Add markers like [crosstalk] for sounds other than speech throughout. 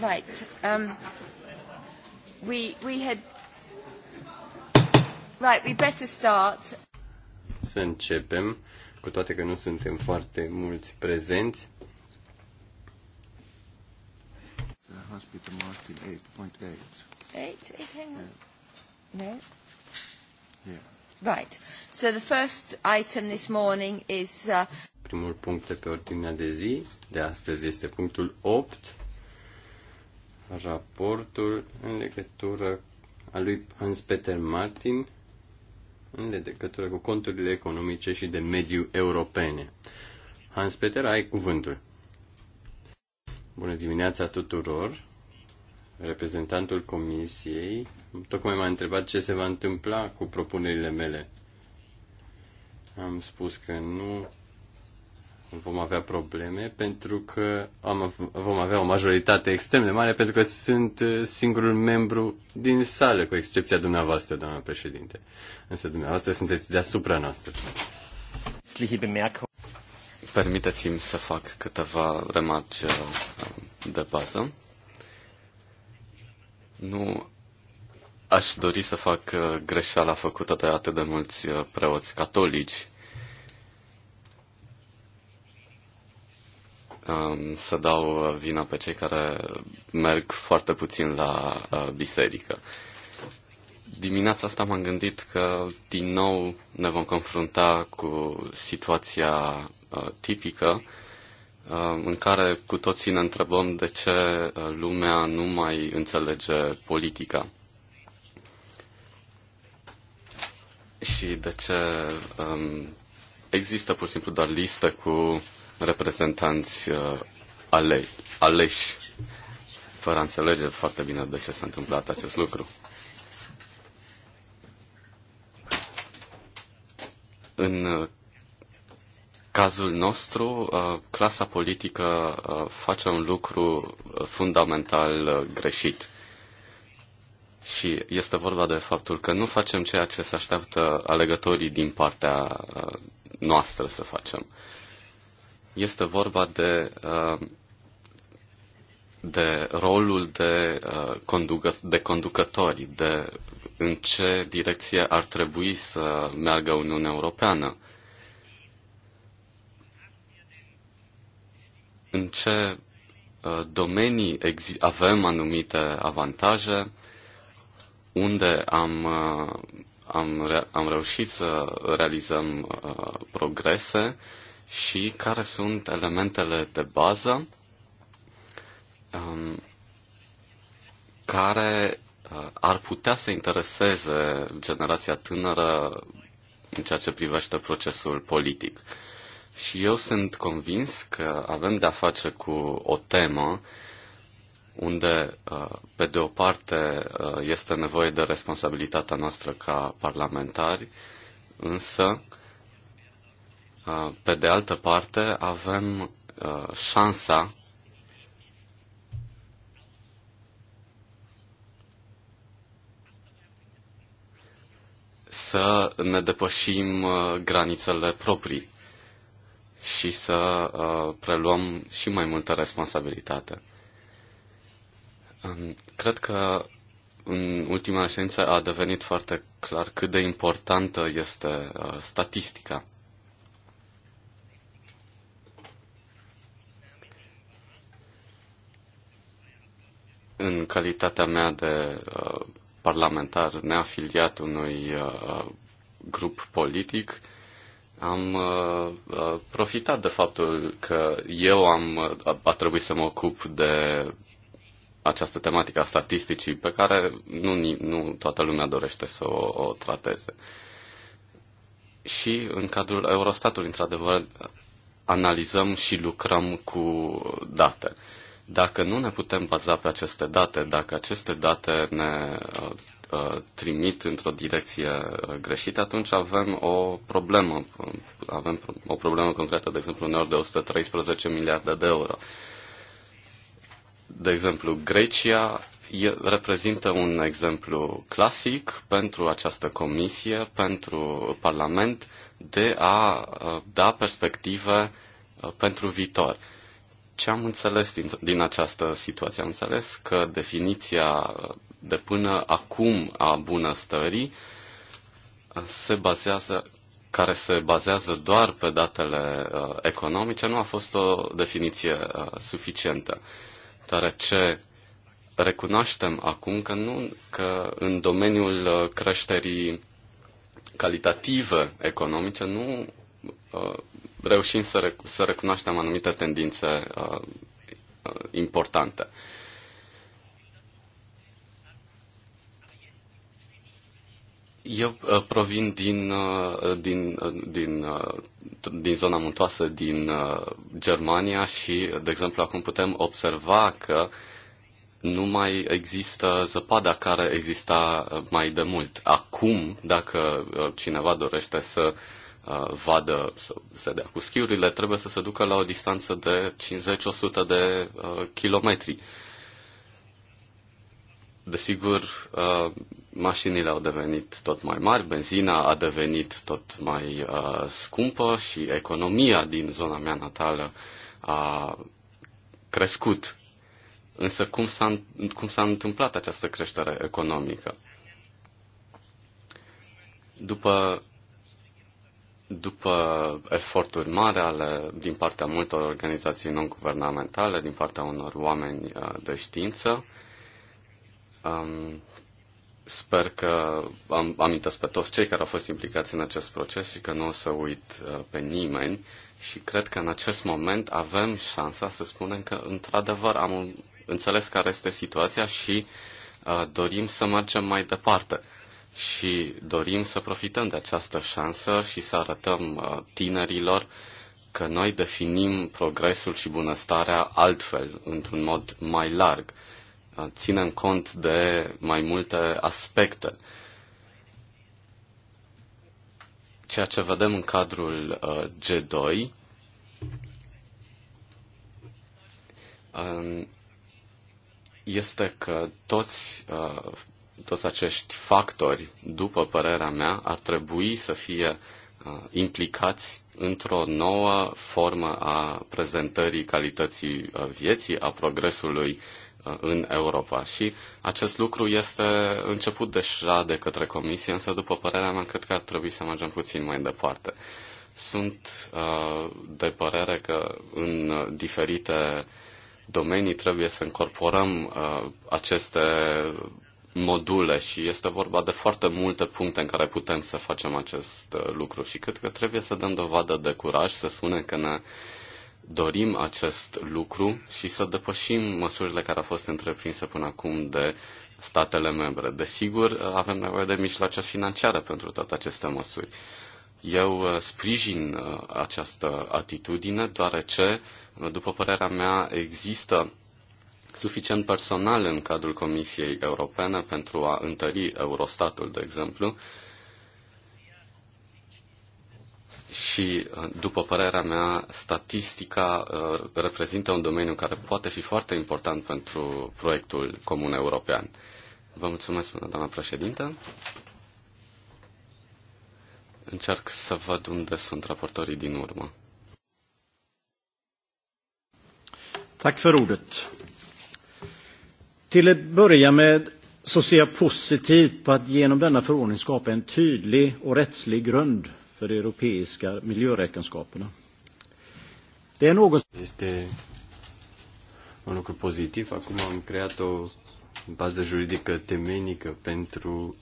Right. Um, we, we had... Right, we better start. Să începem, cu toate că nu suntem foarte mulți prezenți. Hospital Martin 8.8. 8, 8, hang on. Yeah. No? Yeah. Right. So the first item this morning is... Uh... Primul punct de pe ordinea de zi de astăzi este punctul 8, raportul în legătură a lui Hans Peter Martin în legătură cu conturile economice și de mediu europene. Hans Peter, ai cuvântul. Bună dimineața tuturor! Reprezentantul comisiei tocmai m-a întrebat ce se va întâmpla cu propunerile mele. Am spus că nu vom avea probleme pentru că am, vom avea o majoritate extrem de mare pentru că sunt uh, singurul membru din sală, cu excepția dumneavoastră, doamna președinte. Însă dumneavoastră sunteți deasupra noastră. Permiteți-mi să fac câteva remarci uh, de bază. Nu aș dori să fac uh, greșeala făcută de atât de mulți preoți catolici um, să dau vina pe cei care merg foarte puțin la uh, biserică. Dimineața asta m-am gândit că din nou ne vom confrunta cu situația uh, tipică uh, în care cu toții ne întrebăm de ce uh, lumea nu mai înțelege politica. Și de ce um, există pur și simplu doar liste cu reprezentanți uh, ale, aleși, fără a înțelege foarte bine de ce s-a întâmplat acest lucru. În uh, cazul nostru, uh, clasa politică face un lucru fundamental greșit. Și este vorba de faptul că nu facem ceea ce se așteaptă alegătorii din partea noastră să facem. Este vorba de, uh, de rolul de, uh, conducă, de conducători, de în ce direcție ar trebui să meargă Uniunea Europeană. În ce uh, domenii avem anumite avantaje, unde am, am, am reușit să realizăm progrese, și care sunt elementele de bază um, care uh, ar putea să intereseze generația tânără în ceea ce privește procesul politic. Și eu sunt convins că avem de-a face cu o temă unde, uh, pe de o parte, uh, este nevoie de responsabilitatea noastră ca parlamentari, însă, pe de altă parte, avem șansa să ne depășim granițele proprii și să preluăm și mai multă responsabilitate. Cred că în ultima ședință a devenit foarte clar cât de importantă este statistica. În calitatea mea de uh, parlamentar neafiliat unui uh, grup politic, am uh, uh profitat de faptul că eu am, a, uh, a trebuit să mă ocup de această tematică a statisticii pe care nu, nu toată lumea dorește să o, o trateze. Și în cadrul Eurostatului, într-adevăr, analizăm și lucrăm cu date. Uh, dacă nu ne putem baza pe aceste date, dacă aceste date ne uh, uh, trimit într-o direcție uh, greșită, atunci avem o problemă. Avem o problemă concretă, de exemplu, uneori de 113 miliarde de euro. De exemplu, Grecia reprezintă un exemplu clasic pentru această comisie, pentru Parlament, de a da perspective pentru viitor. Ce am înțeles din, din această situație? Am înțeles că definiția de până acum a bunăstării se bazează care se bazează doar pe datele uh, economice, nu a fost o definiție uh, suficientă, deoarece recunoaștem acum că, nu, că în domeniul uh, creșterii calitative economice nu uh, reușim să, rec- să recunoaștem anumite tendințe uh, uh, importante. Eu uh, provin din, uh, din, uh, din, uh, din zona muntoasă din uh, Germania și, de exemplu, acum putem observa că nu mai există zăpada care exista mai de mult. Acum, dacă uh, cineva dorește să uh, Uh, vadă, să se dea cu schiurile, trebuie să se ducă la o distanță de 50-100 de uh, kilometri. Desigur, uh, mașinile au devenit tot mai mari, benzina a devenit tot mai uh, scumpă și economia din zona mea natală a crescut. Însă cum s-a, cum s-a întâmplat această creștere economică? După după eforturi mari ale, din partea multor organizații non-guvernamentale, din partea unor oameni uh, de știință, um, sper că am amintesc pe toți cei care au fost implicați în acest proces și că nu o să uit uh, pe nimeni și cred că în acest moment avem șansa să spunem că într-adevăr am înțeles care este situația și uh, dorim să mergem mai departe și dorim să profităm de această șansă și să arătăm uh, tinerilor că noi definim progresul și bunăstarea altfel, într-un mod mai larg. Uh, ținem cont de mai multe aspecte. Ceea ce vedem în cadrul uh, G2 um, este că toți toți acești factori, după părerea mea, ar trebui să fie uh, implicați într-o nouă formă a prezentării calității uh, vieții, a progresului uh, în Europa. Și acest lucru este început deja de către Comisie, însă, după părerea mea, cred că ar trebui să mergem puțin mai departe. Sunt de părere că în diferite domenii trebuie să incorporăm aceste module și este vorba de foarte multe puncte în care putem să facem acest uh, lucru și cred că trebuie să dăm dovadă de curaj, să spunem că ne dorim acest lucru și să depășim măsurile care au fost întreprinse până acum de statele membre. Desigur, uh, avem nevoie de mijloace financiare pentru toate aceste măsuri. Eu uh, sprijin această atitudine, deoarece, după părerea mea, există suficient personal în cadrul Comisiei Europene pentru a întări Eurostatul, de exemplu. Și, după părerea mea, statistica uh, reprezintă un domeniu care poate fi foarte important pentru proiectul comun european. Vă mulțumesc, doamna președintă. Încerc să văd unde sunt raportorii din urmă. Tack för ordet. Till att börja med så ser jag positivt på att genom denna förordning skapa en tydlig och rättslig grund för de europeiska miljöräkenskaperna. Det är något... Este un lucru pozitiv. Acum am creat o bază juridică temenică pentru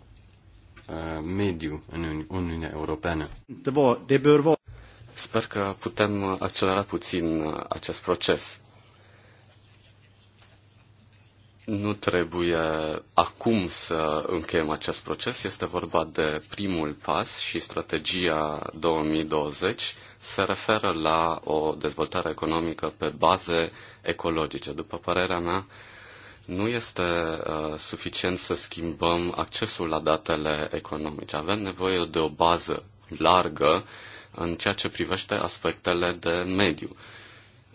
uh, mediu în Uniunea Europeană. Sper că putem accelera puțin uh, acest proces. Nu trebuie acum să încheiem acest proces. Este vorba de primul pas și strategia 2020 se referă la o dezvoltare economică pe baze ecologice. După părerea mea, nu este uh, suficient să schimbăm accesul la datele economice. Avem nevoie de o bază largă în ceea ce privește aspectele de mediu. Uh,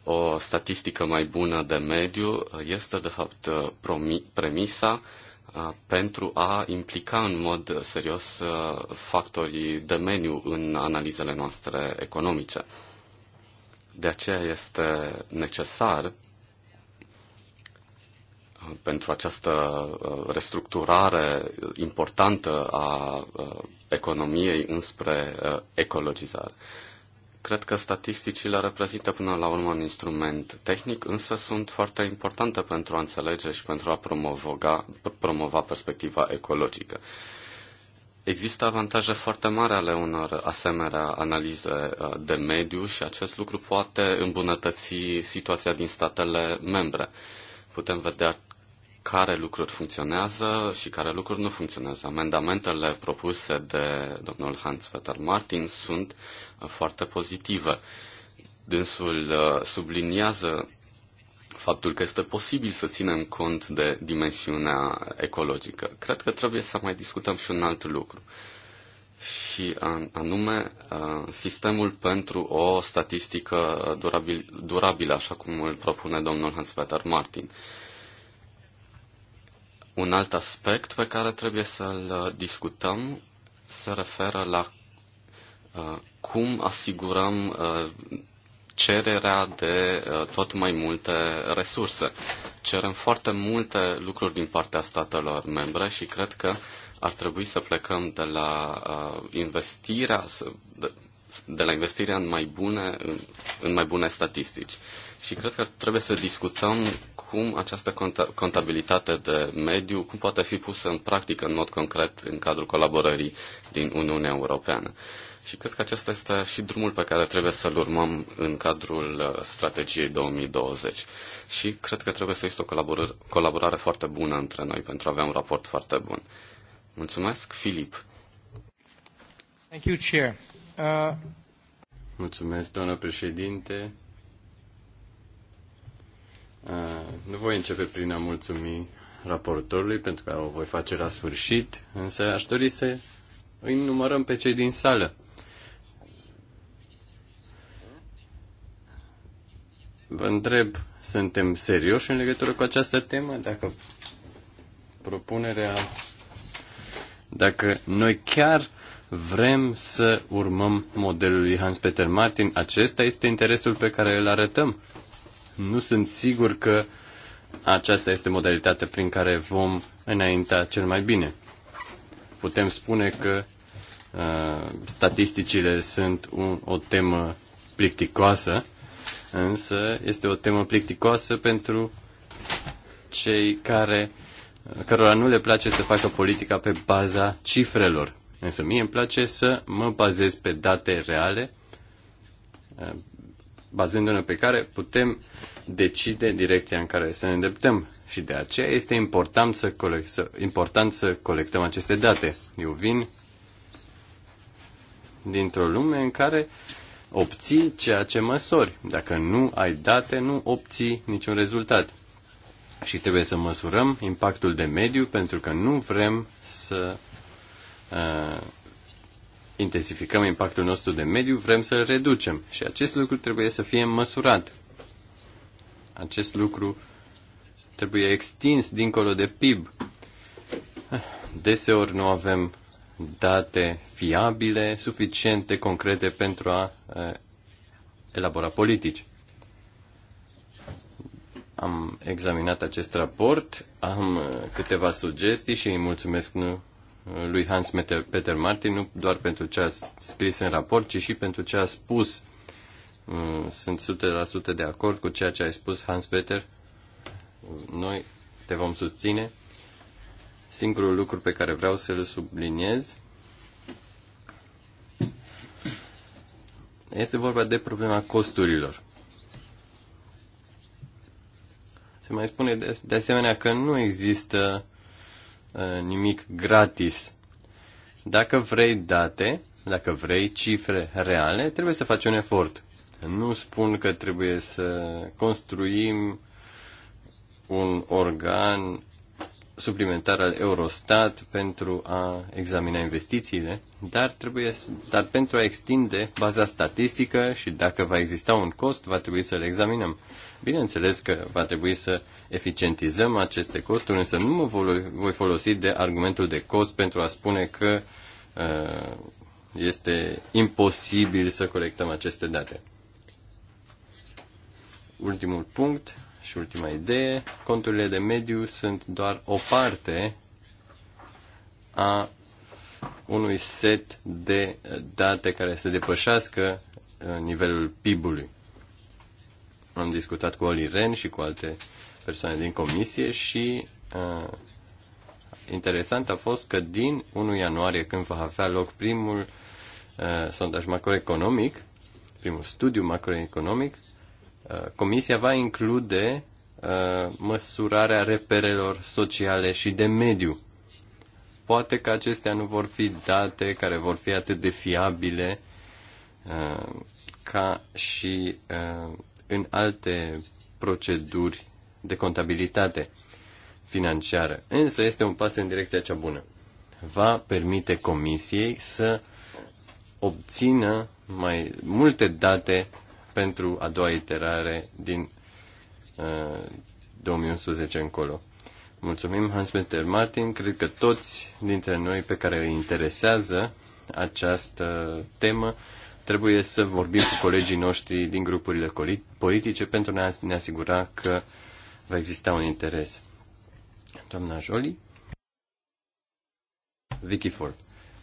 o statistică mai bună de mediu este, de fapt, premisa pentru a implica în mod serios factorii de meniu în analizele noastre economice. De aceea este necesar pentru această restructurare importantă a economiei înspre ecologizare. Cred că statisticile reprezintă până la urmă un instrument tehnic, însă sunt foarte importante pentru a înțelege și pentru a promova, promova perspectiva ecologică. Există avantaje foarte mari ale unor asemenea analize uh, de mediu și acest lucru poate îmbunătăți situația din statele membre. Putem vedea care lucruri funcționează și care lucruri nu funcționează. Amendamentele propuse de domnul Hans-Peter Martin sunt uh, foarte pozitive. Dânsul uh, subliniază faptul că este posibil să ținem cont de dimensiunea ecologică. Cred că trebuie să mai discutăm și un alt lucru și anume uh, sistemul pentru o statistică durabil, durabilă, așa cum îl propune domnul Hans-Peter Martin. Un alt aspect pe care trebuie să-l uh, discutăm se referă la uh, cum asigurăm uh, cererea de uh, tot mai multe resurse. Cerem foarte multe lucruri din partea statelor membre și cred că ar trebui să plecăm de la uh, investirea, de, la investirea în mai bune, în mai bune statistici. Și cred că trebuie să discutăm cum această contabilitate de mediu cum poate fi pusă în practică în mod concret în cadrul colaborării din Uniunea Europeană. Și cred că acesta este și drumul pe care trebuie să-l urmăm în cadrul uh, strategiei 2020. Și cred că trebuie să este o colaborare, colaborare foarte bună între noi pentru a avea un raport foarte bun. Mulțumesc, Filip. Thank you, Chair. Uh... Mulțumesc, doamnă președinte. Uh, nu voi începe prin a mulțumi raportorului, pentru că o voi face la sfârșit, însă aș dori să îi numărăm pe cei din sală. Vă întreb, suntem serioși în legătură cu această temă? Dacă propunerea, dacă noi chiar vrem să urmăm modelul lui Hans Peter Martin, acesta este interesul pe care îl arătăm nu sunt sigur că aceasta este modalitatea prin care vom înainta cel mai bine. Putem spune că uh, statisticile sunt un, o temă plicticoasă, însă este o temă plicticoasă pentru cei care cărora nu le place să facă politica pe baza cifrelor. Însă mie îmi place să mă bazez pe date reale uh, bazându-ne pe care putem decide direcția în care să ne îndreptăm. Și de aceea este important să, colect, să, important să colectăm aceste date. Eu vin dintr-o lume în care obții ceea ce măsori. Dacă nu ai date, nu obții niciun rezultat. Și trebuie să măsurăm impactul de mediu pentru că nu vrem să uh, intensificăm impactul nostru de mediu, vrem să-l reducem. Și acest lucru trebuie să fie măsurat. Acest lucru trebuie extins dincolo de PIB. Deseori nu avem date fiabile, suficiente, concrete pentru a elabora politici. Am examinat acest raport, am câteva sugestii și îi mulțumesc nu lui Hans Peter Martin, nu doar pentru ce a scris în raport, ci și pentru ce a spus. Mm, sunt 100% de acord cu ceea ce ai spus, Hans Peter. Noi te vom susține. Singurul lucru pe care vreau să-l subliniez este vorba de problema costurilor. Se mai spune de, de asemenea că nu există uh, Uh, nimic gratis. Dacă vrei date, dacă vrei cifre reale, trebuie să faci un efort. Nu spun că trebuie să construim un organ suplimentar al Eurostat pentru a examina investițiile, dar, trebuie, să, dar pentru a extinde baza statistică și dacă va exista un cost, va trebui să-l examinăm. Bineînțeles că va trebui să eficientizăm aceste costuri, însă nu mă voi folosi de argumentul de cost pentru a spune că uh, este imposibil să colectăm aceste date. Ultimul punct și ultima idee, conturile de mediu sunt doar o parte a unui set de date care să depășească uh, nivelul PIB-ului. Am discutat cu Oli Ren și cu alte persoane din comisie și uh, interesant a fost că din 1 ianuarie, când va avea loc primul uh, sondaj macroeconomic, primul studiu macroeconomic, uh, comisia va include uh, măsurarea reperelor sociale și de mediu. Poate că acestea nu vor fi date care vor fi atât de fiabile uh, ca și uh, în alte proceduri de contabilitate financiară, însă este un pas în direcția cea bună. Va permite comisiei să obțină mai multe date pentru a doua iterare din uh, 2011 încolo. Mulțumim, Hans-Peter Martin. Cred că toți dintre noi pe care îi interesează această temă trebuie să vorbim cu colegii noștri din grupurile politice pentru a ne asigura că uh, va exista un interes. Doamna Jolie? Vicky Ford.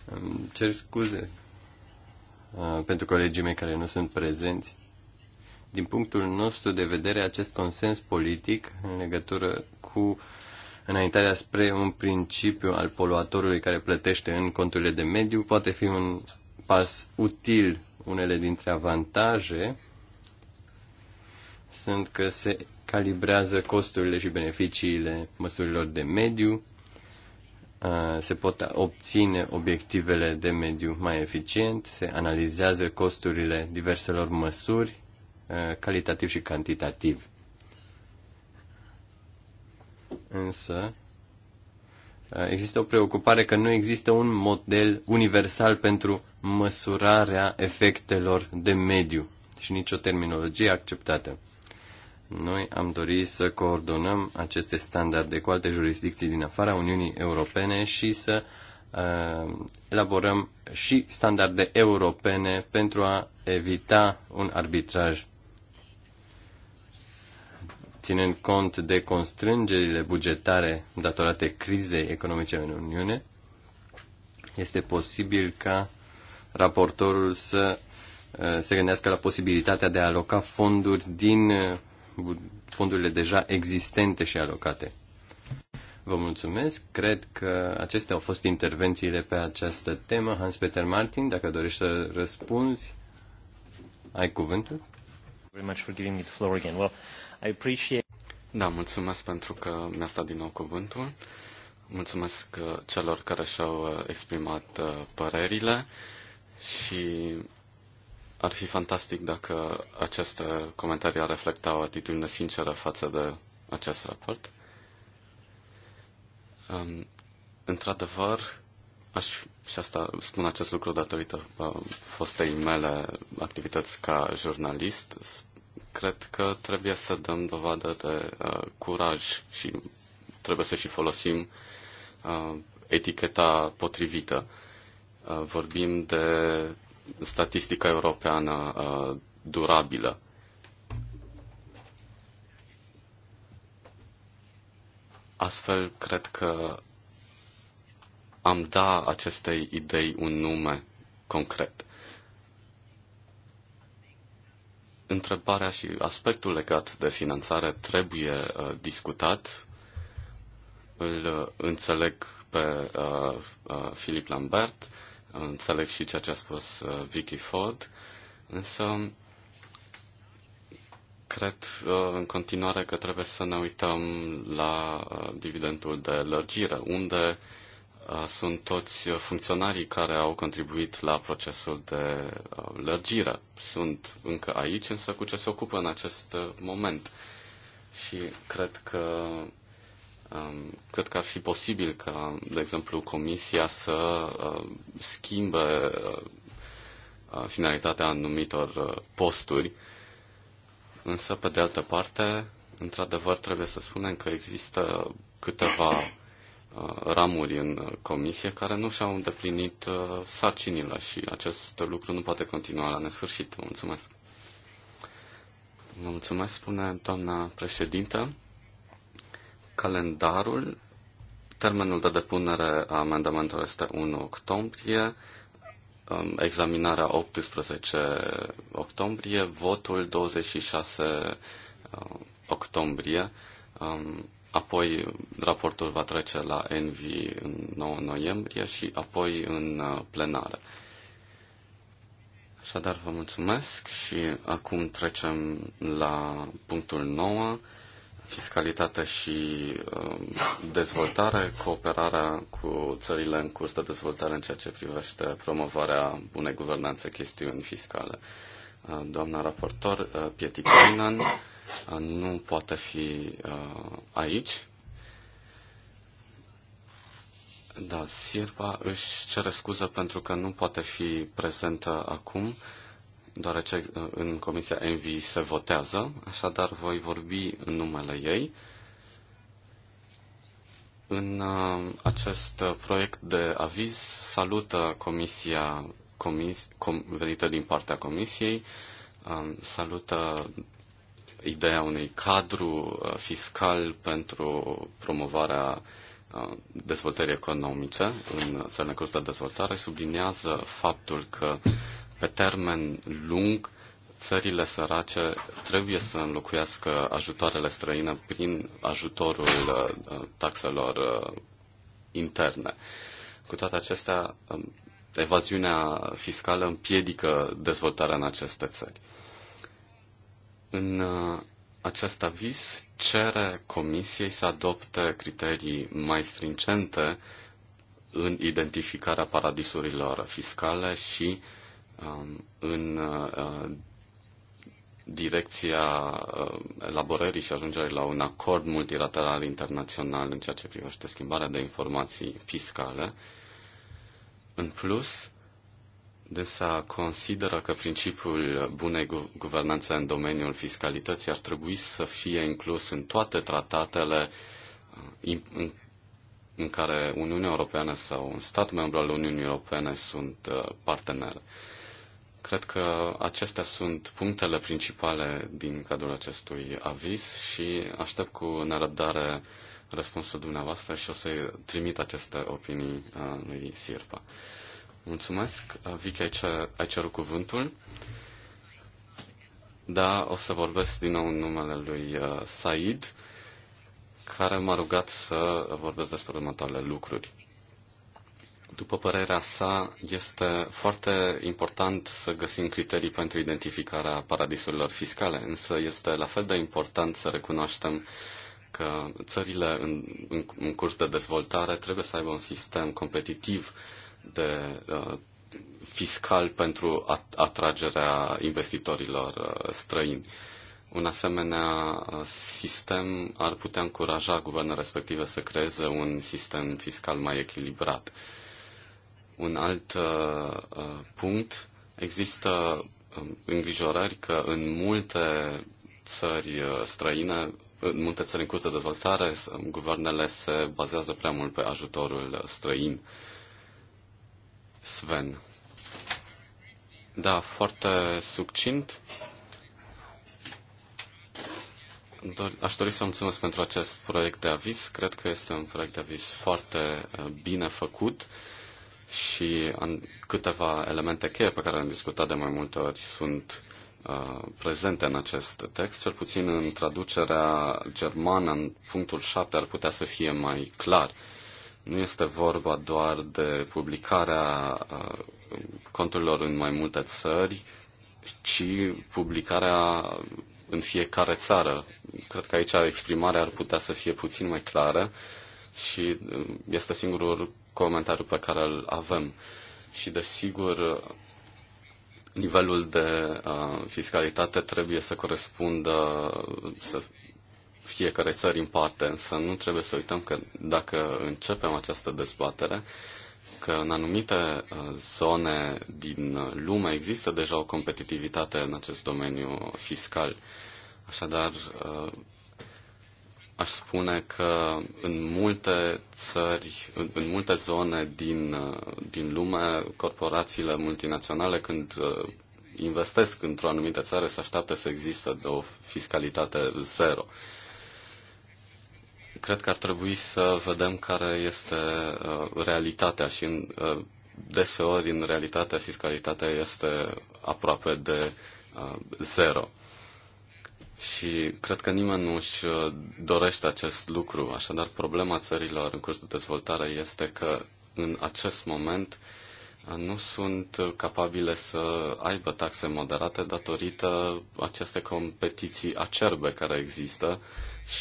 Îmi cer scuze uh, pentru colegii mei care nu sunt prezenți. Din punctul nostru de vedere, acest consens politic în legătură cu înaintarea spre un principiu al poluatorului care plătește în conturile de mediu poate fi un pas util. Unele dintre avantaje sunt că se calibrează costurile și beneficiile măsurilor de mediu, se pot obține obiectivele de mediu mai eficient, se analizează costurile diverselor măsuri, calitativ și cantitativ. Însă, există o preocupare că nu există un model universal pentru măsurarea efectelor de mediu și nicio terminologie acceptată. Noi am dorit să coordonăm aceste standarde cu alte jurisdicții din afara Uniunii Europene și să uh, elaborăm și standarde europene pentru a evita un arbitraj ținând cont de constrângerile bugetare datorate crizei economice în Uniune, este posibil ca raportorul să uh, se gândească la posibilitatea de a aloca fonduri din uh, fondurile deja existente și alocate. Vă mulțumesc. Cred că acestea au fost intervențiile pe această temă. Hans-Peter Martin, dacă dorești să răspunzi, ai cuvântul. Da, mulțumesc pentru că mi-a stat din nou cuvântul. Mulțumesc uh, celor care și-au uh, exprimat uh, părerile și ar fi fantastic dacă aceste comentarii ar reflecta o atitudine sinceră față de acest raport. Um, într-adevăr, aș, și asta spun acest lucru datorită uh, fostei mele activități ca jurnalist, cred că trebuie să dăm dovadă de uh, curaj și trebuie să și folosim uh, eticheta potrivită. Uh, vorbim de statistică europeană uh, durabilă. Astfel, cred că am da acestei idei un nume concret. Întrebarea și aspectul legat de finanțare trebuie uh, discutat. Îl uh, înțeleg pe uh, uh, Filip Lambert. Înțeleg și ceea ce a spus uh, Vicky Ford, însă cred uh, în continuare că trebuie să ne uităm la uh, dividendul de lărgire, unde sunt toți funcționarii care au contribuit la procesul de lărgire. Sunt încă aici, însă cu ce se ocupă în acest moment. Și cred că Um, cred că ar fi posibil ca, de exemplu, Comisia să uh, schimbe uh, uh, finalitatea anumitor posturi, însă, pe de altă parte, într-adevăr, trebuie să spunem că există câteva ramuri în comisie care nu și-au îndeplinit sarcinile și acest lucru nu poate continua la nesfârșit. Mulțumesc! mulțumesc, spune doamna președintă. Calendarul, termenul de depunere a amendamentelor este 1 octombrie, um, examinarea 18 octombrie, votul 26 uh, octombrie, um, apoi raportul va trece la Envi în 9 noiembrie și apoi în uh, plenară. Așadar, vă mulțumesc și acum trecem la punctul 9, fiscalitate și um, dezvoltare, cooperarea cu țările în curs de dezvoltare în ceea ce privește promovarea bunei guvernanțe chestiuni fiscale. Uh, doamna raportor uh, Pietikainen uh, nu poate fi aici. Da, Sirpa își cere scuză pentru că nu poate fi prezentă acum deoarece uh, în Comisia Envi se votează, așadar voi vorbi în numele ei. În uh, acest uh, proiect de aviz salută Comisia comis, com, venită din partea Comisiei, um, salută ideea unui cadru fiscal pentru promovarea dezvoltării economice în țările în curs de dezvoltare, subliniază faptul că pe termen lung, țările sărace trebuie să înlocuiască ajutoarele străine prin ajutorul uh, taxelor uh, interne. Cu toate acestea, um, evaziunea fiscală împiedică dezvoltarea în aceste țări. În uh, acest aviz cere Comisiei să adopte criterii mai stringente în identificarea paradisurilor fiscale și uh, Um, în uh, direcția uh, elaborării și ajungerii la un acord multilateral internațional în ceea ce privește schimbarea de informații fiscale. În plus, dânsa consideră că principiul bunei guvernanțe în domeniul fiscalității ar trebui să fie inclus în toate tratatele uh, în care Uniunea Europeană sau un stat membru al Uniunii Europene sunt partenere. Cred că acestea sunt punctele principale din cadrul acestui aviz și aștept cu nerăbdare răspunsul dumneavoastră și o să trimit aceste opinii uh, lui Sirpa. Mulțumesc. Uh, Vicky, ai, cer, ai cerut cuvântul. Da, o să vorbesc din nou în numele lui uh, Said, care m-a rugat să vorbesc despre următoarele lucruri. După părerea sa, este foarte important să găsim criterii pentru identificarea paradisurilor fiscale, însă este la fel de important să recunoaștem că țările în, în, în curs de dezvoltare trebuie să aibă un sistem competitiv de uh, fiscal pentru atragerea investitorilor uh, străini. Un asemenea uh, sistem ar putea încuraja guvernele respective să creeze un sistem fiscal mai echilibrat. Un alt uh, uh punct, există um, îngrijorări că în multe țări uh, străine, în multe țări în curs de dezvoltare, um, guvernele se bazează prea mult pe ajutorul străin. Sven. Da, foarte succint. Aș dori să mulțumesc pentru acest proiect de aviz. Cred că este un proiect de aviz foarte uh, bine făcut și câteva elemente cheie pe care le-am discutat de mai multe ori sunt uh, prezente în acest text, cel puțin în traducerea germană, în punctul 7, ar putea să fie mai clar. Nu este vorba doar de publicarea uh, conturilor în mai multe țări, ci publicarea în fiecare țară. Cred că aici exprimarea ar putea să fie puțin mai clară și uh, este singurul comentariu pe care îl avem. Și, desigur, nivelul de uh, fiscalitate trebuie să corespundă să fiecare țări în parte, însă nu trebuie să uităm că dacă începem această dezbatere, că în anumite uh, zone din lume există deja o competitivitate în acest domeniu fiscal. Așadar, uh, aș spune că în multe țări, în, în multe zone din, din lume, corporațiile multinaționale, când uh, investesc într-o anumită țară, se așteaptă să există de o fiscalitate zero. Cred că ar trebui să vedem care este uh, realitatea și în, uh, deseori, în realitate, fiscalitatea este aproape de zero. Și cred că nimeni nu își uh, dorește acest lucru. Așadar, problema țărilor în curs de dezvoltare este că în acest moment uh, nu sunt uh, capabile să aibă taxe moderate datorită acestei competiții acerbe care există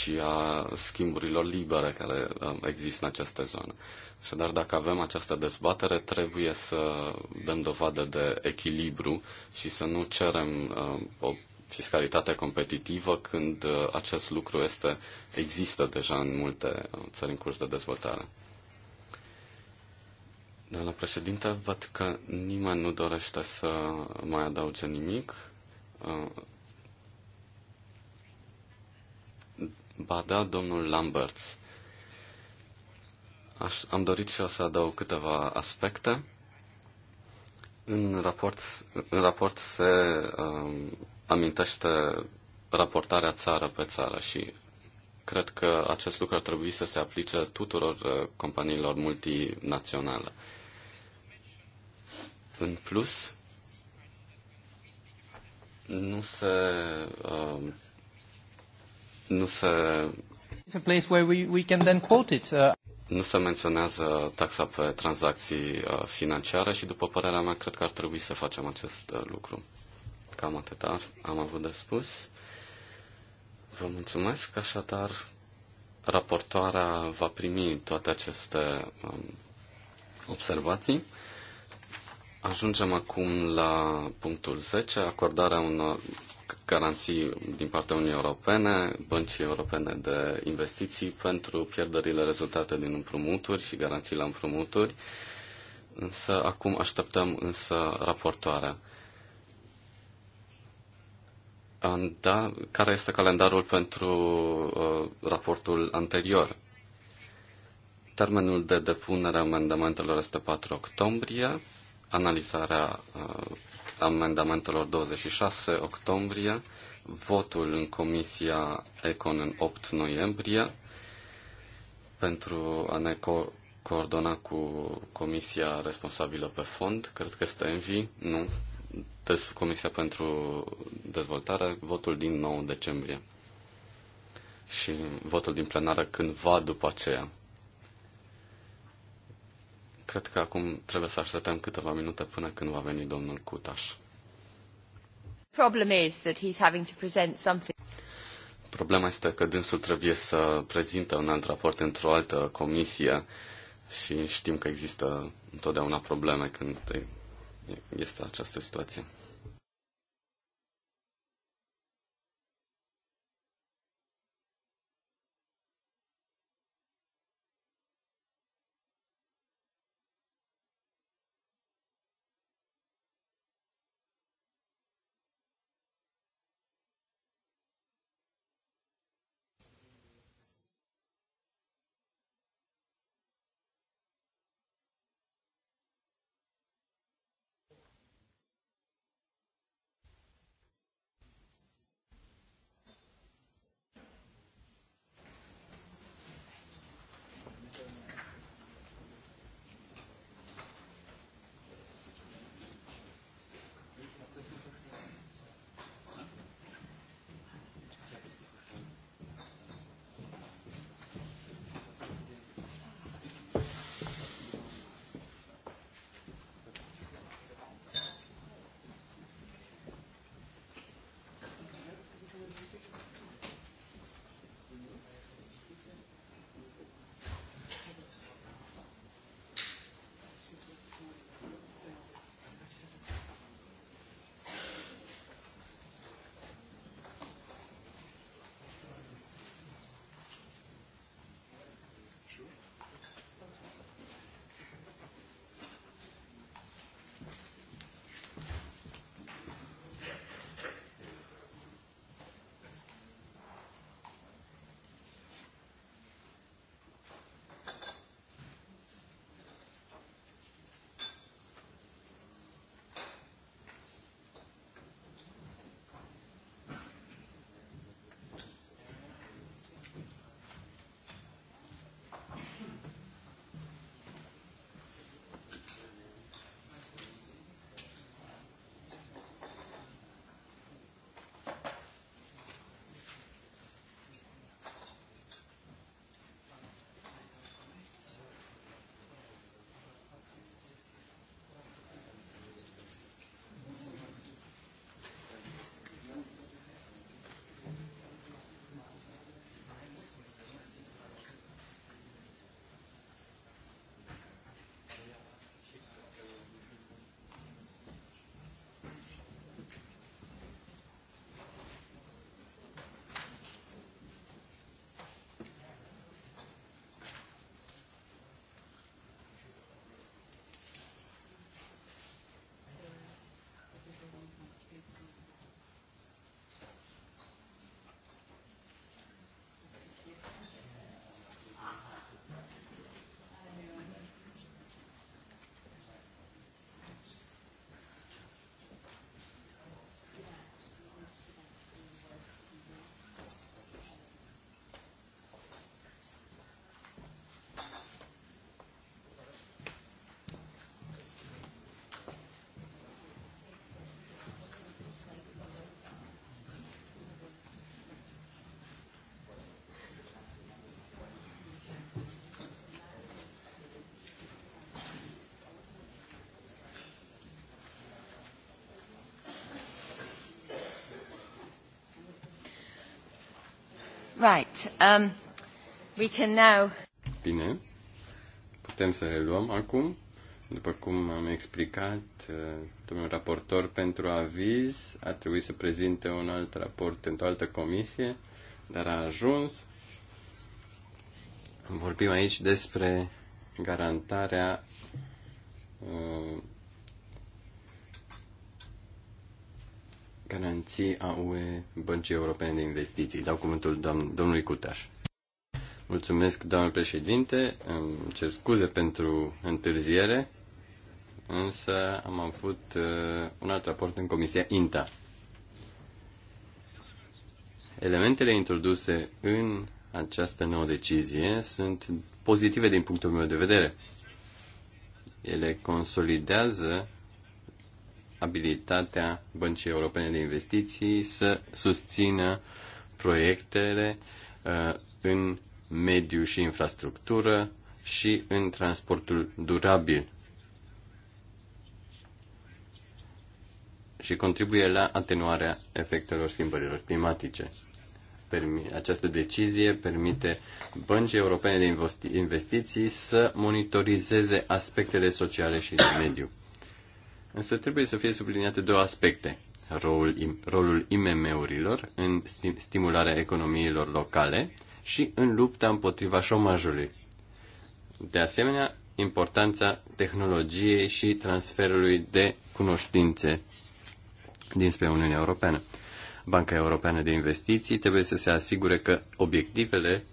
și a schimburilor libere care există în aceste zone. Așadar, dacă avem această dezbatere, trebuie să dăm dovadă de echilibru și să nu cerem uh, o fiscalitatea competitivă când uh, acest lucru este, există deja în multe uh, țări în curs de dezvoltare. Doamna președinte, văd că nimeni nu dorește să mai adauge nimic. Uh, ba da, domnul Lamberts. Aș, am dorit și eu să adaug câteva aspecte. În raport, în raport se amintește raportarea țară pe țară și cred că acest lucru ar trebui să se aplice tuturor uh, companiilor multinaționale. În plus, nu se uh, nu se It's a place where we, we can then quote it. Uh... Nu se menționează taxa pe tranzacții uh, financiare și, după părerea mea, cred că ar trebui să facem acest uh, lucru cam atât am avut de spus. Vă mulțumesc, așadar raportoarea va primi toate aceste um, observații. Ajungem acum la punctul 10, acordarea unor garanții din partea Uniunii Europene, băncii europene de investiții pentru pierderile rezultate din împrumuturi și garanții la împrumuturi. Însă acum așteptăm însă raportoarea. Da, care este calendarul pentru uh, raportul anterior? Termenul de depunere a amendamentelor este 4 octombrie, analizarea uh, amendamentelor 26 octombrie, votul în Comisia Econ în 8 noiembrie pentru a ne co- coordona cu Comisia responsabilă pe fond, cred că este Envi, nu? Comisia pentru Dezvoltare, votul din 9 decembrie și votul din plenară cândva după aceea. Cred că acum trebuie să așteptăm câteva minute până când va veni domnul Cutaș. Problema este că dânsul trebuie să prezinte un alt raport într-o altă comisie și știm că există întotdeauna probleme când este această situație. Um, we can now... Bine. Putem să reluăm acum. După cum am explicat, uh, domnul raportor pentru aviz a trebuit să prezinte un alt raport într-o altă comisie, dar a ajuns. Vorbim aici despre garantarea relații a UE Băncii Europene de Investiții. Dau cuvântul doamn, domnului Cutaș. Mulțumesc, doamnă președinte. Îmi cer scuze pentru întârziere, însă am avut uh, un alt raport în Comisia INTA. Elementele introduse în această nouă decizie sunt pozitive din punctul meu de vedere. Ele consolidează abilitatea Băncii Europene de Investiții să susțină proiectele uh, în mediu și infrastructură și în transportul durabil și contribuie la atenuarea efectelor schimbărilor climatice. Această decizie permite băncii europene de investiții să monitorizeze aspectele sociale și de mediu. Însă trebuie să fie subliniate două aspecte. Rolul, rolul IMM-urilor în stimularea economiilor locale și în lupta împotriva șomajului. De asemenea, importanța tehnologiei și transferului de cunoștințe dinspre Uniunea Europeană. Banca Europeană de Investiții trebuie să se asigure că obiectivele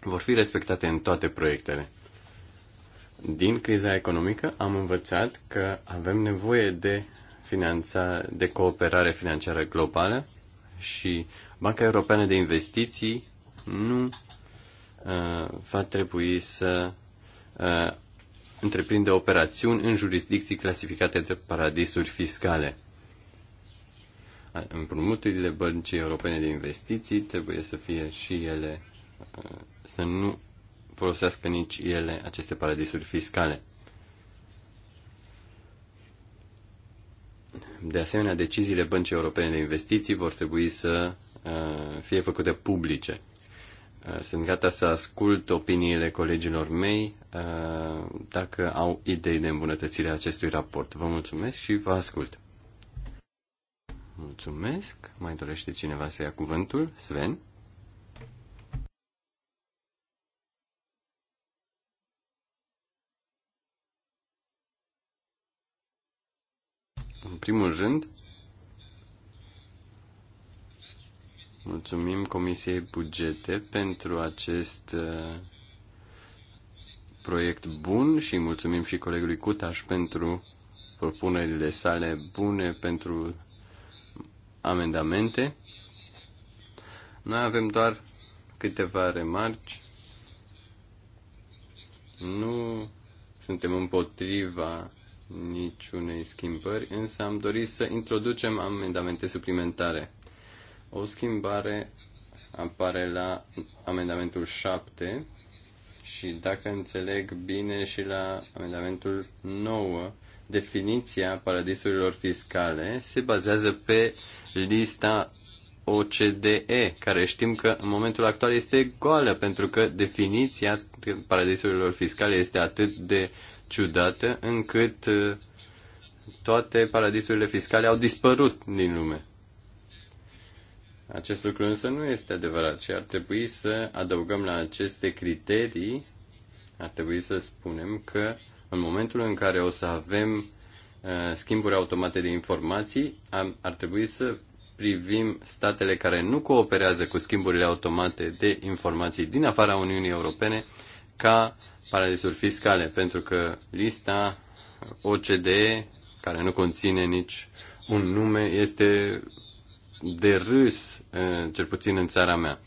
vor fi respectate în toate proiectele. Din criza economică am învățat că avem nevoie de finanța, de cooperare financiară globală și Banca Europeană de Investiții nu uh, va trebui să uh, întreprinde operațiuni în jurisdicții clasificate de paradisuri fiscale. Împrumuturile băncii europene de investiții trebuie să fie și ele, uh, să nu folosească nici ele aceste paradisuri fiscale. De asemenea, deciziile Băncii Europene de Investiții vor trebui să uh, fie făcute publice. Uh, sunt gata să ascult opiniile colegilor mei uh, dacă au idei de îmbunătățire a acestui raport. Vă mulțumesc și vă ascult. Mulțumesc. Mai dorește cineva să ia cuvântul? Sven? În primul rând, mulțumim Comisiei Bugete pentru acest uh, proiect bun și mulțumim și colegului Cutaș pentru propunerile sale bune pentru amendamente. Noi avem doar câteva remarci. Nu suntem împotriva niciunei schimbări, însă am dorit să introducem amendamente suplimentare. O schimbare apare la amendamentul 7 și, dacă înțeleg bine, și la amendamentul 9. Definiția paradisurilor fiscale se bazează pe lista OCDE, care știm că în momentul actual este goală, pentru că definiția paradisurilor fiscale este atât de ciudată încât uh, toate paradisurile fiscale au dispărut din lume. Acest lucru însă nu este adevărat și ar trebui să adăugăm la aceste criterii, ar trebui să spunem că în momentul în care o să avem uh, schimburi automate de informații, ar trebui să privim statele care nu cooperează cu schimburile automate de informații din afara Uniunii Europene ca paradisuri fiscale, pentru că lista OCDE, care nu conține nici un nume, este de râs, eh, cel puțin în țara mea.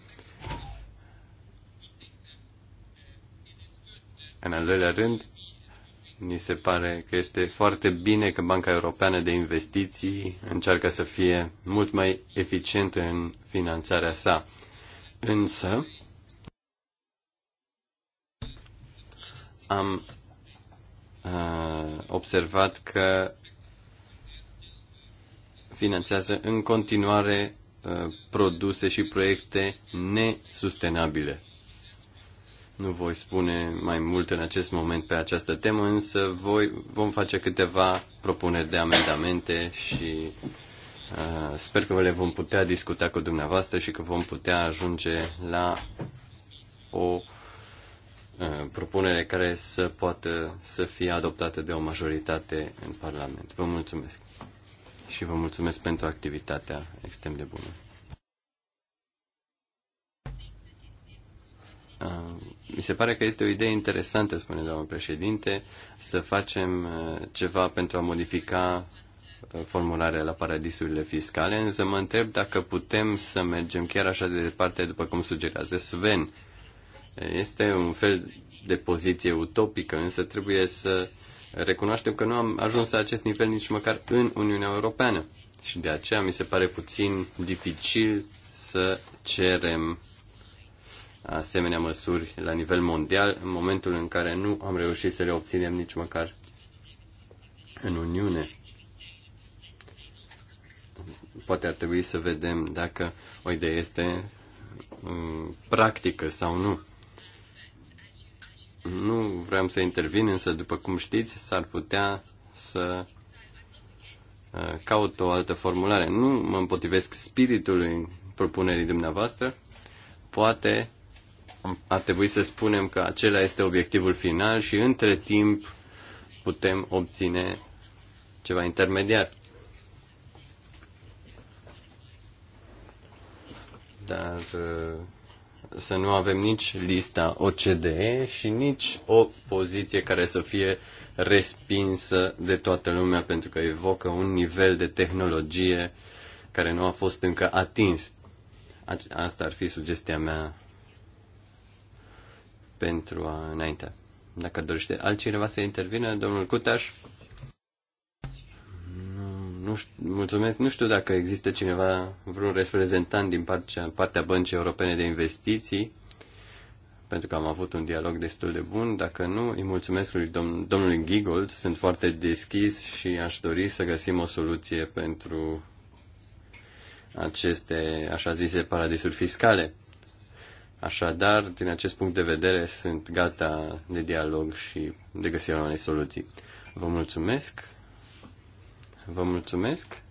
În al doilea rând, ni se pare că este foarte bine că Banca Europeană de Investiții încearcă să fie mult mai eficientă în finanțarea sa. Însă, am uh, observat că finanțează în continuare uh, produse și proiecte nesustenabile. Nu voi spune mai mult în acest moment pe această temă, însă voi, vom face câteva propuneri de amendamente și uh, sper că le vom putea discuta cu dumneavoastră și că vom putea ajunge la o uh, Uh, propunere care să poată să fie adoptată de o majoritate în Parlament. Vă mulțumesc și vă mulțumesc pentru activitatea extrem de bună. Uh, mi se pare că este o idee interesantă, spune doamna președinte, să facem uh, ceva pentru a modifica formularea la paradisurile fiscale, însă mă întreb dacă putem să mergem chiar așa de departe, după cum sugerează Sven, este un fel de poziție utopică, însă trebuie să recunoaștem că nu am ajuns la acest nivel nici măcar în Uniunea Europeană. Și de aceea mi se pare puțin dificil să cerem asemenea măsuri la nivel mondial în momentul în care nu am reușit să le obținem nici măcar în Uniune. Poate ar trebui să vedem dacă o idee este mm, practică sau nu. Nu vreau să intervin, însă, după cum știți, s-ar putea să uh, caut o altă formulare. Nu mă împotrivesc spiritului propunerii dumneavoastră. Poate ar trebui să spunem că acela este obiectivul final și între timp putem obține ceva intermediar. Dar uh, să nu avem nici lista OCDE și nici o poziție care să fie respinsă de toată lumea pentru că evocă un nivel de tehnologie care nu a fost încă atins. Asta ar fi sugestia mea pentru a înainte. Dacă dorește altcineva să intervină, domnul Cutaș. Nu știu, mulțumesc. Nu știu dacă există cineva, vreun reprezentant din partea, partea Băncii Europene de Investiții, pentru că am avut un dialog destul de bun. Dacă nu, îi mulțumesc lui dom- domnului Gigold. Sunt foarte deschis și aș dori să găsim o soluție pentru aceste, așa zise, paradisuri fiscale. Așadar, din acest punct de vedere, sunt gata de dialog și de găsirea unei soluții. Vă mulțumesc. Vă mulțumesc.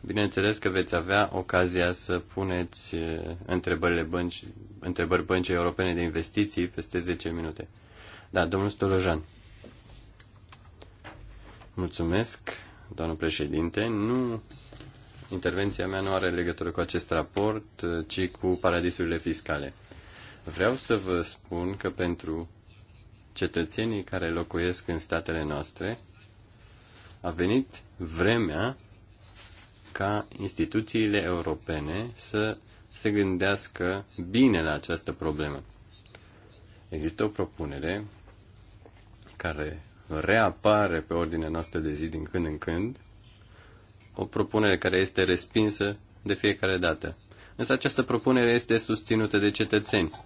Bineînțeles că veți avea ocazia să puneți eh, întrebările bănci, întrebări băncii europene de investiții peste 10 minute. Da, domnul Stolojan. Mulțumesc, doamnă președinte. Nu, intervenția mea nu are legătură cu acest raport, eh, ci cu paradisurile fiscale. Vreau să vă spun că pentru cetățenii care locuiesc în statele noastre, a venit vremea ca instituțiile europene să se gândească bine la această problemă. Există o propunere care reapare pe ordinea noastră de zi din când în când, o propunere care este respinsă de fiecare dată. Însă această propunere este susținută de cetățeni.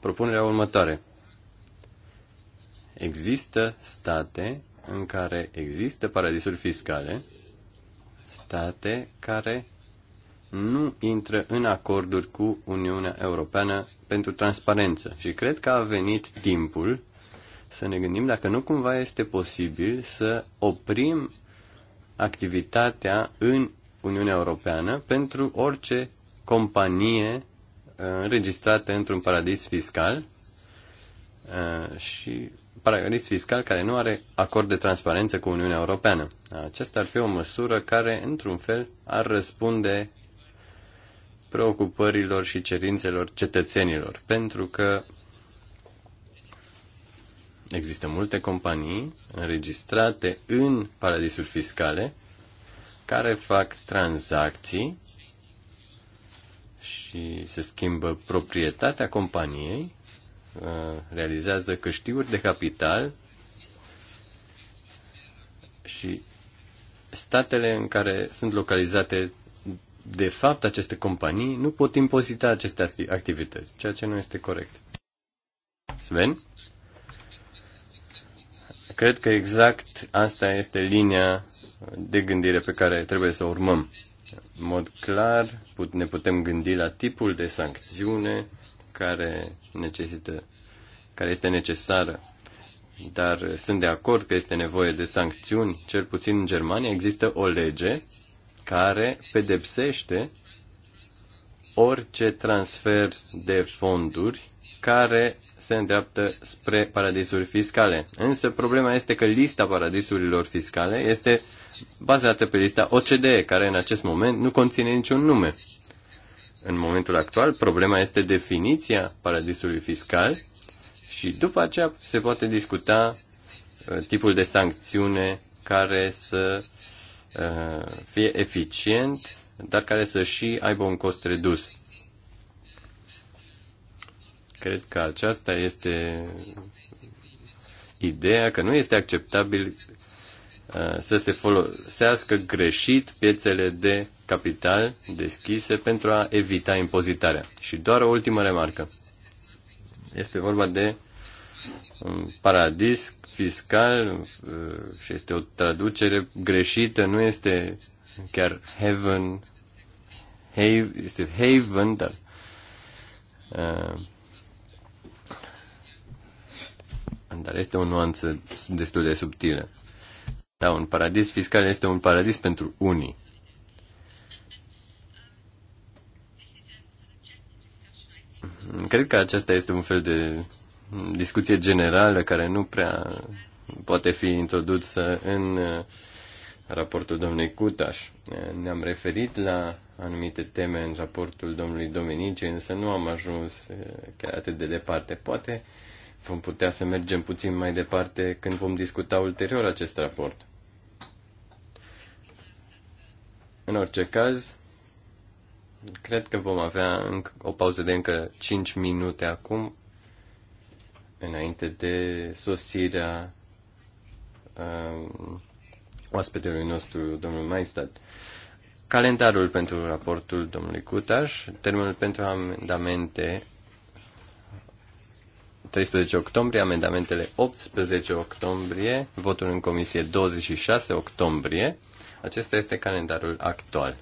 Propunerea următoare. Există state în care există paradisuri fiscale, state care nu intră în acorduri cu Uniunea Europeană pentru transparență. Și cred că a venit timpul să ne gândim dacă nu cumva este posibil să oprim activitatea în Uniunea Europeană pentru orice companie uh, înregistrată într-un paradis fiscal uh, și paradis fiscal care nu are acord de transparență cu Uniunea Europeană. Aceasta ar fi o măsură care, într-un fel, ar răspunde preocupărilor și cerințelor cetățenilor, pentru că există multe companii înregistrate în paradisuri fiscale care fac tranzacții și se schimbă proprietatea companiei Uh, realizează câștiguri de capital și statele în care sunt localizate de fapt aceste companii nu pot impozita aceste activități, ceea ce nu este corect. Sven? Cred că exact asta este linia de gândire pe care trebuie să o urmăm. În mod clar, ne putem gândi la tipul de sancțiune care necesită, care este necesară. Dar sunt de acord că este nevoie de sancțiuni. Cel puțin în Germania există o lege care pedepsește orice transfer de fonduri care se îndreaptă spre paradisuri fiscale. Însă problema este că lista paradisurilor fiscale este bazată pe lista OCDE, care în acest moment nu conține niciun nume. În momentul actual, problema este definiția paradisului fiscal și după aceea se poate discuta uh, tipul de sancțiune care să uh, fie eficient, dar care să și aibă un cost redus. Cred că aceasta este ideea că nu este acceptabil uh, să se folosească greșit piețele de capital deschise pentru a evita impozitarea. Și doar o ultimă remarcă. Este vorba de un um, paradis fiscal uh, și este o traducere greșită, nu este chiar heaven, have, este haven, dar uh, dar este o nuanță destul de subtilă. Da, un paradis fiscal este un paradis pentru unii. Cred că acesta este un fel de discuție generală care nu prea poate fi introdusă în uh, raportul domnului Cutaș. Uh, ne-am referit la anumite teme în raportul domnului Domenici, însă nu am ajuns uh, chiar atât de departe. Poate vom putea să mergem puțin mai departe când vom discuta ulterior acest raport. În orice caz, Cred că vom avea încă o pauză de încă 5 minute acum, înainte de sosirea uh, oaspetelui nostru, domnul Maistat. Calendarul pentru raportul domnului Cutaș, termenul pentru amendamente 13 octombrie, amendamentele 18 octombrie, votul în comisie 26 octombrie. Acesta este calendarul actual.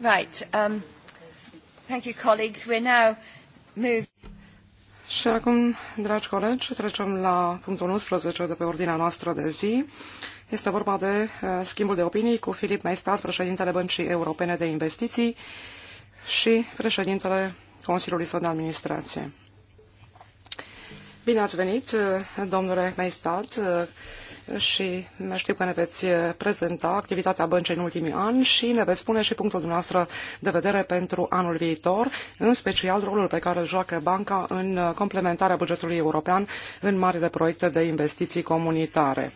Right. Um, thank you, colleagues. We're now moved. Și acum, dragi colegi, trecem la punctul 11 de pe ordinea noastră de zi. Este vorba de uh, schimbul de opinii cu Filip Maestat, președintele Băncii Europene de Investiții și președintele Consiliului Său de Administrație. Bine ați venit, uh, domnule Maestat, uh, și știu că ne veți prezenta activitatea băncii în ultimii ani și ne veți spune și punctul dumneavoastră de vedere pentru anul viitor, în special rolul pe care îl joacă banca în complementarea bugetului european în marile proiecte de investiții comunitare.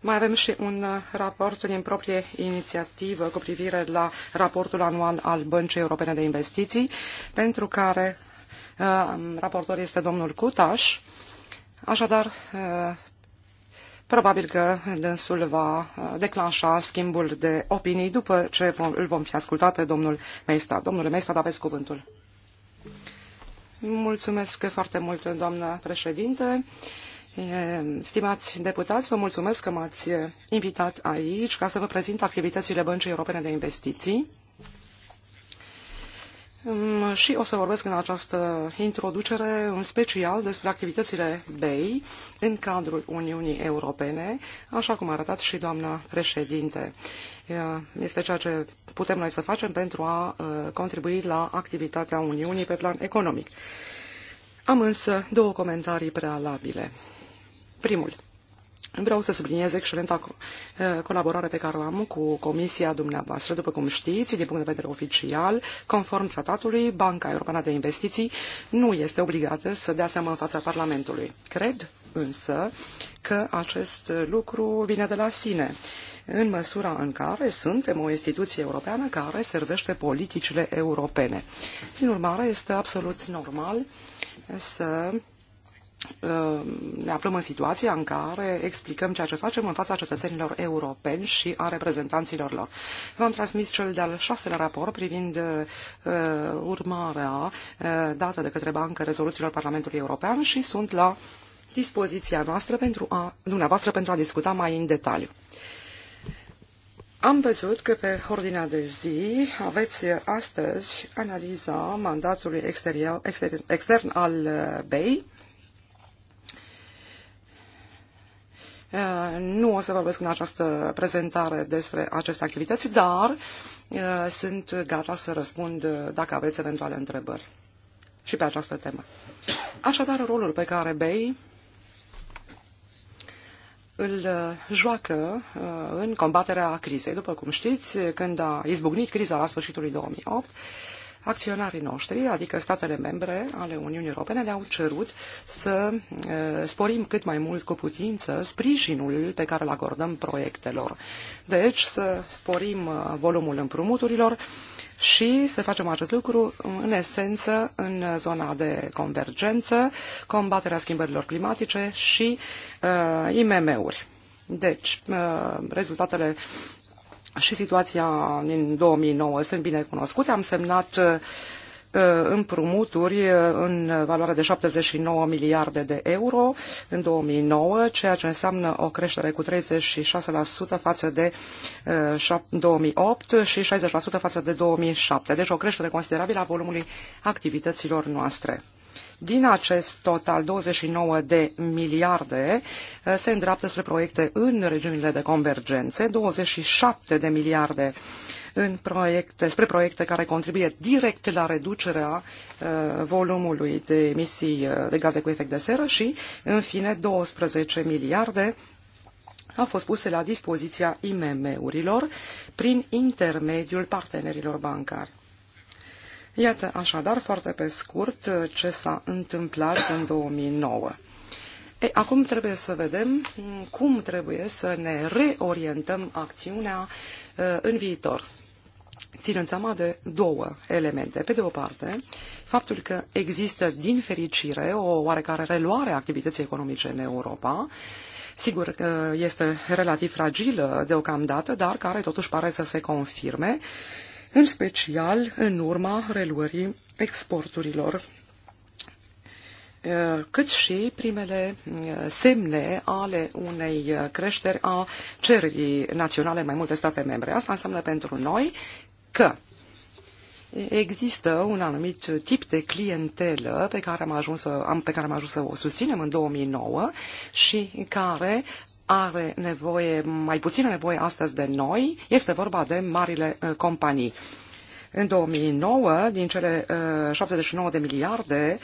Mai avem și un raport din proprie inițiativă cu privire la raportul anual al Băncii Europene de Investiții, pentru care uh, raportor este domnul Cutaș Așadar, probabil că dânsul va declanșa schimbul de opinii după ce vom, îl vom fi ascultat pe domnul Meista, Domnule Meistat, aveți cuvântul. Mulțumesc foarte mult, doamnă președinte. Stimați deputați, vă mulțumesc că m-ați invitat aici ca să vă prezint activitățile Băncii Europene de Investiții Mm, și o să vorbesc în această introducere în special despre activitățile BEI în cadrul Uniunii Europene, așa cum a arătat și doamna președinte. Este ceea ce putem noi să facem pentru a uh, contribui la activitatea Uniunii pe plan economic. Am însă două comentarii prealabile. Primul. Vreau să subliniez excelenta uh, colaborare pe care o am cu Comisia dumneavoastră. După cum știți, din punct de vedere oficial, conform tratatului, Banca Europeană de Investiții nu este obligată să dea seama în fața Parlamentului. Cred însă că acest lucru vine de la sine în măsura în care suntem o instituție europeană care servește politicile europene. Prin urmare, este absolut normal să ne aflăm în situația în care explicăm ceea ce facem în fața cetățenilor europeni și a reprezentanților lor. V-am transmis cel de-al șaselea raport privind uh, urmarea uh, dată de către Bancă rezoluțiilor Parlamentului European și sunt la dispoziția noastră pentru a, dumneavoastră pentru a discuta mai în detaliu. Am văzut că pe ordinea de zi aveți astăzi analiza mandatului exterior, exter, extern al uh, BEI, Eh, nu o să vorbesc în această prezentare despre aceste activități, dar eh, sunt gata să răspund eh, dacă aveți eventuale întrebări și pe această temă. Așadar, rolul pe care BEI îl joacă în combaterea crizei. După cum știți, când a izbucnit criza la sfârșitul 2008, acționarii noștri, adică statele membre ale Uniunii Europene, ne-au cerut să sporim cât mai mult cu putință sprijinul pe care îl acordăm proiectelor. Deci să sporim volumul împrumuturilor și să facem acest lucru în esență în zona de convergență, combaterea schimbărilor climatice și uh, IMM-uri. Deci, rezultatele și situația din 2009 sunt bine cunoscute. Am semnat uh, uh, împrumuturi uh, în valoare de 79 miliarde de euro în 2009, ceea ce înseamnă o creștere cu 36% față de 2008 și 60% față de 2007. Deci o creștere considerabilă a volumului activităților noastre. Din acest total, 29 de miliarde eh, se îndreaptă spre proiecte în regiunile de convergențe, 27 de miliarde în proiecte, spre proiecte care contribuie direct la reducerea uh, volumului de emisii eh, de gaze cu efect de seră și, în fine, 12 miliarde au fost puse la dispoziția IMM-urilor prin intermediul partenerilor bancari. Iată așadar foarte pe scurt uh, ce s-a întâmplat în 2009. Ei, acum trebuie să vedem mm, cum trebuie să ne reorientăm acțiunea uh, în viitor ținând seama de două elemente. Pe de o parte, faptul că există, din fericire, o oarecare reluare a activității economice în Europa, sigur că este relativ fragilă deocamdată, dar care totuși pare să se confirme în special în urma reluării exporturilor eh, cât și primele eh, semne ale unei eh, creșteri a cererii naționale în mai multe state membre. Asta înseamnă pentru noi că Există un anumit tip de clientelă pe care am ajuns să, am, pe care am ajuns să o susținem în 2009 și care are nevoie, mai puțină nevoie astăzi de noi, este vorba de marile uh, companii. În 2009, din cele 79 uh, de miliarde,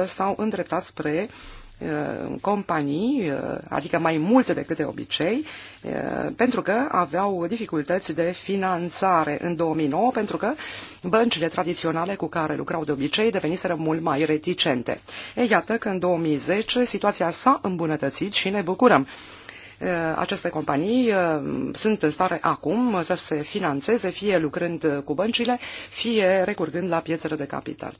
42% s-au îndreptat spre Uh, companii, uh, adică mai multe decât de obicei, uh, pentru că aveau dificultăți de finanțare în 2009, pentru că băncile tradiționale cu care lucrau de obicei deveniseră mult mai reticente. E, iată că în 2010 situația s-a îmbunătățit și ne bucurăm aceste companii sunt în stare acum să se financeze, fie lucrând cu băncile, fie recurgând la piețele de capital.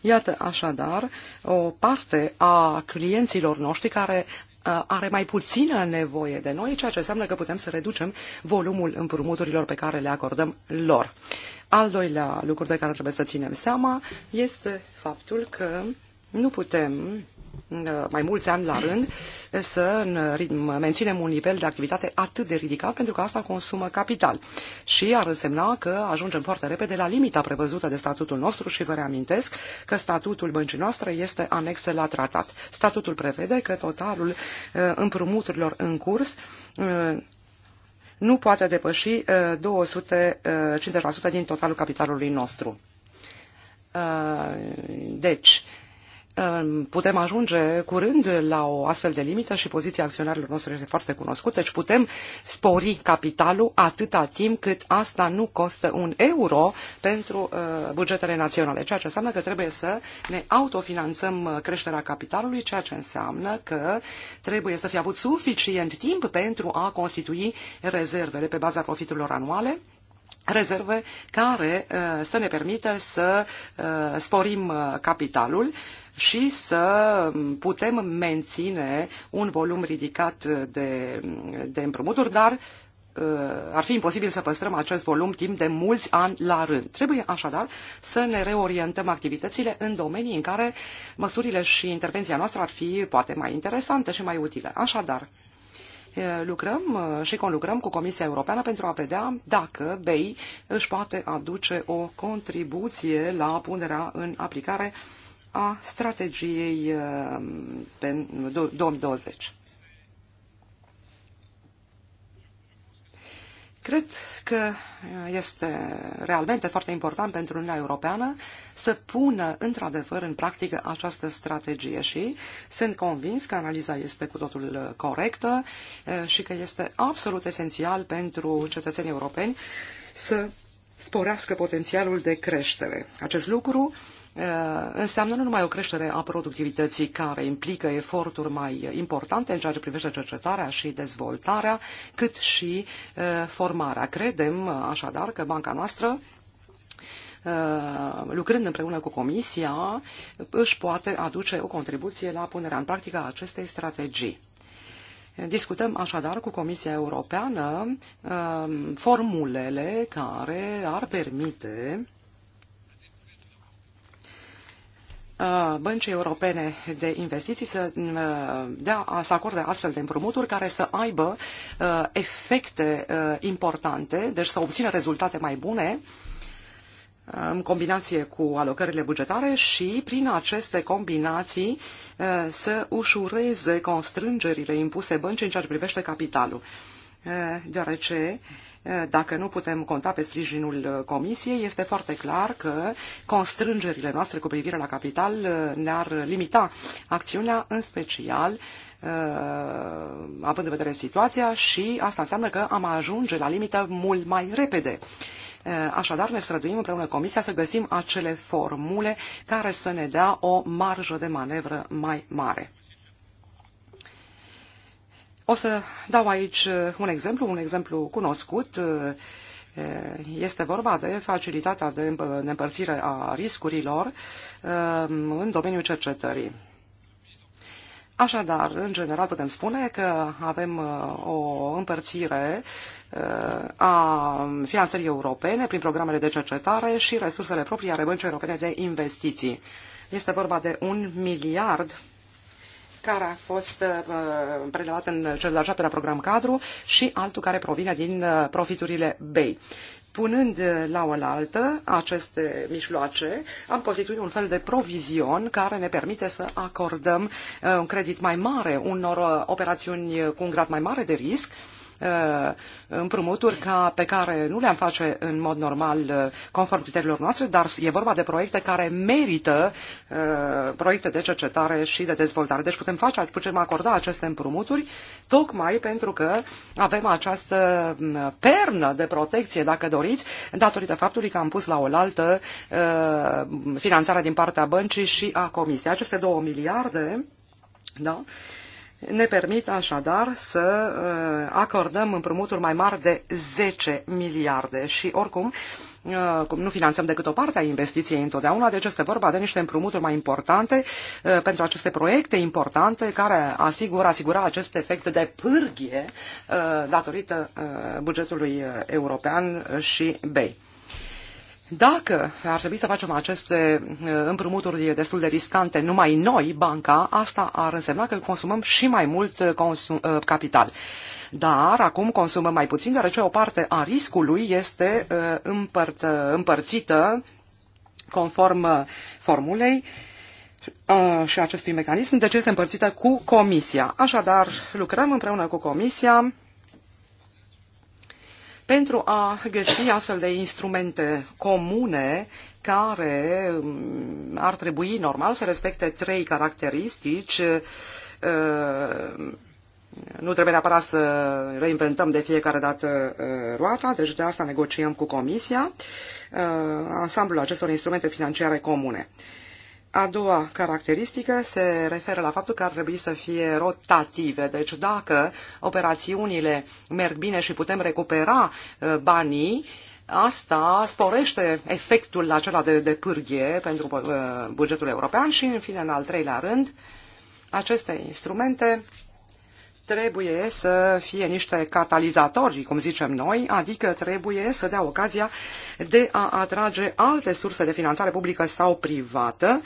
Iată așadar o parte a clienților noștri care uh, are mai puțină nevoie de noi, ceea ce înseamnă că putem să reducem volumul împrumuturilor pe care le acordăm lor. Al doilea lucru de care trebuie să ținem seama este faptul că nu putem Uh, mai mulți ani la rând să menținem un nivel de activitate atât de ridicat pentru că asta consumă capital și ar însemna că ajungem foarte repede la limita prevăzută de statutul nostru și vă reamintesc că statutul băncii noastre este anexă la tratat. Statutul prevede că totalul uh, împrumuturilor în curs uh, nu poate depăși 250% din totalul capitalului nostru. Deci, putem ajunge curând la o astfel de limită și poziția acționarilor noștri este foarte cunoscută, deci putem spori capitalul atâta timp cât asta nu costă un euro pentru uh, bugetele naționale, ceea ce înseamnă că trebuie să ne autofinanțăm uh, creșterea capitalului, ceea ce înseamnă că trebuie să fi avut suficient timp pentru a constitui rezervele pe baza profiturilor anuale rezerve care uh, să ne permită să uh, sporim uh, capitalul și să um, putem menține un volum ridicat de, de împrumuturi, dar ar fi imposibil să păstrăm acest volum timp de mulți ani la rând. Trebuie așadar să ne reorientăm activitățile în domenii în care măsurile și intervenția noastră ar fi poate mai interesante și mai utile. Așadar, Eh, lucrăm eh, și conlucrăm cu Comisia Europeană pentru a vedea dacă BEI își poate aduce o contribuție la punerea în aplicare a strategiei 2020. Eh, Cred că uh, este realmente foarte important pentru Uniunea Europeană să pună într-adevăr în practică această strategie și sunt convins că analiza este cu totul uh, corectă uh, și că este absolut esențial pentru cetățenii europeni să sporească potențialul de creștere. Acest lucru Uh, înseamnă nu numai o creștere a productivității care implică eforturi mai importante în ceea ce privește cercetarea și dezvoltarea, cât și uh, formarea. Credem uh, așadar că banca noastră lucrând împreună cu Comisia, își poate aduce o contribuție la punerea în practică a acestei strategii. Discutăm așadar cu Comisia Europeană formulele care ar permite băncii europene de investiții să, uh, dea, să acorde astfel de împrumuturi care să aibă uh, efecte uh, importante, deci să obțină rezultate mai bune în combinație cu alocările bugetare și prin aceste combinații să ușureze constrângerile impuse băncii în ceea ce privește capitalul. Deoarece dacă nu putem conta pe sprijinul uh, Comisiei, este foarte clar că constrângerile noastre cu privire la capital uh, ne-ar limita acțiunea, în special uh, având în vedere situația și asta înseamnă că am ajunge la limită mult mai repede. Așadar, ne străduim împreună Comisia să găsim acele formule care să ne dea o marjă de manevră mai mare. O să dau aici uh, un exemplu, un exemplu cunoscut. Uh, uh, este vorba de facilitatea de împărțire a riscurilor în domeniul cercetării. Așadar, în general putem spune că avem o împărțire a finanțării europene prin programele de cercetare și resursele proprii ale Băncii Europene de Investiții. Este vorba de un miliard care a fost uh, prelevat în cel de-al șaptelea program cadru și altul care provine din uh, profiturile BEI. Punând uh, la oaltă aceste mișloace, am constituit un fel de provizion care ne permite să acordăm un credit mai mare unor operațiuni cu un grad mai mare de risc, Uh, împrumuturi ca, pe care nu le-am face în mod normal uh, conform criteriilor noastre, dar e vorba de proiecte care merită uh, proiecte de cercetare și de dezvoltare. Deci putem face, putem acorda aceste împrumuturi tocmai pentru că avem această mm, pernă de protecție, dacă doriți, datorită faptului că am pus la oaltă finanțarea din partea băncii și a comisiei. Aceste două miliarde da? ne permit așadar să uh, acordăm împrumuturi mai mari de 10 miliarde și oricum uh, cum nu finanțăm decât o parte a investiției întotdeauna, deci este vorba de niște împrumuturi mai importante uh, pentru aceste proiecte importante care asigură asigura acest efect de pârghie datorită bugetului european și BEI. Dacă ar trebui să facem aceste uh, împrumuturi destul de riscante numai noi, banca, asta ar însemna că consumăm și mai mult uh, consum, uh, capital. Dar acum consumăm mai puțin, deoarece o parte a riscului este împărt, împărțită conform formulei și acestui mecanism, deci este împărțită cu Comisia. Așadar, lucrăm împreună cu Comisia pentru a găsi astfel de instrumente comune care mm, ar trebui normal să respecte trei caracteristici. Uh, nu trebuie neapărat să reinventăm de fiecare dată uh, roata, deci de asta negociem cu Comisia uh, ansamblul acestor instrumente financiare comune. A doua caracteristică se referă la faptul că ar trebui să fie rotative. Deci dacă operațiunile merg bine și putem recupera uh, banii, asta sporește efectul acela de, de pârghie pentru uh, bugetul european și, în fine, în al treilea rând, aceste instrumente trebuie să fie niște catalizatori, cum zicem noi, adică trebuie să dea ocazia de a atrage alte surse de finanțare publică sau privată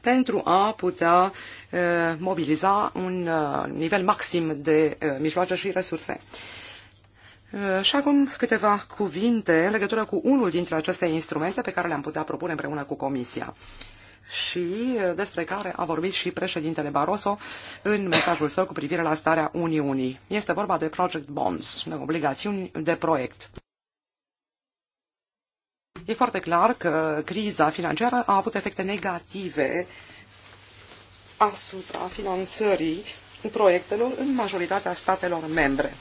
pentru a putea eh, mobiliza un eh, nivel maxim de eh, mijloace și resurse. Și acum câteva cuvinte în legătură cu unul dintre aceste instrumente pe care le-am putea propune împreună cu Comisia și uh, despre care a vorbit și președintele Barroso în mesajul său cu privire la starea Uniunii. Este vorba de project bonds, de obligațiuni de proiect. E foarte clar că criza financiară a avut efecte negative asupra finanțării proiectelor în majoritatea statelor membre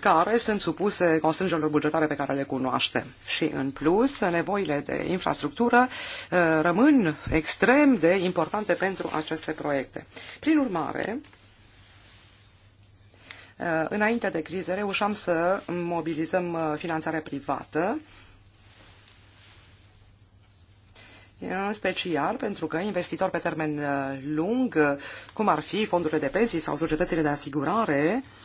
care sunt supuse constrângerilor bugetare pe care le cunoaștem. Și, în plus, nevoile de infrastructură uh, rămân extrem de importante pentru aceste proiecte. Prin urmare, uh, înainte de criză reușeam să mobilizăm uh, finanțarea privată, în special pentru că investitori pe termen lung, cum ar fi fondurile de pensii sau societățile de asigurare, uh,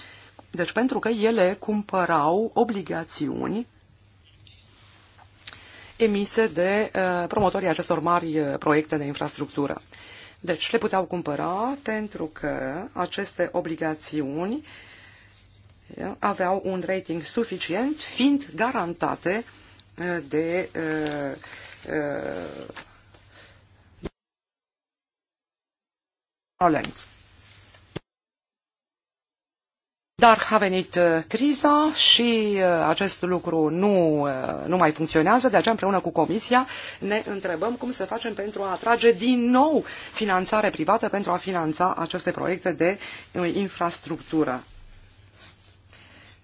deci pentru că ele cumpărau obligațiuni emise de uh, promotorii acestor mari uh, proiecte de infrastructură. Deci le puteau cumpăra pentru că aceste obligațiuni uh, aveau un rating suficient, fiind garantate de uh, uh, Dar a venit uh, criza și uh, acest lucru nu, uh, nu mai funcționează, de aceea împreună cu Comisia ne întrebăm cum să facem pentru a atrage din nou finanțare privată pentru a finanța aceste proiecte de infrastructură.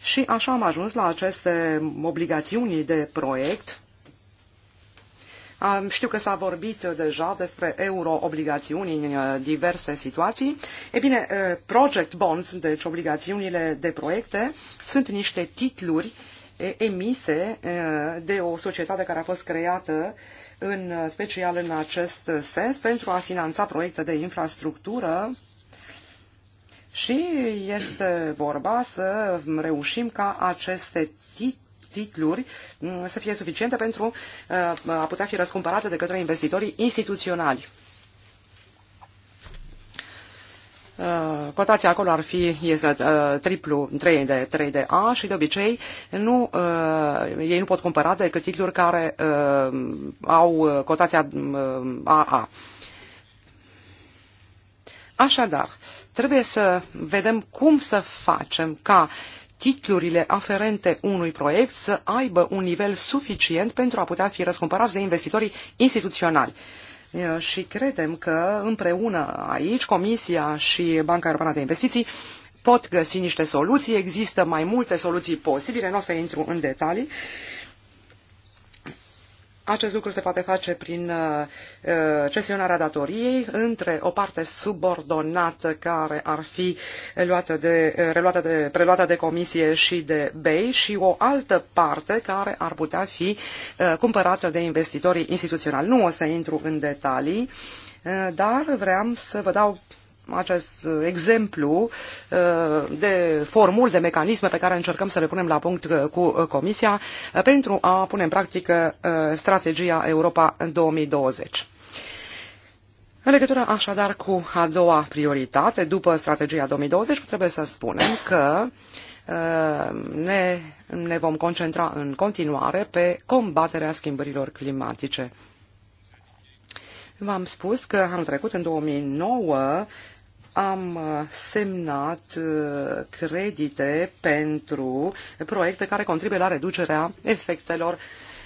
Și așa am ajuns la aceste obligațiuni de proiect știu că s-a vorbit uh, deja despre euro-obligațiuni în uh, diverse situații. E bine, uh, project bonds, deci obligațiunile de proiecte, sunt niște titluri emise de o societate care a fost creată în special în acest sens pentru a finanța proiecte de infrastructură și este vorba să reușim ca aceste titluri titluri mm, să fie suficiente pentru uh, a putea fi răscumpărate de către investitorii instituționali. Uh, cotația acolo ar fi este uh, triplu 3 de 3 de A și de obicei nu, ei nu pot cumpăra decât titluri care au cotația AA. Așadar, trebuie să vedem cum să facem ca uh, titlurile aferente unui proiect să aibă un nivel suficient pentru a putea fi răscumpărați de investitorii instituționali. Și credem că împreună aici Comisia și Banca Europeană de Investiții pot găsi niște soluții. Există mai multe soluții posibile, nu o să intru în detalii, acest lucru se poate face prin uh, uh, cesionarea datoriei între o parte subordonată care ar fi luată de, uh, reluată de, preluată de comisie și de BEI și o altă parte care ar putea fi cumpărată de investitorii instituționali. Nu o să intru în detalii, dar vreau să vă dau acest exemplu uh, de formul, de mecanisme pe care încercăm să le punem la punct uh, cu uh, Comisia pentru a pune în practică strategia Europa 2020. În legătură așadar cu a doua prioritate, după strategia 2020, trebuie să spunem că ne, ne vom concentra în continuare pe combaterea schimbărilor climatice. V-am spus că anul trecut, în 2009, am uh, semnat uh, credite pentru proiecte care contribuie la reducerea efectelor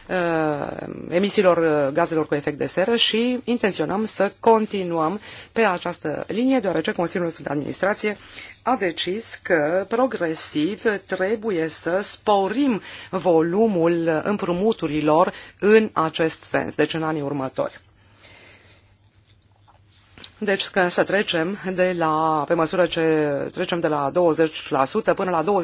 uh, emisiilor gazelor cu efect de seră și intenționăm să continuăm pe această linie, deoarece Consiliul de Administrație a decis că progresiv trebuie să sporim volumul împrumuturilor în acest sens, deci în anii următori. Deci că să trecem de la, pe măsură ce trecem de la 20% până la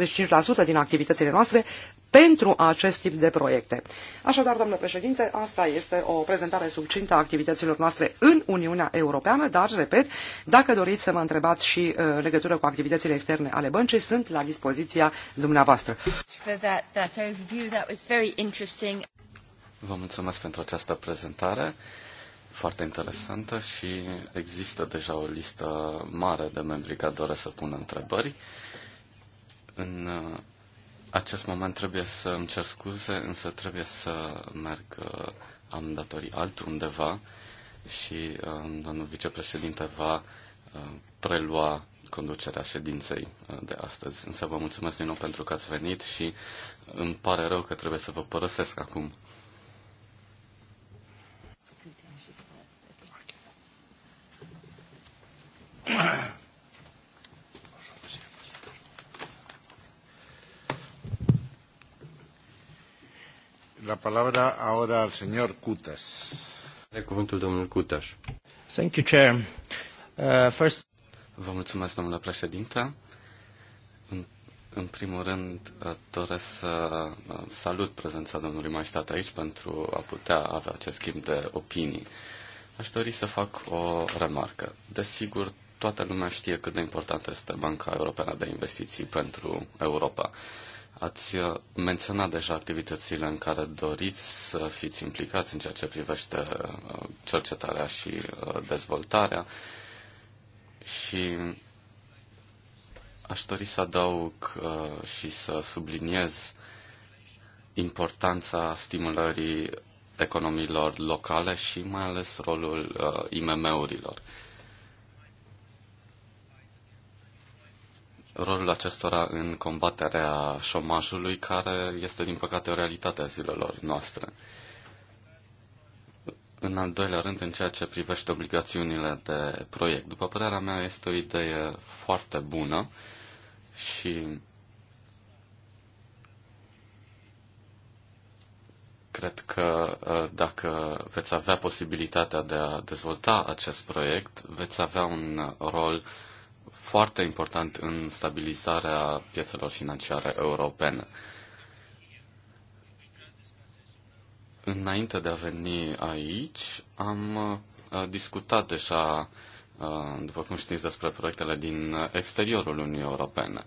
25% din activitățile noastre pentru acest tip de proiecte. Așadar, domnule președinte, asta este o prezentare succintă a activităților noastre în Uniunea Europeană, dar, repet, dacă doriți să mă întrebați și uh, legătură cu activitățile externe ale băncii, sunt la dispoziția dumneavoastră. Vă mulțumesc pentru această prezentare foarte interesantă și există deja o listă mare de membri care doresc să pună întrebări. În uh, acest moment trebuie să îmi cer scuze, însă trebuie să merg, uh, am datorii altundeva și uh, domnul vicepreședinte va prelua conducerea ședinței de astăzi. Însă vă mulțumesc din nou pentru că ați venit și îmi pare rău că trebuie să vă părăsesc acum. La palabra ahora al señor Cutas. De cuvântul domnul Cutas. Thank you, Chair. Uh, first... Vă mulțumesc, domnule președinte. În, în primul rând, uh, doresc să uh, salut prezența domnului Maștat aici pentru a putea avea acest schimb de opinii. Aș dori să fac o remarcă. Desigur, Toată lumea știe cât de importantă este Banca Europeană de Investiții pentru Europa. Ați uh, menționat deja activitățile în care doriți să fiți implicați în ceea ce privește uh, cercetarea și uh, dezvoltarea și aș dori să adaug și să subliniez importanța stimulării economiilor locale și mai ales rolul IMM-urilor. rolul acestora în combaterea șomajului, care este, din păcate, o realitate a zilelor noastre. În al doilea rând, în ceea ce privește obligațiunile de proiect. După părerea mea, este o idee foarte bună și cred că ă, dacă veți avea posibilitatea de a dezvolta acest proiect, veți avea un rol uh, foarte important în stabilizarea piețelor financiare europene. Înainte de a veni aici, am uh, discutat deja, uh, după cum știți, despre proiectele din exteriorul Uniunii Europene.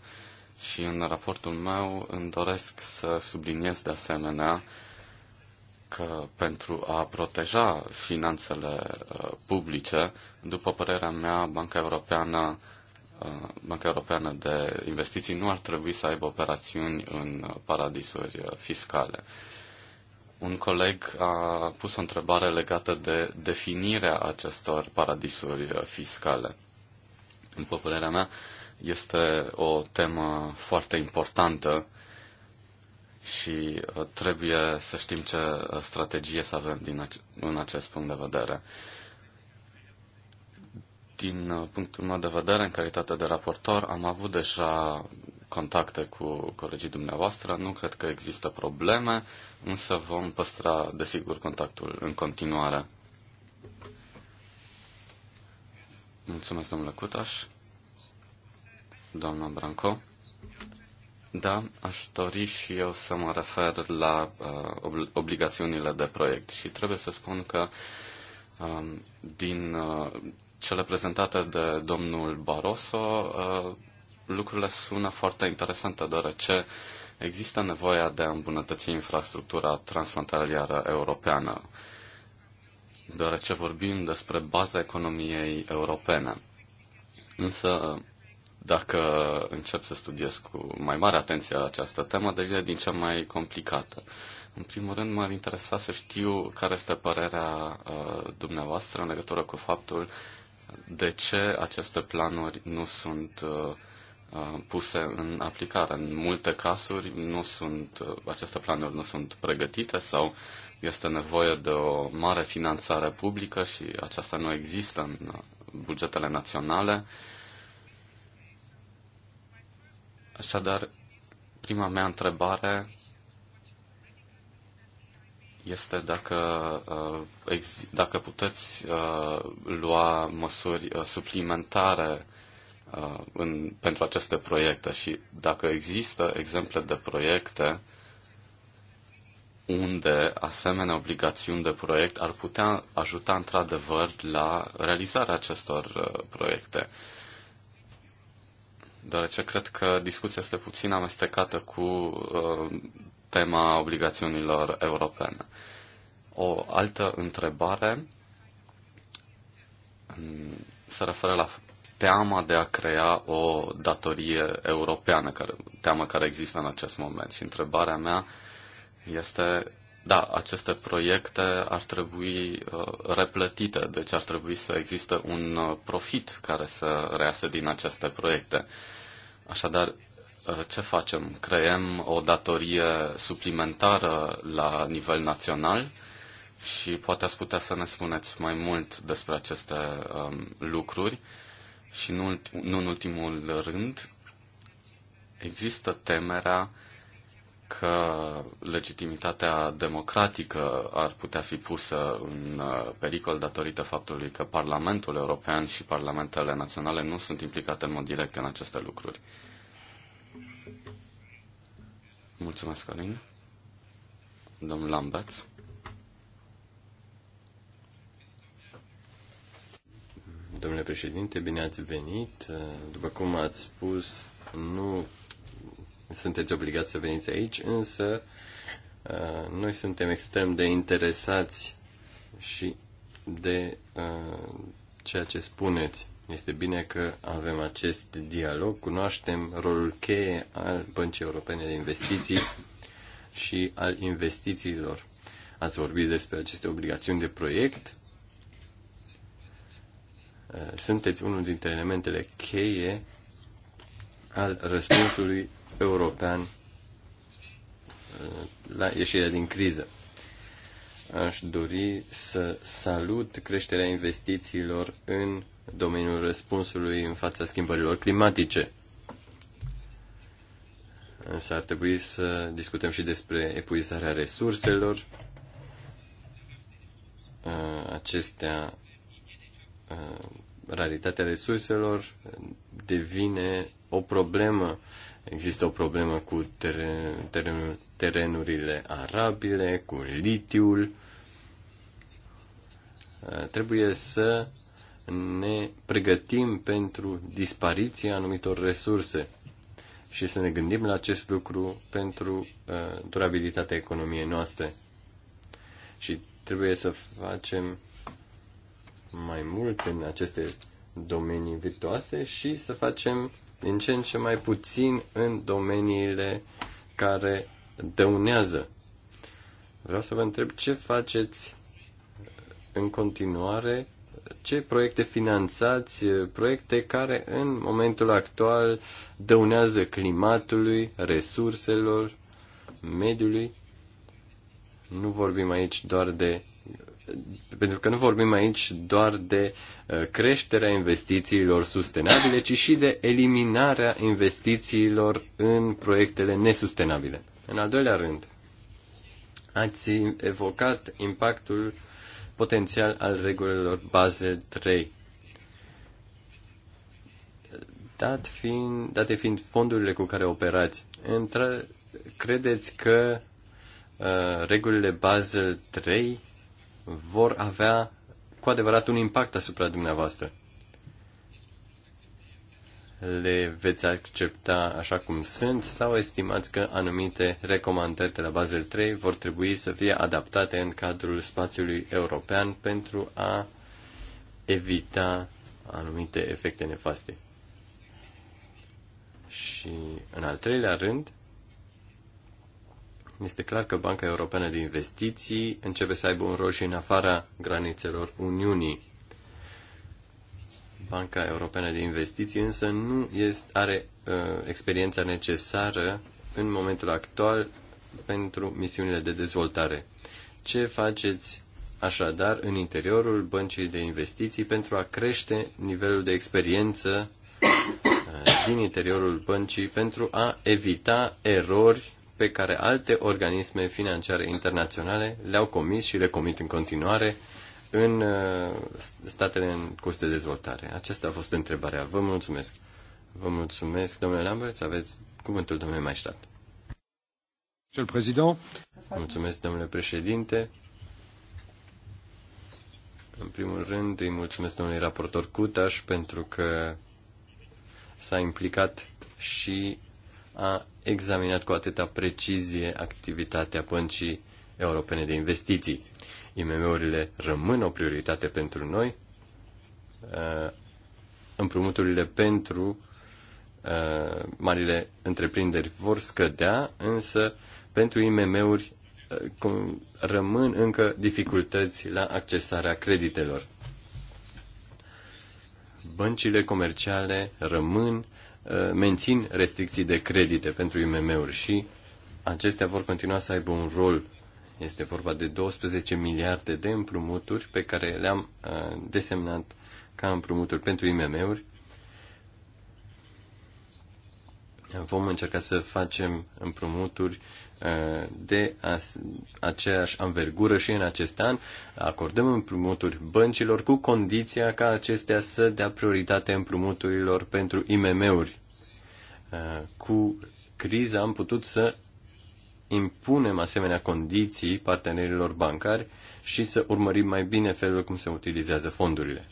Și în raportul meu îmi doresc să subliniez de asemenea că pentru a proteja finanțele uh, publice, după părerea mea, Banca Europeană Uh, Banca Europeană de Investiții nu ar trebui să aibă operațiuni în paradisuri uh, fiscale. Un coleg a pus o întrebare legată de definirea acestor paradisuri uh, fiscale. În părerea mea, este o temă foarte importantă și trebuie să știm ce strategie să avem din ac- în acest punct de vedere. Din uh, punctul meu de vedere, în calitate de raportor, am avut deja contacte cu colegii dumneavoastră, nu cred că există probleme, însă vom păstra, desigur, contactul în continuare. Mulțumesc, domnule Cutaș. Doamna Branco. Da, aș dori și eu să mă refer la uh, obligațiunile de proiect și trebuie să spun că uh, din, uh, cele prezentate de domnul Barroso, uh, lucrurile sună foarte interesante, deoarece există nevoia de a îmbunătăți infrastructura transfrontalieră europeană, deoarece vorbim despre baza economiei europene. Însă, dacă încep să studiez cu mai mare atenție la această temă, devine din ce mai complicată. În primul rând, m-ar interesa să știu care este părerea uh, dumneavoastră în legătură cu faptul de ce aceste planuri nu sunt uh, uh, puse în aplicare. În multe cazuri nu sunt, uh, aceste planuri nu sunt pregătite sau este nevoie de o mare finanțare publică și aceasta nu există în uh, bugetele naționale. Așadar, prima mea întrebare este dacă, uh, dacă puteți uh, lua măsuri uh, suplimentare în, pentru aceste proiecte și dacă există exemple de proiecte unde asemenea obligațiuni de proiect ar putea ajuta într-adevăr la realizarea acestor proiecte. Deoarece cred că discuția este puțin amestecată cu uh, tema obligațiunilor europene. O altă întrebare mm, se referă la teama de a crea o datorie europeană, care, teama care există în acest moment. Și întrebarea mea este, da, aceste proiecte ar trebui uh, replătite, deci ar trebui să existe un uh, profit care să reiasă din aceste proiecte. Așadar, Uh, ce facem? Creăm o datorie suplimentară la nivel național? Și poate ați putea să ne spuneți mai mult despre aceste um, lucruri. Și nu, nu în ultimul rând, există temerea că legitimitatea democratică ar putea fi pusă în uh, pericol datorită faptului că Parlamentul European și Parlamentele Naționale nu sunt implicate în mod direct în aceste lucruri. Mulțumesc, Alin. Domnul Lambert. Domnule președinte, bine ați venit. După cum ați spus, nu sunteți obligați să veniți aici, însă uh, noi suntem extrem de interesați și de uh, ceea ce spuneți. Este bine că avem acest dialog, cunoaștem rolul cheie al Băncii Europene de Investiții și al investițiilor. Ați vorbit despre aceste obligațiuni de proiect. Sunteți unul dintre elementele cheie al răspunsului european uh, la ieșirea din criză. Aș dori să salut creșterea investițiilor în domeniul răspunsului în fața schimbărilor climatice. Însă ar trebui să discutăm și despre epuizarea resurselor. Uh, acestea, uh, raritatea resurselor devine o problemă. Există o problemă cu teren, terenurile arabile, cu litiul. Uh, trebuie să ne pregătim pentru dispariția anumitor resurse și să ne gândim la acest lucru pentru uh, durabilitatea economiei noastre. Și trebuie să facem mai mult în aceste domenii virtuoase și să facem din ce în ce mai puțin în domeniile care dăunează. Vreau să vă întreb ce faceți în continuare ce proiecte finanțați, proiecte care în momentul actual dăunează climatului, resurselor, mediului. Nu vorbim aici doar de pentru că nu vorbim aici doar de uh, creșterea investițiilor sustenabile, ci și de eliminarea investițiilor în proiectele nesustenabile. În al doilea rând, ați evocat impactul potențial al regulilor Basel 3. Dat fiind, date fiind fondurile cu care operați, între, credeți că uh, regulile Basel 3 vor avea cu adevărat un impact asupra dumneavoastră? le veți accepta așa cum sunt sau estimați că anumite recomandări de la Basel 3 vor trebui să fie adaptate în cadrul spațiului european pentru a evita anumite efecte nefaste. Și în al treilea rând, este clar că Banca Europeană de Investiții începe să aibă un rol și în afara granițelor Uniunii Banca Europeană de Investiții însă nu este, are uh, experiența necesară în momentul actual pentru misiunile de dezvoltare. Ce faceți așadar în interiorul băncii de investiții pentru a crește nivelul de experiență uh, din interiorul băncii pentru a evita erori pe care alte organisme financiare internaționale le-au comis și le comit în continuare în uh, statele în curs de dezvoltare. Aceasta a fost întrebarea. Vă mulțumesc. Vă mulțumesc, domnule Lambert. Aveți cuvântul, domnule Maistat. Mulțumesc, domnule președinte. În primul rând, îi mulțumesc domnului raportor Cutaș pentru că s-a implicat și a examinat cu atâta precizie activitatea Băncii Europene de Investiții. IMM-urile rămân o prioritate pentru noi, uh, împrumuturile pentru uh, marile întreprinderi vor scădea, însă pentru IMM-uri uh, rămân încă dificultăți la accesarea creditelor. Băncile comerciale rămân, mențin restricții de credite pentru IMM-uri și acestea vor continua să aibă un rol este vorba de 12 miliarde de împrumuturi pe care le-am uh, desemnat ca împrumuturi pentru IMM-uri. Vom încerca să facem împrumuturi uh, de aceeași anvergură și în acest an. Acordăm împrumuturi băncilor cu condiția ca acestea să dea prioritate împrumuturilor pentru IMM-uri. Uh, cu criza am putut să impunem asemenea condiții partenerilor bancari și să urmărim mai bine felul cum se utilizează fondurile.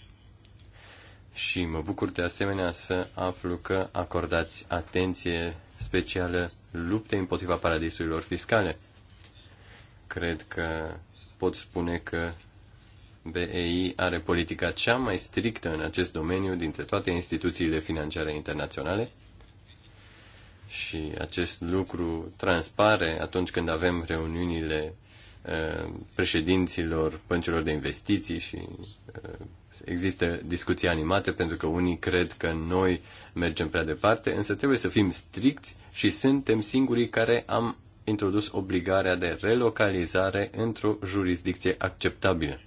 Și mă bucur de asemenea să aflu că acordați atenție specială luptei împotriva paradisurilor fiscale. Cred că pot spune că BEI are politica cea mai strictă în acest domeniu dintre toate instituțiile financiare internaționale și acest lucru transpare atunci când avem reuniunile uh, președinților băncilor de investiții și uh, există discuții animate pentru că unii cred că noi mergem prea departe, însă trebuie să fim stricți și suntem singurii care am introdus obligarea de relocalizare într-o jurisdicție acceptabilă.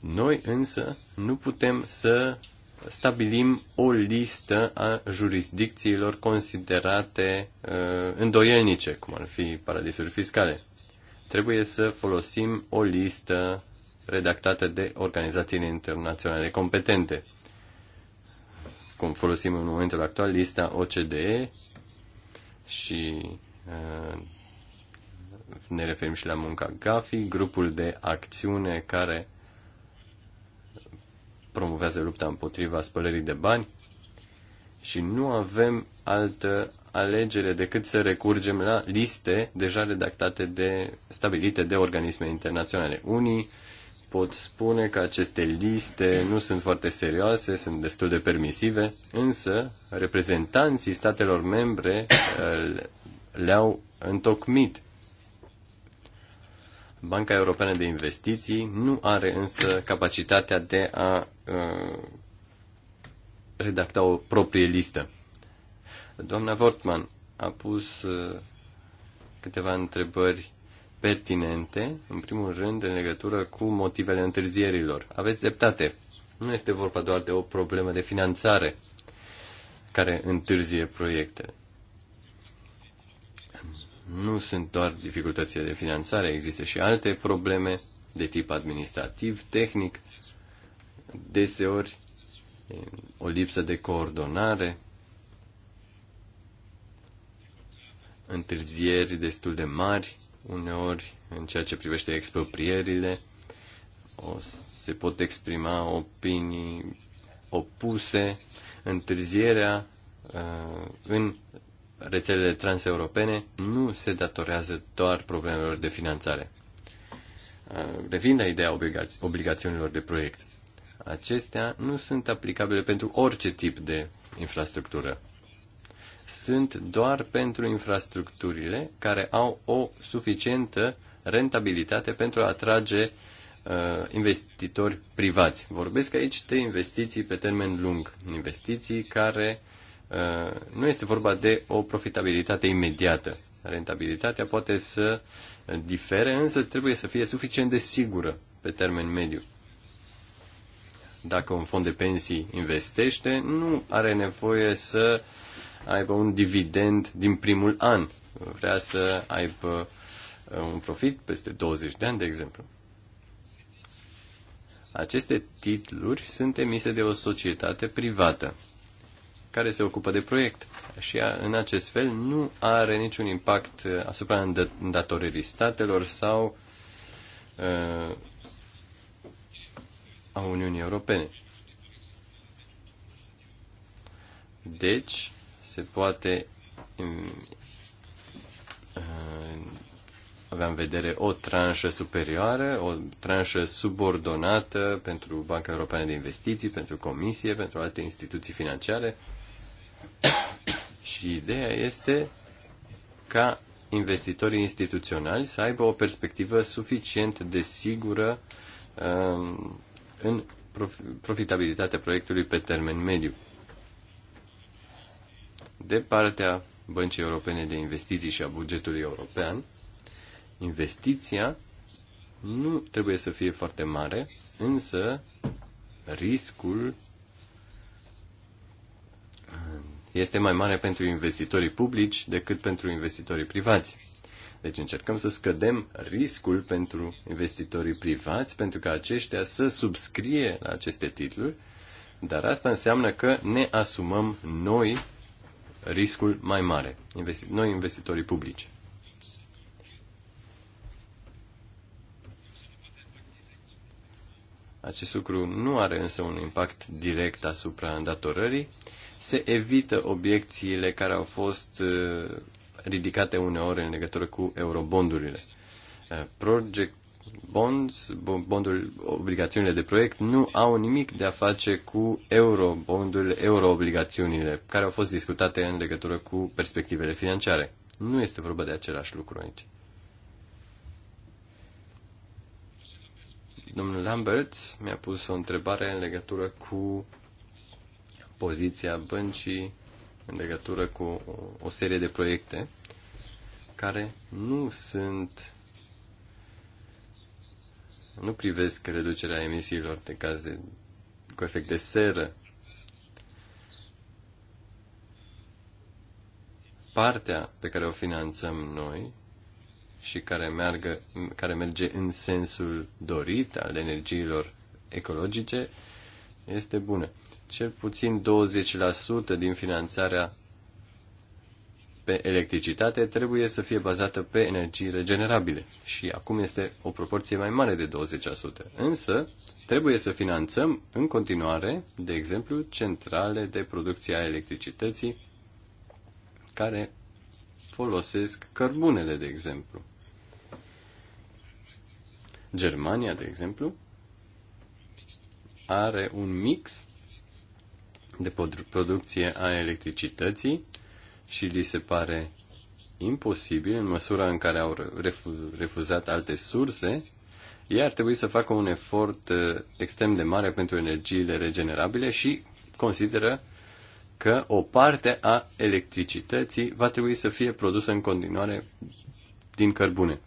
Noi însă nu putem să stabilim o listă a jurisdicțiilor considerate uh, îndoielnice, cum ar fi paradisuri fiscale. Trebuie să folosim o listă redactată de organizațiile internaționale competente. Cum folosim în momentul actual lista OCDE și uh, ne referim și la munca GAFI, grupul de acțiune care promovează lupta împotriva spălării de bani și nu avem altă alegere decât să recurgem la liste deja redactate de, stabilite de organisme internaționale. Unii pot spune că aceste liste nu sunt foarte serioase, sunt destul de permisive, însă reprezentanții statelor membre eh, le-au întocmit Banca Europeană de Investiții nu are însă capacitatea de a uh, redacta o proprie listă. Doamna Vortman a pus uh, câteva întrebări pertinente, în primul rând în legătură cu motivele întârzierilor. Aveți dreptate. Nu este vorba doar de o problemă de finanțare care întârzie proiectele nu sunt doar dificultățile de finanțare, există și alte probleme de tip administrativ, tehnic, deseori o lipsă de coordonare, întârzieri destul de mari uneori în ceea ce privește exproprierile, o, se pot exprima opinii opuse, întârzierea uh, în rețelele transeuropene nu se datorează doar problemelor de finanțare. Revin la ideea obligați- obligațiunilor de proiect. Acestea nu sunt aplicabile pentru orice tip de infrastructură. Sunt doar pentru infrastructurile care au o suficientă rentabilitate pentru a atrage uh, investitori privați. Vorbesc aici de investiții pe termen lung, investiții care Uh, nu este vorba de o profitabilitate imediată. Rentabilitatea poate să difere, însă trebuie să fie suficient de sigură pe termen mediu. Dacă un fond de pensii investește, nu are nevoie să aibă un dividend din primul an. Vrea să aibă uh, un profit peste 20 de ani, de exemplu. Aceste titluri sunt emise de o societate privată care se ocupă de proiect și în acest fel nu are niciun impact uh, asupra îndatoririi statelor sau uh, a Uniunii Europene. Deci, se poate um, uh, avea în vedere o tranșă superioară, o tranșă subordonată pentru Banca Europeană de Investiții, pentru Comisie, pentru alte instituții financiare, uh, [coughs] Și ideea este ca investitorii instituționali să aibă o perspectivă suficient de sigură um, în profitabilitatea proiectului pe termen mediu. De partea Băncii Europene de Investiții și a bugetului european, investiția nu trebuie să fie foarte mare, însă riscul este mai mare pentru investitorii publici decât pentru investitorii privați. Deci încercăm să scădem riscul pentru investitorii privați, pentru că aceștia să subscrie la aceste titluri, dar asta înseamnă că ne asumăm noi riscul mai mare, noi investitorii publici. Acest lucru nu are însă un impact direct asupra îndatorării, se evită obiecțiile care au fost uh, ridicate uneori în legătură cu eurobondurile. Uh, project bonds, bonduri, obligațiunile de proiect nu au nimic de a face cu eurobondurile, euroobligațiunile care au fost discutate în legătură cu perspectivele financiare. Nu este vorba de același lucru aici. Domnul Lambert mi-a pus o întrebare în legătură cu poziția băncii în legătură cu o serie de proiecte care nu sunt nu privesc reducerea emisiilor de gaze cu efect de seră. Partea pe care o finanțăm noi și care, meargă, care merge în sensul dorit al energiilor ecologice este bună cel puțin 20% din finanțarea pe electricitate trebuie să fie bazată pe energii regenerabile și acum este o proporție mai mare de 20%. Însă, trebuie să finanțăm în continuare, de exemplu, centrale de producție a electricității care folosesc cărbunele, de exemplu. Germania, de exemplu, are un mix de producție a electricității și li se pare imposibil în măsura în care au refuzat alte surse, ei ar trebui să facă un efort uh, extrem de mare pentru energiile regenerabile și consideră că o parte a electricității va trebui să fie produsă în continuare din cărbune.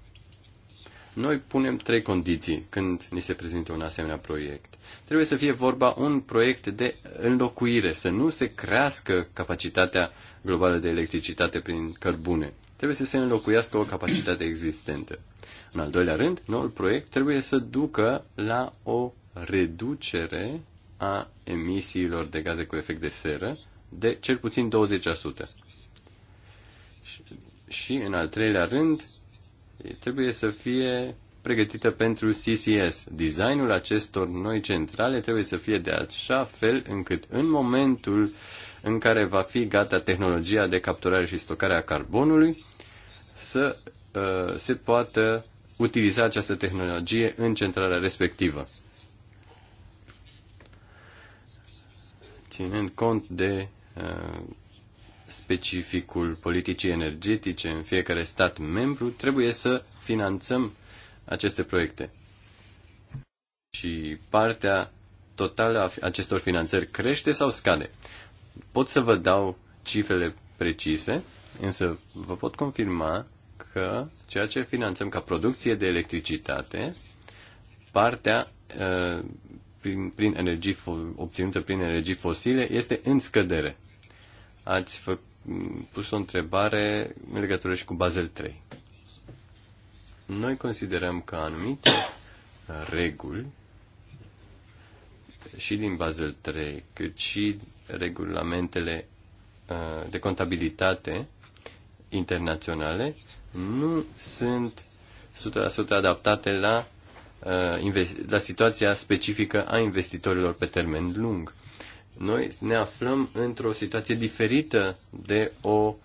Noi punem trei condiții când ni se prezintă un asemenea proiect. Trebuie să fie vorba un proiect de înlocuire, să nu se crească capacitatea globală de electricitate prin cărbune. Trebuie să se înlocuiască o capacitate existentă. În al doilea rând, noul proiect trebuie să ducă la o reducere a emisiilor de gaze cu efect de seră de cel puțin 20%. Și, în al treilea rând, trebuie să fie pregătită pentru CCS. Designul acestor noi centrale trebuie să fie de așa fel încât în momentul în care va fi gata tehnologia de capturare și stocare a carbonului, să uh, se poată utiliza această tehnologie în centrala respectivă. Ținând cont de uh, specificul politicii energetice în fiecare stat membru, trebuie să finanțăm aceste proiecte. Și partea totală a acestor finanțări crește sau scade? Pot să vă dau cifrele precise, însă vă pot confirma că ceea ce finanțăm ca producție de electricitate, partea uh, prin, prin energie, obținută prin energii fosile este în scădere ați fă, pus o întrebare în legătură și cu Basel 3. Noi considerăm că anumite reguli și din Basel 3, cât și regulamentele uh, de contabilitate internaționale nu sunt 100% adaptate la, uh, la situația specifică a investitorilor pe termen lung. Noi ne aflăm într-o situație diferită de o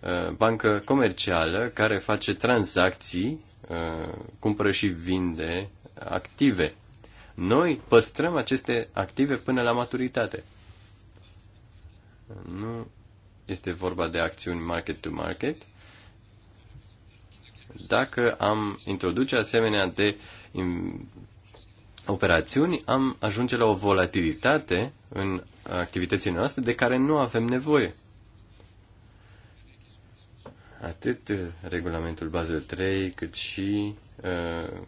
uh, bancă comercială care face tranzacții, uh, cumpără și vinde active. Noi păstrăm aceste active până la maturitate. Nu este vorba de acțiuni market-to-market. Dacă am introduce asemenea de operațiuni am ajunge la o volatilitate în activitățile noastre de care nu avem nevoie. Atât uh, regulamentul Basel 3, cât și uh,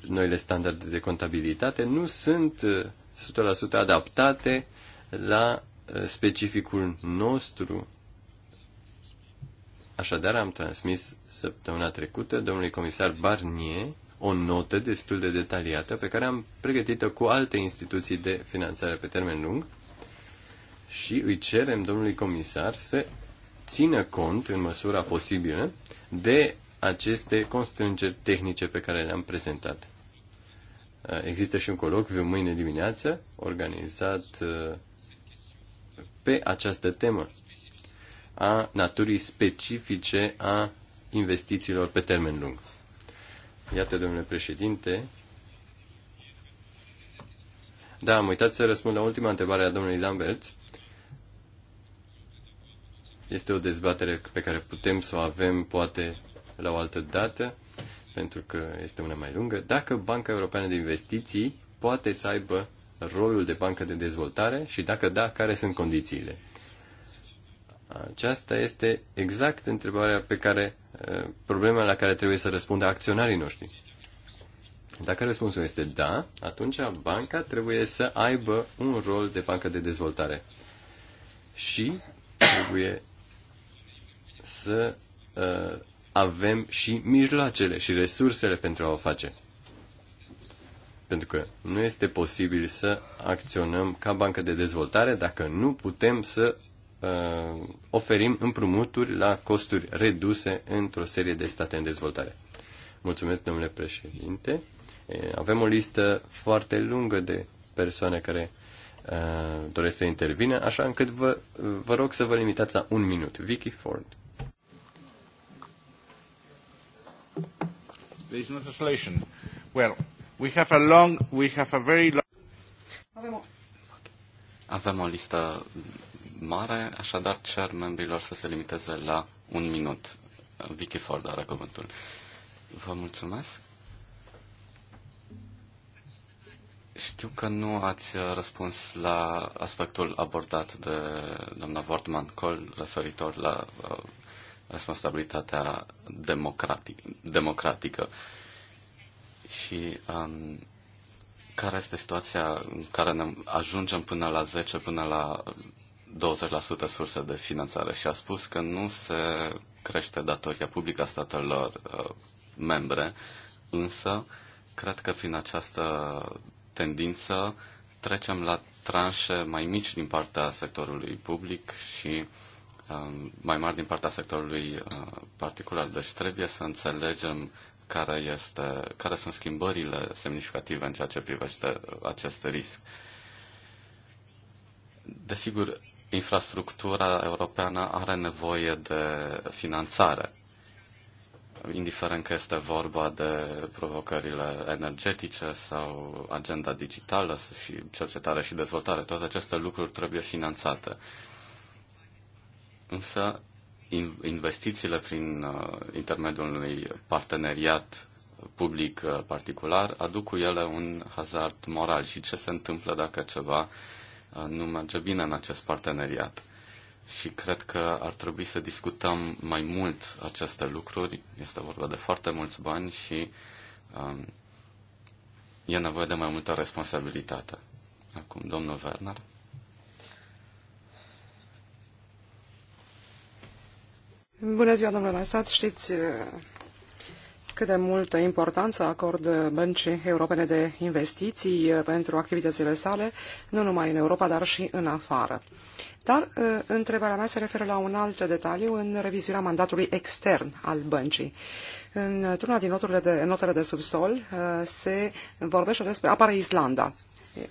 noile standarde de contabilitate nu sunt 100% uh, adaptate la uh, specificul nostru. Așadar, am transmis săptămâna trecută domnului comisar Barnier o notă destul de detaliată pe care am pregătit-o cu alte instituții de finanțare pe termen lung și îi cerem domnului comisar să țină cont, în măsura posibilă, de aceste constrângeri tehnice pe care le-am prezentat. Uh, există și un colocviu mâine dimineață organizat uh, pe această temă a naturii specifice a investițiilor pe termen lung. Iată, domnule președinte. Da, am uitat să răspund la ultima întrebare a domnului Lambert. Este o dezbatere pe care putem să o avem, poate, la o altă dată, pentru că este una mai lungă. Dacă Banca Europeană de Investiții poate să aibă rolul de bancă de dezvoltare și dacă da, care sunt condițiile? Aceasta este exact întrebarea pe care, eh, problema la care trebuie să răspundă acționarii noștri. Dacă răspunsul este da, atunci banca trebuie să aibă un rol de bancă de dezvoltare. Și trebuie să uh, avem și mijloacele și resursele pentru a o face. Pentru că nu este posibil să acționăm ca bancă de dezvoltare dacă nu putem să uh, oferim împrumuturi la costuri reduse într-o serie de state în dezvoltare. Mulțumesc, domnule președinte. Avem o listă foarte lungă de persoane care uh, doresc să intervină, așa încât vă, vă rog să vă limitați la un minut. Vicky Ford. Avem o listă mare, așadar cer membrilor să se limiteze la un minut. Vicky Ford are cuvântul. Vă mulțumesc. Știu că nu ați răspuns la aspectul abordat de doamna Wortman Col referitor la uh, responsabilitatea democratic, democratică și um, care este situația în care ne ajungem până la 10, până la 20% surse de finanțare și a spus că nu se crește datoria publică a statelor uh, membre, însă cred că prin această tendință trecem la tranșe mai mici din partea sectorului public și um, mai mari din partea sectorului uh, particular. Deci trebuie să înțelegem care, este, care sunt schimbările semnificative în ceea ce privește uh, acest risc. Desigur, infrastructura europeană are nevoie de finanțare, indiferent că este vorba de provocările energetice sau agenda digitală și cercetare și dezvoltare. Toate aceste lucruri trebuie finanțate. Însă, investițiile prin uh, intermediul unui parteneriat public-particular uh, aduc cu ele un hazard moral și ce se întâmplă dacă ceva uh, Uh, nu merge bine în acest parteneriat. Și cred că ar trebui să discutăm mai mult aceste lucruri. Este vorba de foarte mulți bani și um, e nevoie de mai multă responsabilitate. Acum, domnul Werner. Bună ziua, domnule Masat. Știți uh, cât de multă importanță acordă băncii europene de investiții uh, pentru activitățile sale, nu numai în Europa, dar și în afară. Dar uh, întrebarea mea se referă la un alt detaliu în revizuirea mandatului extern al băncii. Într-una uh, din notele de, notele de subsol se vorbește despre apare Islanda.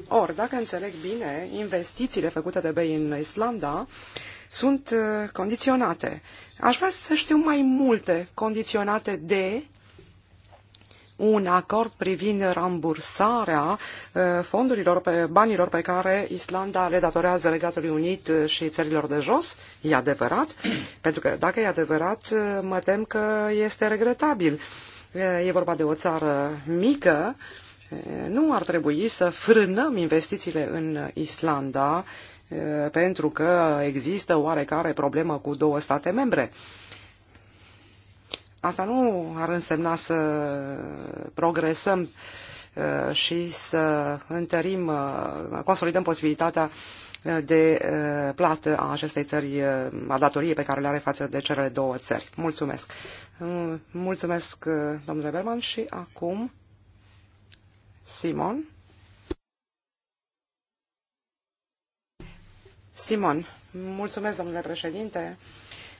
Ori, dacă înțeleg bine, investițiile făcute de BEI în Islanda sunt condiționate. Aș vrea să știu mai multe condiționate de un acord privind rambursarea uh, fondurilor, pe banilor pe care Islanda le datorează Regatului Unit uh, și țărilor de jos? E adevărat? [clears throat] Pentru că dacă e adevărat, uh, mă tem că este regretabil. E vorba de o țară mică, nu ar trebui să frânăm investițiile în Islanda pentru că există oarecare problemă cu două state membre. Asta nu ar însemna să progresăm uh, și să întărim, uh, consolidăm posibilitatea uh, de plată a acestei țări, a datoriei pe care le are față de cele două țări. Mulțumesc! Mulțumesc, domnule Berman, și acum Simon. Simon, mulțumesc, domnule președinte.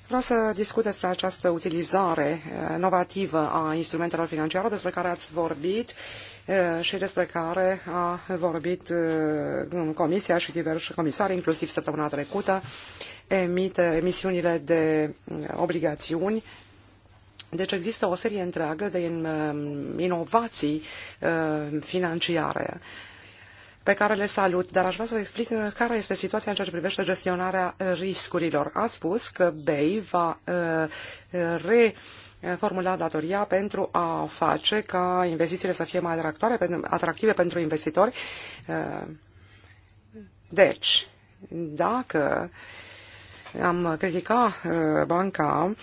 Vreau să discut despre această utilizare eh, inovativă a instrumentelor financiare despre care ați vorbit eh, și despre care a vorbit eh, Comisia și diversi comisari, inclusiv săptămâna trecută, emite emisiunile de mm, obligațiuni deci există o serie întreagă de mm, inovații financiare pe care le salut, dar aș vrea să vă explic uh, care este situația în ceea ce privește gestionarea uh, riscurilor. Ați spus că BEI va uh, re formula datoria pentru a face ca investițiile să fie mai atractoare, atractive pentru investitori. Deci, dacă am criticat banca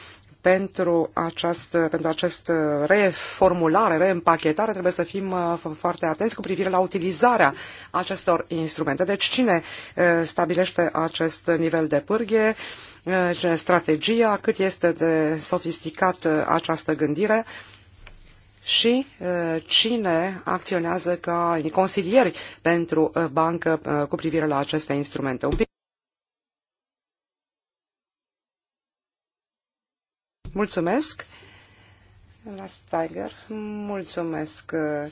pentru, această, pentru această reformulare, reîmpachetare, trebuie să fim uh, foarte atenți cu privire la utilizarea acestor instrumente. Deci cine uh, stabilește acest nivel de pârghie, uh, strategia, cât este de sofisticat această gândire și cine acționează ca consilieri pentru bancă cu privire la aceste instrumente. Mulțumesc. La Steiger, mulțumesc, uh,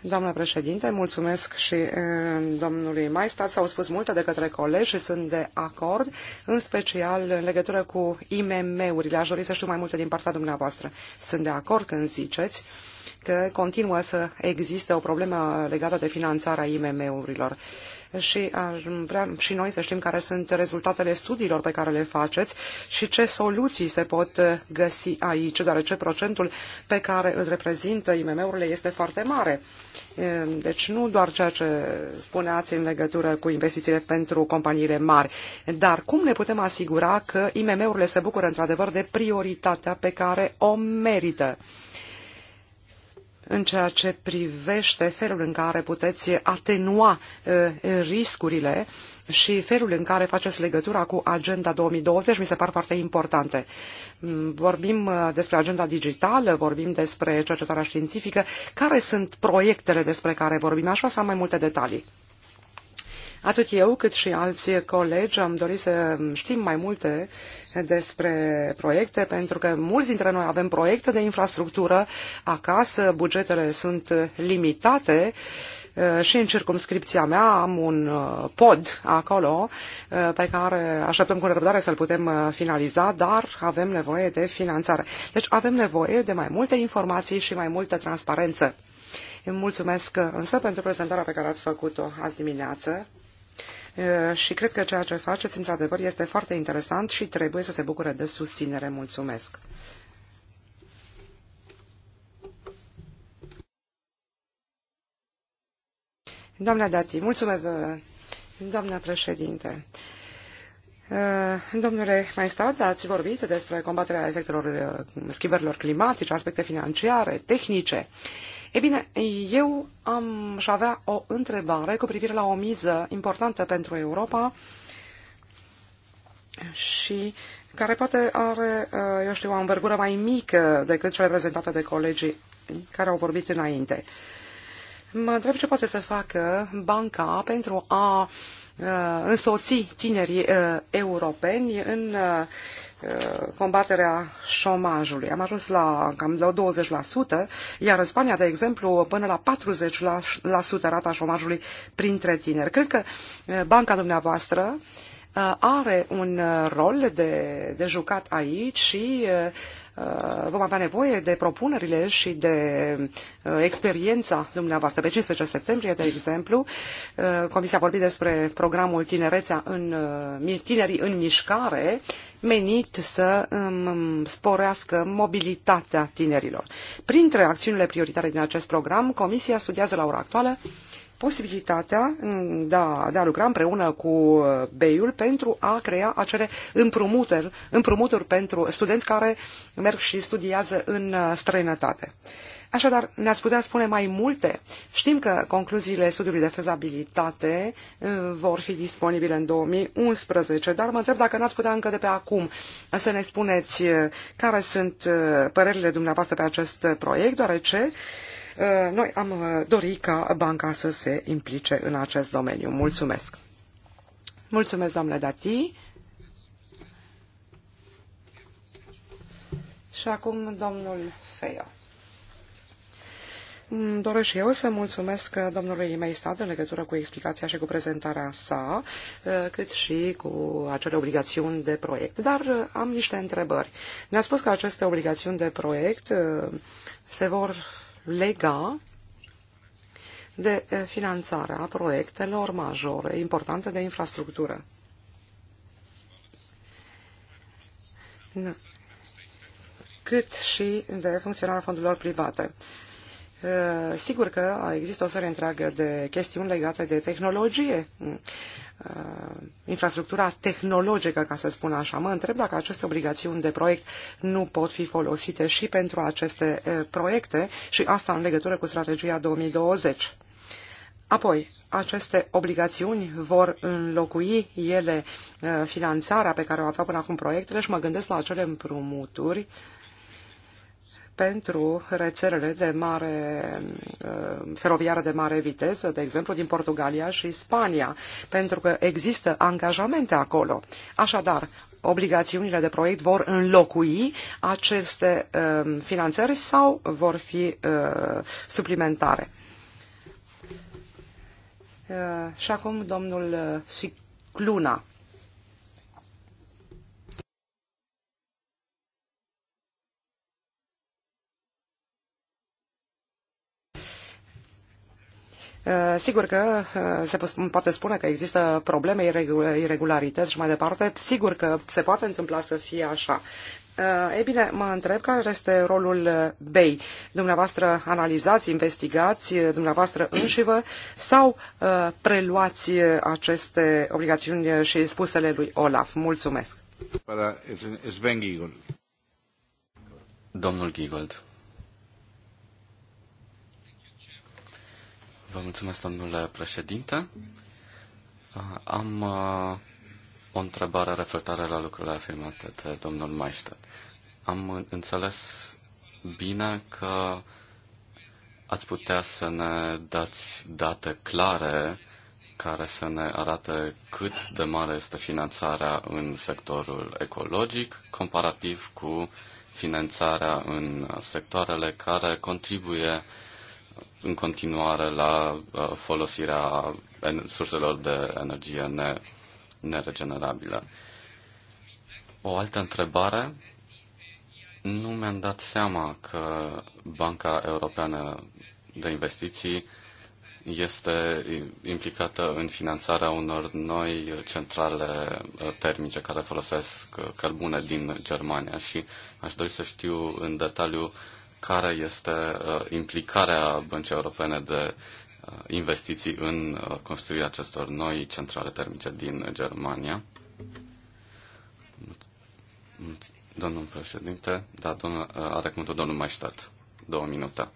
doamnă președinte, mulțumesc și uh, domnului Maistat. S-au spus multe de către colegi și sunt de acord, în special în legătură cu IMM-urile. Aș dori să știu mai multe din partea dumneavoastră. Sunt de acord când ziceți că continuă să existe o problemă legată de finanțarea IMM-urilor. Uh, și vrea și noi să știm care sunt rezultatele studiilor pe care le faceți și ce soluții se pot uh, găsi aici, deoarece procentul pe care îl reprezintă IMM-urile este foarte mare. Deci nu doar ceea ce spuneați în legătură cu investițiile pentru companiile mari, dar cum ne putem asigura că IMM-urile se bucură într-adevăr de prioritatea pe care o merită? în ceea ce privește felul în care puteți atenua eh, riscurile și felul în care faceți legătura cu Agenda 2020 mi se par foarte importante. Mm, vorbim eh, despre agenda digitală, vorbim despre cercetarea științifică. Care sunt proiectele despre care vorbim? așa, să am mai multe detalii. Atât eu cât și alți colegi am dorit să știm mai multe despre proiecte, pentru că mulți dintre noi avem proiecte de infrastructură acasă, bugetele sunt limitate eh, și în circumscripția mea am un eh, pod acolo eh, pe care așteptăm cu răbdare să-l putem finaliza, dar avem nevoie de finanțare. Deci avem nevoie de mai multe informații și mai multă transparență. Îmi mulțumesc însă pentru prezentarea pe care ați făcut-o azi dimineață și cred că ceea ce faceți, într-adevăr, este foarte interesant și trebuie să se bucure de susținere. Mulțumesc! Doamna Dati, mulțumesc, doamna președinte. Domnule Maestat, ați vorbit despre combaterea efectelor schimbărilor climatice, aspecte financiare, tehnice. E bine, eu am și avea o întrebare cu privire la o miză importantă pentru Europa și care poate are, uh, eu știu, o învergură mai mică decât cele prezentate de colegii care au vorbit înainte. Mă întreb ce poate să facă banca pentru a uh, însoții tinerii uh, europeni în Uh, combaterea șomajului. Am ajuns la cam la 20%, iar în Spania, de exemplu, până la 40% rata șomajului printre tineri. Cred că uh, banca dumneavoastră uh, are un rol de, de jucat aici și Uh, vom avea nevoie de propunerile și de uh, experiența dumneavoastră. Pe 15 septembrie, de exemplu, uh, Comisia a vorbit despre programul Tinerețea în, Tinerii în Mișcare, menit să um, sporească mobilitatea tinerilor. Printre acțiunile prioritare din acest program, Comisia studiază la ora actuală posibilitatea mm, de a, de a lucra împreună cu uh, BEI-ul pentru a crea acele împrumuturi, împrumuturi pentru studenți care merg și studiază în uh, străinătate. Așadar, ne-ați putea spune mai multe? Știm că concluziile studiului de fezabilitate uh, vor fi disponibile în 2011, dar mă întreb dacă n-ați putea încă de pe acum să ne spuneți care sunt părerile dumneavoastră pe acest proiect, deoarece uh, Uh, noi am uh, dorit ca banca să se implice în acest domeniu. Mulțumesc! Mulțumesc, doamne Dati! Și acum domnul Feio. Mm, doresc și eu să mulțumesc uh, domnului Meistad în legătură cu explicația și cu prezentarea sa, cât și cu acele obligațiuni de proiect. Dar am niște întrebări. Ne-a spus că aceste obligațiuni de proiect se vor lega de finanțarea proiectelor majore importante de infrastructură. Cât și de funcționarea fondurilor private. Eh, sigur că există o serie întreagă de chestiuni legate de tehnologie, mm. eh, infrastructura tehnologică, ca să spun așa. Mă întreb dacă aceste obligațiuni de proiect nu pot fi folosite și pentru aceste eh, proiecte și asta în legătură cu strategia 2020. Apoi, aceste obligațiuni vor înlocui ele finanțarea pe care o aveau până acum proiectele și mă gândesc la acele împrumuturi uh, pentru rețelele de mare, uh, feroviară de mare viteză, de exemplu, din Portugalia și Spania, pentru că există angajamente acolo. Așadar, obligațiunile de proiect vor înlocui aceste uh, finanțări sau vor fi uh, suplimentare. Și acum domnul Cicluna. Uh, sigur că uh, se poate spune că există probleme, irregularități și mai departe. Sigur că se poate întâmpla să fie așa. Uh, ei bine, mă întreb care este rolul BEI. Dumneavoastră analizați, investigați, dumneavoastră înșivă sau preluați aceste obligațiuni și spusele lui Olaf? Mulțumesc! Domnul Giegold. Vă mulțumesc, domnule președinte. Uh, am uh, o întrebare referitoare la lucrurile afirmate de domnul Maistel. Am înțeles bine că ați putea să ne dați date clare care să ne arate cât de mare este finanțarea în sectorul ecologic comparativ cu finanțarea în sectoarele care contribuie uh, în continuare la uh, folosirea surselor de energie ne, neregenerabilă. O altă întrebare. Nu mi-am dat seama că Banca Europeană de Investiții este implicată în finanțarea unor noi centrale uh, termice care folosesc uh, cărbune din Germania și aș dori să știu în detaliu care este uh, implicarea Băncii Europene de uh, investiții în uh, construirea acestor noi centrale termice din Germania. Domnul președinte, da, domnul, are cuvântul domnul Maistat. Două minute.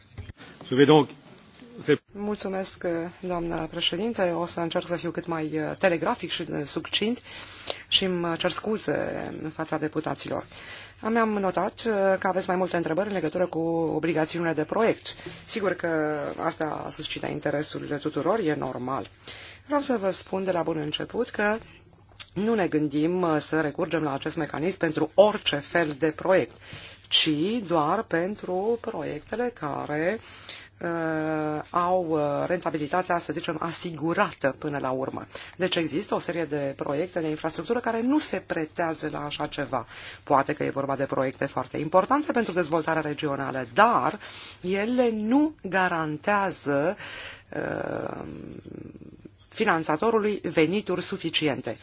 Mulțumesc, doamnă președinte. O să încerc să fiu cât mai telegrafic și succint și îmi cer scuze în fața deputaților. Uh, mi-am notat uh, că aveți mai multe întrebări în legătură cu obligațiunile de proiect. Sigur că asta suscită interesul tuturor, e normal. Vreau să vă spun de la bun început că nu ne gândim uh, să recurgem la acest mecanism pentru orice fel de proiect, ci doar pentru proiectele care Uh, au uh, rentabilitatea, să zicem, asigurată până la urmă. Deci există o serie de proiecte de infrastructură care nu se pretează la așa ceva. Poate că e vorba de proiecte foarte importante pentru dezvoltarea regională, dar ele nu garantează uh, finanțatorului venituri suficiente.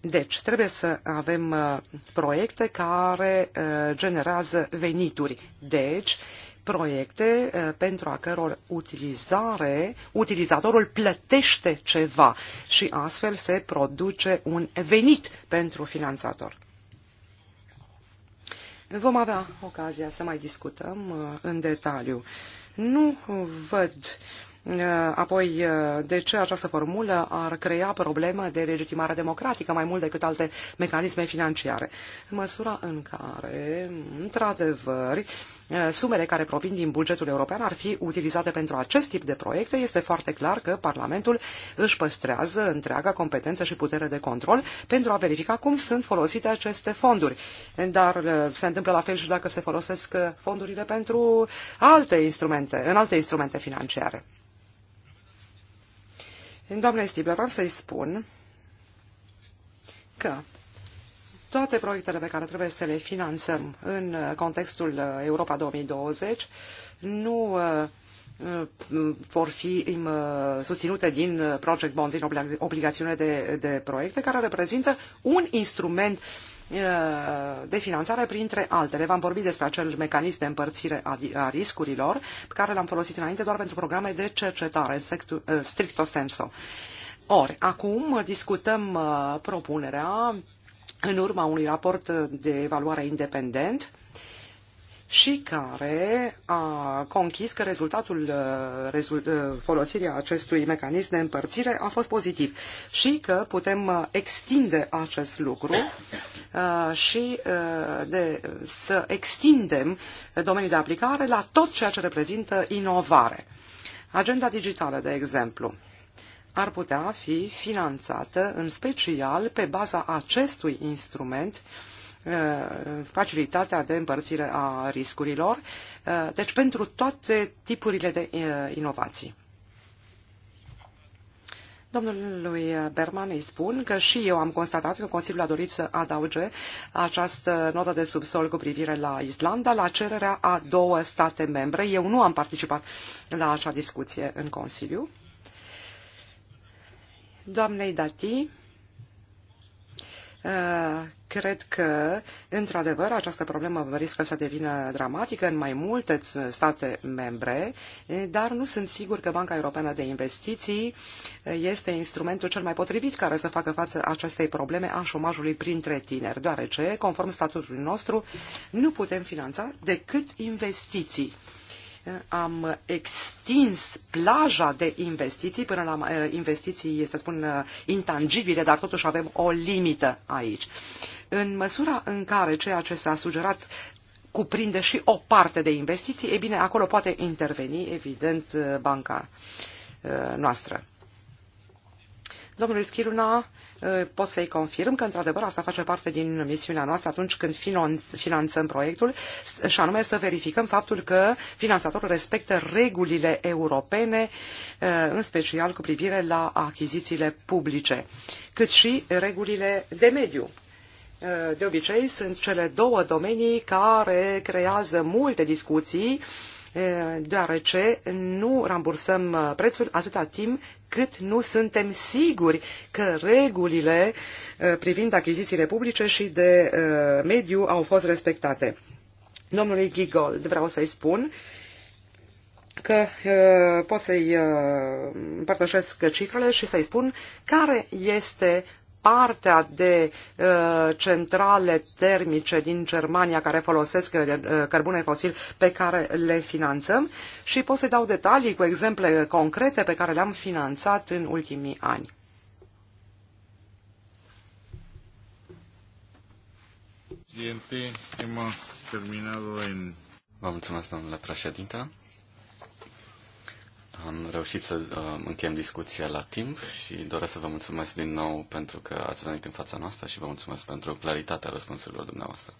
Deci, trebuie să avem uh, proiecte care uh, generează venituri. Deci, uh, proiecte eh, pentru a căror utilizare utilizatorul plătește ceva și astfel se produce un venit pentru finanțator. Vom avea ocazia să mai discutăm eh, în detaliu. Nu văd eh, Apoi, de ce această formulă ar crea problemă de legitimare democratică mai mult decât alte mecanisme financiare? În măsura în care, într-adevăr, Eh, sumele care provin din bugetul european ar fi utilizate pentru acest tip de proiecte, este foarte clar că Parlamentul își păstrează întreaga competență și putere de control pentru a verifica cum sunt folosite aceste fonduri. Dar eh, se întâmplă la fel și dacă se folosesc eh, fondurile pentru alte instrumente, în alte instrumente financiare. Doamne Stibler, vreau să-i spun că toate proiectele pe care trebuie să le finanțăm în uh, contextul uh, Europa 2020 nu uh, vor fi um, susținute din project bonds, din obligațiune de, de proiecte, care reprezintă un instrument de finanțare, printre altele. V-am vorbit despre acel mecanism de împărțire a riscurilor, pe care l-am folosit înainte doar pentru programe de cercetare, stricto senso. Ori, acum discutăm propunerea în urma unui raport de evaluare independent și care a conchis că rezultatul uh, rezult, uh, folosirii acestui mecanism de împărțire a fost pozitiv și că putem uh, extinde acest lucru și de, să extindem domeniul de aplicare la tot ceea ce reprezintă inovare. Agenda digitală, de exemplu ar putea fi finanțată în special pe baza acestui instrument uh, facilitatea de împărțire a riscurilor, uh, deci pentru toate tipurile de uh, inovații. Domnului Berman îi spun că și eu am constatat că Consiliul a dorit să adauge această notă de subsol cu privire la Islanda la cererea a două state membre. Eu nu am participat la acea discuție în Consiliu doamnei Dati, uh, cred că, într-adevăr, această problemă riscă să devină dramatică în mai multe state membre, eh, dar nu sunt sigur că Banca Europeană de Investiții eh, este instrumentul cel mai potrivit care să facă față acestei probleme a șomajului printre tineri, deoarece, conform statutului nostru, nu putem finanța decât investiții am extins plaja de investiții până la eh, investiții, să spun, eh, intangibile, dar totuși avem o limită aici. În măsura în care ceea ce s-a sugerat cuprinde și o parte de investiții, e bine, acolo poate interveni, evident, eh, banca noastră. Domnul Schiruna, ă, pot să-i confirm că, într-adevăr, asta face parte din misiunea noastră atunci când finanțăm proiectul, și anume să verificăm faptul că finanțatorul respectă regulile europene, ă, în special cu privire la achizițiile publice, cât și regulile de mediu ă, de obicei sunt cele două domenii care creează multe discuții deoarece nu rambursăm uh, prețul atâta timp cât nu suntem siguri că regulile uh, privind achizițiile publice și de uh, mediu au fost respectate. Domnului Gigold vreau să-i spun că pot să-i împărtășesc cifrele și să-i spun care este partea de uh, centrale termice din Germania care folosesc uh, cărbune fosil pe care le finanțăm și pot să dau detalii cu exemple concrete pe care le-am finanțat în ultimii ani. Vă mulțumesc, domnule președinte. Am reușit să uh, încheiem discuția la timp și doresc să vă mulțumesc din nou pentru că ați venit în fața noastră și vă mulțumesc pentru claritatea răspunsurilor dumneavoastră.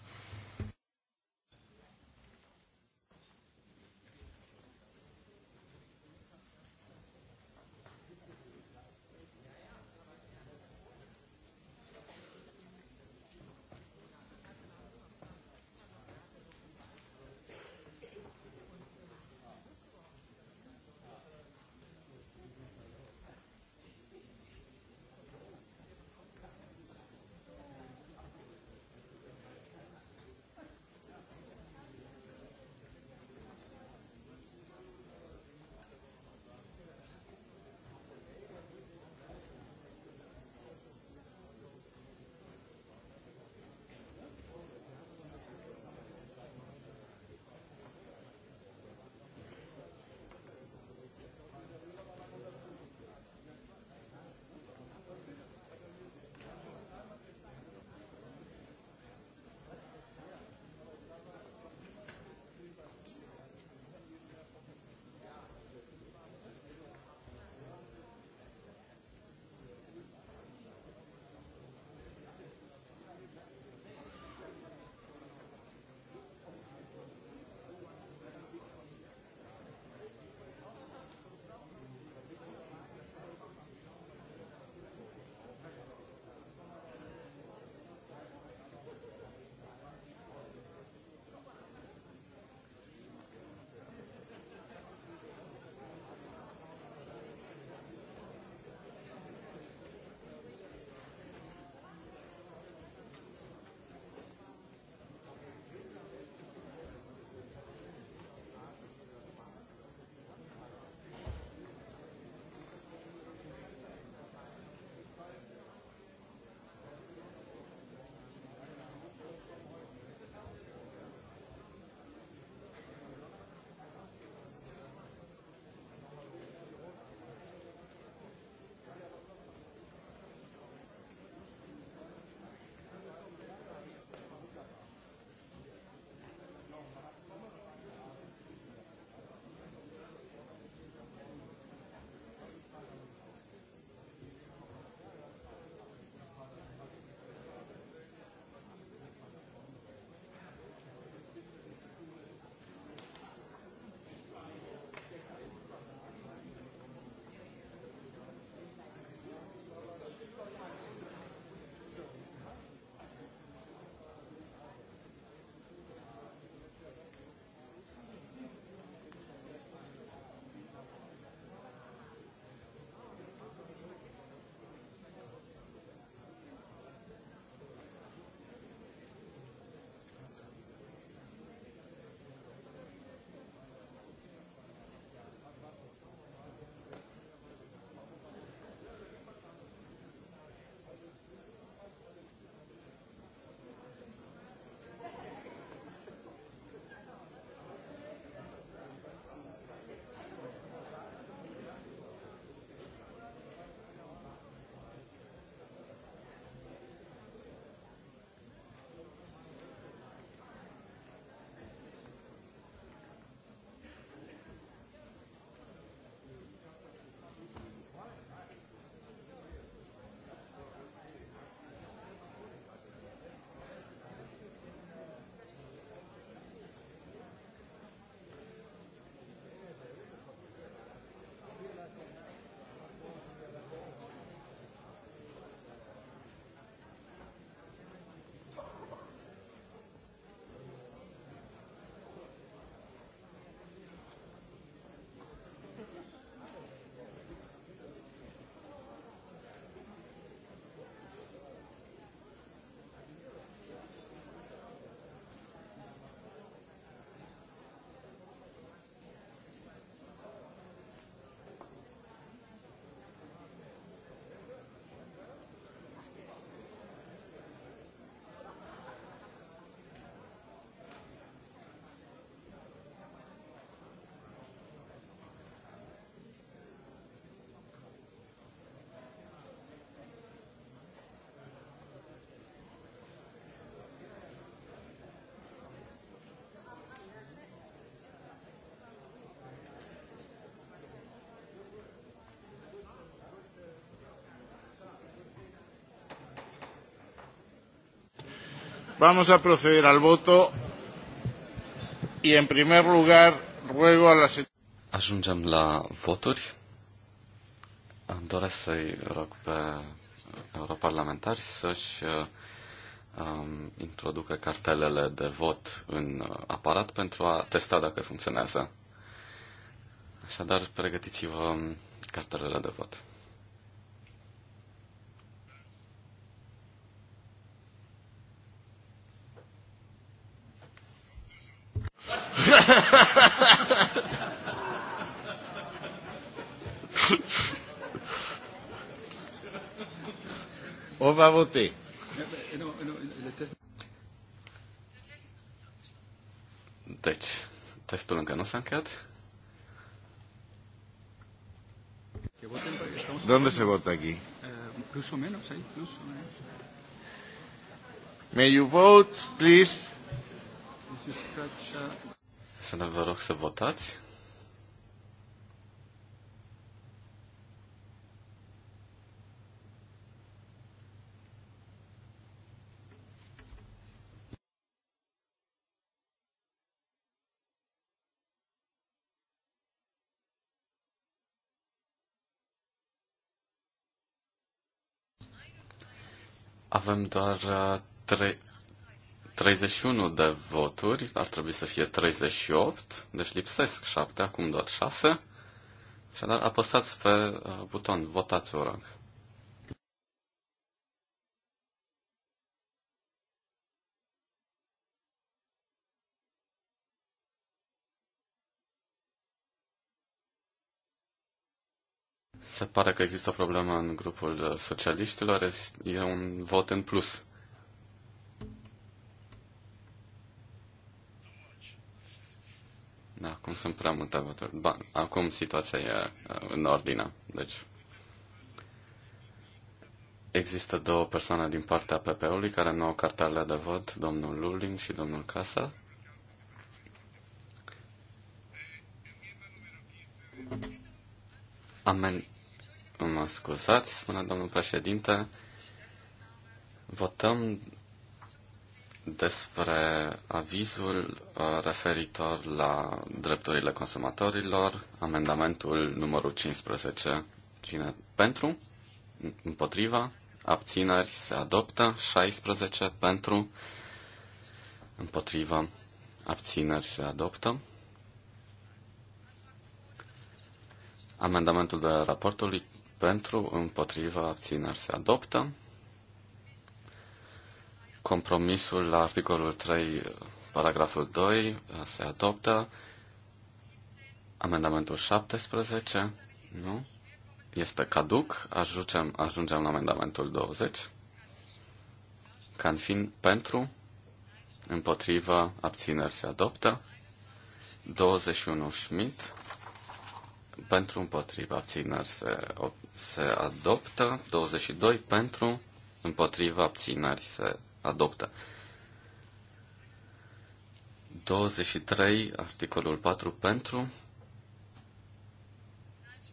Vamos a proceder al voto y en primer lugar ruego a la Ajungem la voturi. doresc să-i rog pe europarlamentari să-și uh, um, introducă cartelele de vot în uh, aparat pentru a testa dacă funcționează. Așadar, pregătiți-vă um, cartelele de vot. s-a încheiat. Unde se vota aici? Eh, plus o menos, ahí, plus o menos. May you vote, please? Să ne vă rog să votați. Avem doar 3, uh, 31 de voturi, ar trebui să fie 38, deci lipsesc 7, acum doar 6. Așadar, apăsați pe uh, buton, votați, vă rog. Se pare că există o problemă în grupul uh, socialiștilor. E un vot în plus. Da, acum sunt prea multe voturi. Ba, acum situația e uh, în ordine. Deci, există două persoane din partea PP-ului care nu au cartele de vot, domnul Luling și domnul Casa. Amen. Mă scuzați, spune domnul președinte. Votăm despre avizul uh, referitor la drepturile consumatorilor, amendamentul numărul 15. Cine pentru? Împotriva? Abțineri se adoptă. 16 pentru? Împotriva? Abțineri se adoptă. Amendamentul de raportului pentru, împotriva, abțineri se adoptă. Compromisul la articolul 3, paragraful 2 uh, se adoptă. Amendamentul 17, nu? Este caduc. Ajungem, ajungem la amendamentul 20. Can fiind pentru, împotriva, abțineri se adoptă. 21 Schmidt, pentru împotriva abțineri se se adoptă, 22 pentru, împotriva abținări se adoptă. 23, articolul 4 pentru,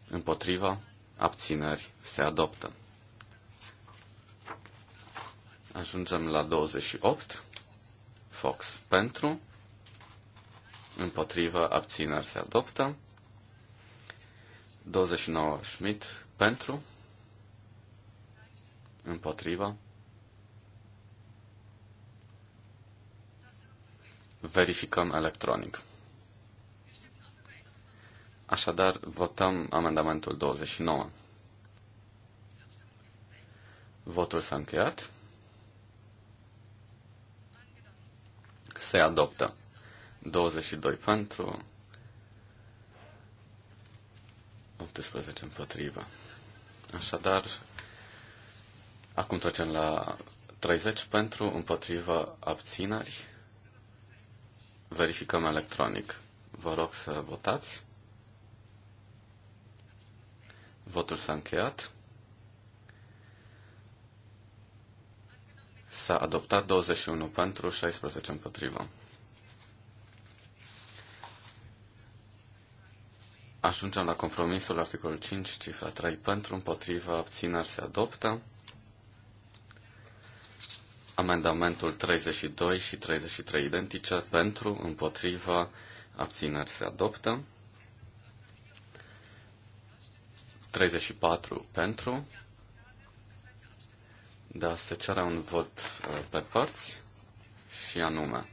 împotriva abținări se adoptă. Ajungem la 28, Fox pentru, împotriva abținări se adoptă. 29 Schmidt pentru? Împotriva? Verificăm electronic. Așadar, votăm amendamentul 29. Votul s-a încheiat. Se adoptă. 22 pentru, 18 împotriva. Așadar, acum trecem la 30 pentru, împotrivă, abțineri. Verificăm electronic. Vă rog să votați. Votul s-a încheiat. S-a adoptat 21 pentru, 16 împotrivă. Ajungem la compromisul articolul 5, cifra 3 pentru, împotriva, abțineri se adoptă. Amendamentul 32 și 33 identice pentru, împotriva, abțineri se adoptă. 34 pentru. Da, se cere un vot uh, pe părți și anume.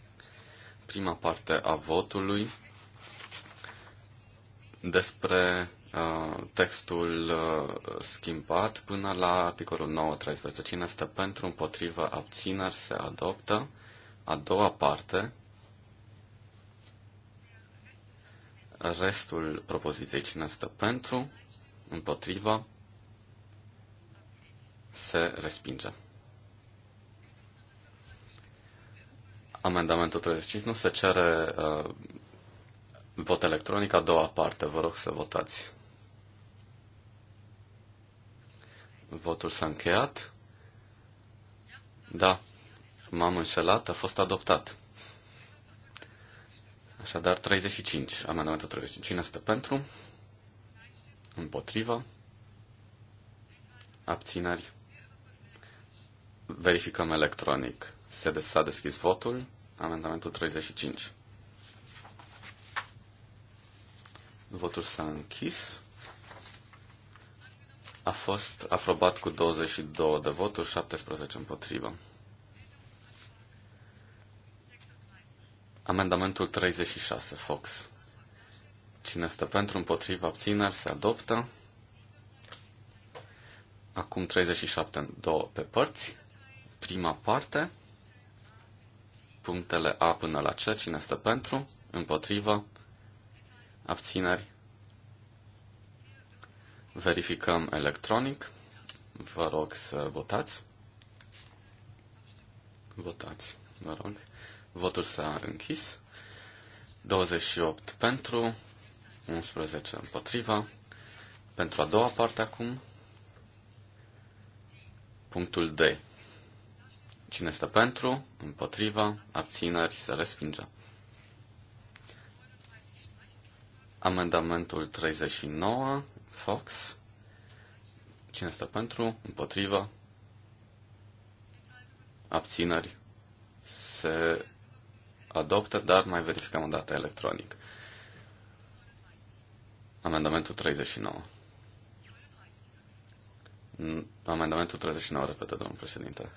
Prima parte a votului despre uh, textul uh, schimbat până la articolul 9.13. Cine este pentru, împotrivă, abțineri, se adoptă. A doua parte, restul propoziției, cine este pentru, împotrivă, se respinge. Amendamentul 35 nu se cere uh, Vot electronic, a doua parte. Vă rog să votați. Votul s-a încheiat. Da, m-am înșelat, a fost adoptat. Așadar, 35, amendamentul 35. Cine este pentru? Împotriva? Abțineri? Verificăm electronic. s-a deschis votul. Amendamentul 35. Votul s-a închis. A fost aprobat cu 22 de voturi, 17 împotrivă. Amendamentul 36, Fox. Cine stă pentru, împotrivă, abțineri, se adoptă. Acum 37, două pe părți. Prima parte, punctele A până la C, cine stă pentru, împotrivă, abțineri. Verificăm electronic. Vă rog să votați. Votați, vă rog. Votul s-a închis. 28 pentru, 11 împotriva. Pentru a doua parte acum, punctul D. Cine este pentru, împotriva, abțineri, se respinge. Amendamentul 39, Fox. Cine stă pentru? Împotrivă? Abțineri? Se adoptă, dar mai verificăm o dată electronic. Amendamentul 39. Amendamentul 39, repetă, domnul președinte.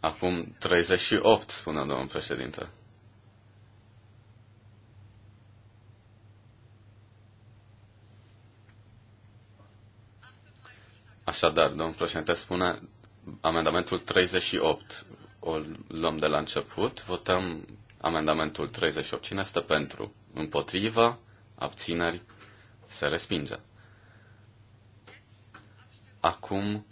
Acum 38, spune domnul președinte. Așadar, domnul președinte spune amendamentul 38. O luăm de la început, votăm amendamentul 38. Cine stă pentru? Împotrivă? Abțineri? Se respinge. Acum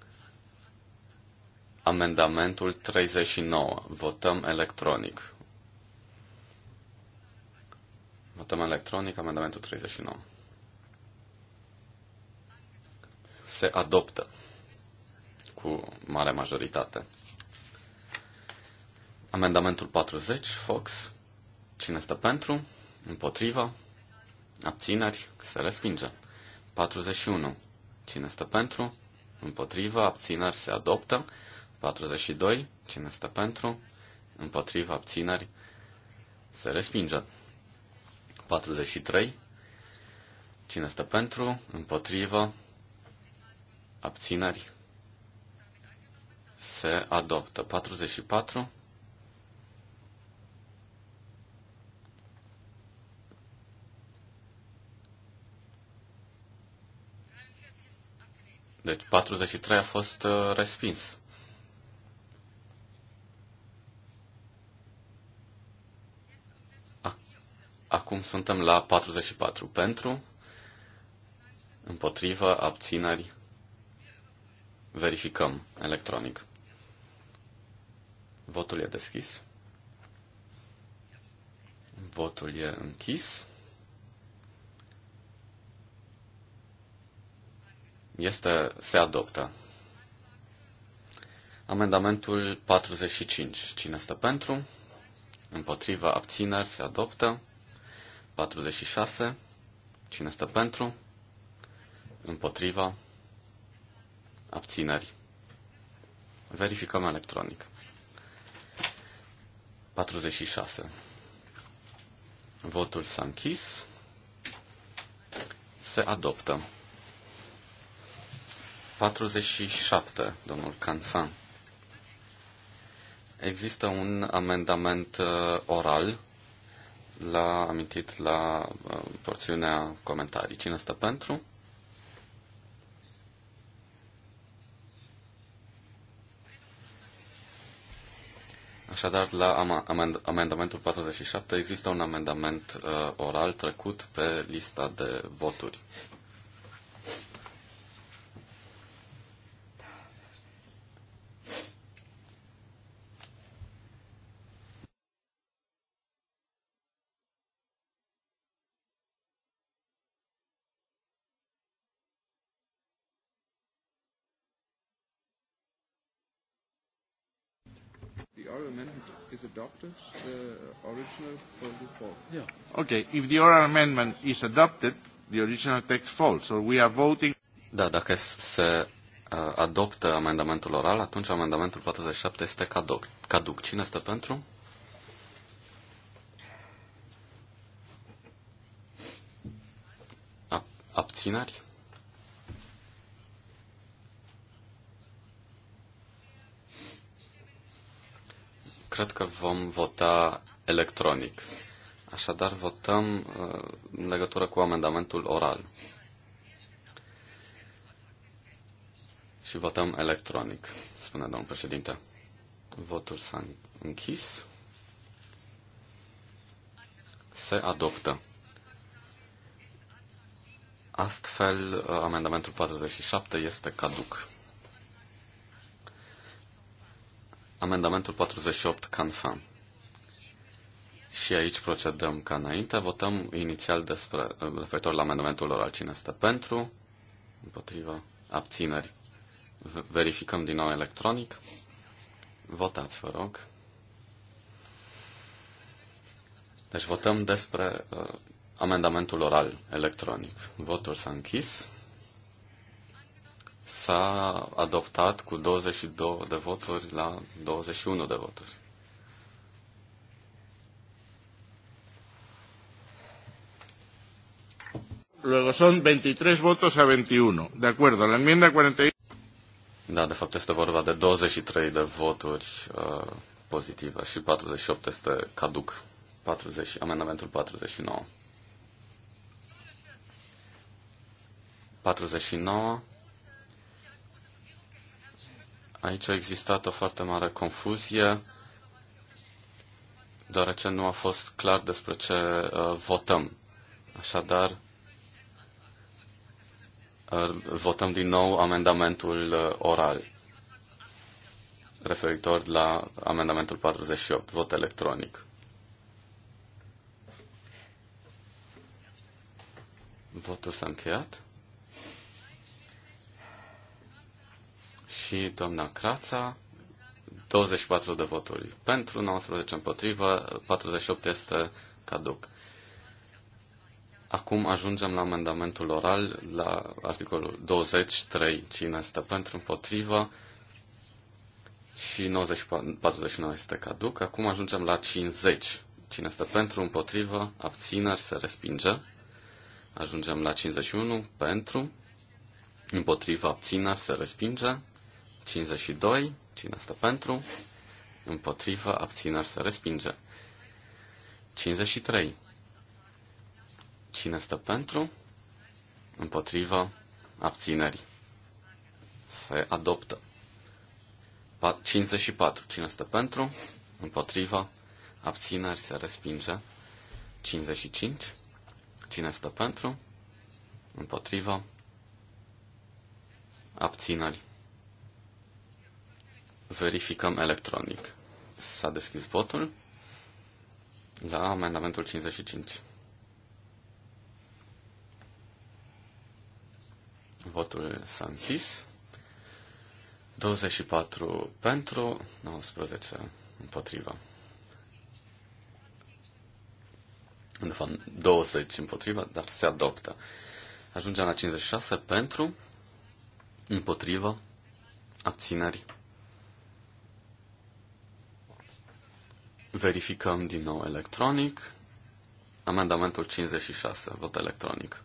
amendamentul 39. Votăm electronic. Votăm electronic amendamentul 39. Se adoptă cu mare majoritate. Amendamentul 40, Fox. Cine stă pentru? Împotriva? Abțineri? Se respinge. 41. Cine stă pentru? Împotriva? Abțineri? Se adoptă. 42. Cine este pentru? Împotriva abțineri se respinge. 43. Cine este pentru? Împotriva abțineri se adoptă. 44. Deci 43 a fost uh, respins. Acum suntem la 44 pentru, împotrivă, abțineri, verificăm electronic. Votul e deschis. Votul e închis. Este, se adoptă. Amendamentul 45. Cine este pentru? Împotriva abțineri se adoptă. 46. Cine stă pentru? Împotriva? Abțineri? Verificăm electronic. 46. Votul s-a închis. Se adoptă. 47, domnul Canfan. Există un amendament uh, oral l-a amintit la uh, porțiunea comentarii. Cine stă pentru? Așadar, la amendamentul 47 există un amendament uh, oral trecut pe lista de voturi. papers, uh, the original Yeah. Okay, if the oral amendment is adopted, the original text falls. So we are voting... Da, dacă se uh, adoptă amendamentul oral, atunci amendamentul 47 este caduc. caduc. Cine este pentru? Abținari. abțineri? cred că vom vota electronic. Așadar, votăm uh, în legătură cu amendamentul oral. Și votăm electronic, spune domnul președinte. Votul s-a închis. Se adoptă. Astfel, uh, amendamentul 47 este caduc. Amendamentul 48, Canfam. Și aici procedăm ca înainte. Votăm inițial despre, referitor la amendamentul oral. Cine este pentru? Împotriva? Abțineri? Verificăm din nou electronic. Votați, vă rog. Deci votăm despre uh, amendamentul oral electronic. Votul s-a închis s-a adoptat cu 22 de voturi la 21 de voturi. Luego son 23 votos a 21. De acuerdo, la enmienda 41. Da, de fapt este vorba de 23 de voturi uh, pozitive și 48 este caduc. 40, amendamentul 49. 49 Aici a existat o foarte mare confuzie, deoarece nu a fost clar despre ce uh, votăm. Așadar, uh, votăm din nou amendamentul uh, oral referitor la amendamentul 48, vot electronic. Votul s-a încheiat. și doamna Crața. 24 de voturi pentru, 19 împotrivă, 48 este caduc. Acum ajungem la amendamentul oral, la articolul 23, cine este pentru, împotrivă, și 94, 49 este caduc. Acum ajungem la 50, cine este pentru, împotrivă, abțineri, se respinge. Ajungem la 51, pentru, împotrivă, abțineri, se respinge. 52. Cine stă pentru? Împotrivă, abțineri, se respinge. 53. Cine stă pentru? Împotrivă, abțineri, se adoptă. 54. Cine stă pentru? Împotrivă, abțineri, se respinge. 55. Cine stă pentru? Împotrivă, abținări. Verificăm electronic. S-a deschis votul la amendamentul 55. Votul s-a închis. 24 pentru, 19 împotriva. În fapt, 20 împotriva, dar se adoptă. Ajungem la 56 pentru, împotriva, abțineri Verificăm din nou electronic. Amendamentul 56, vot electronic.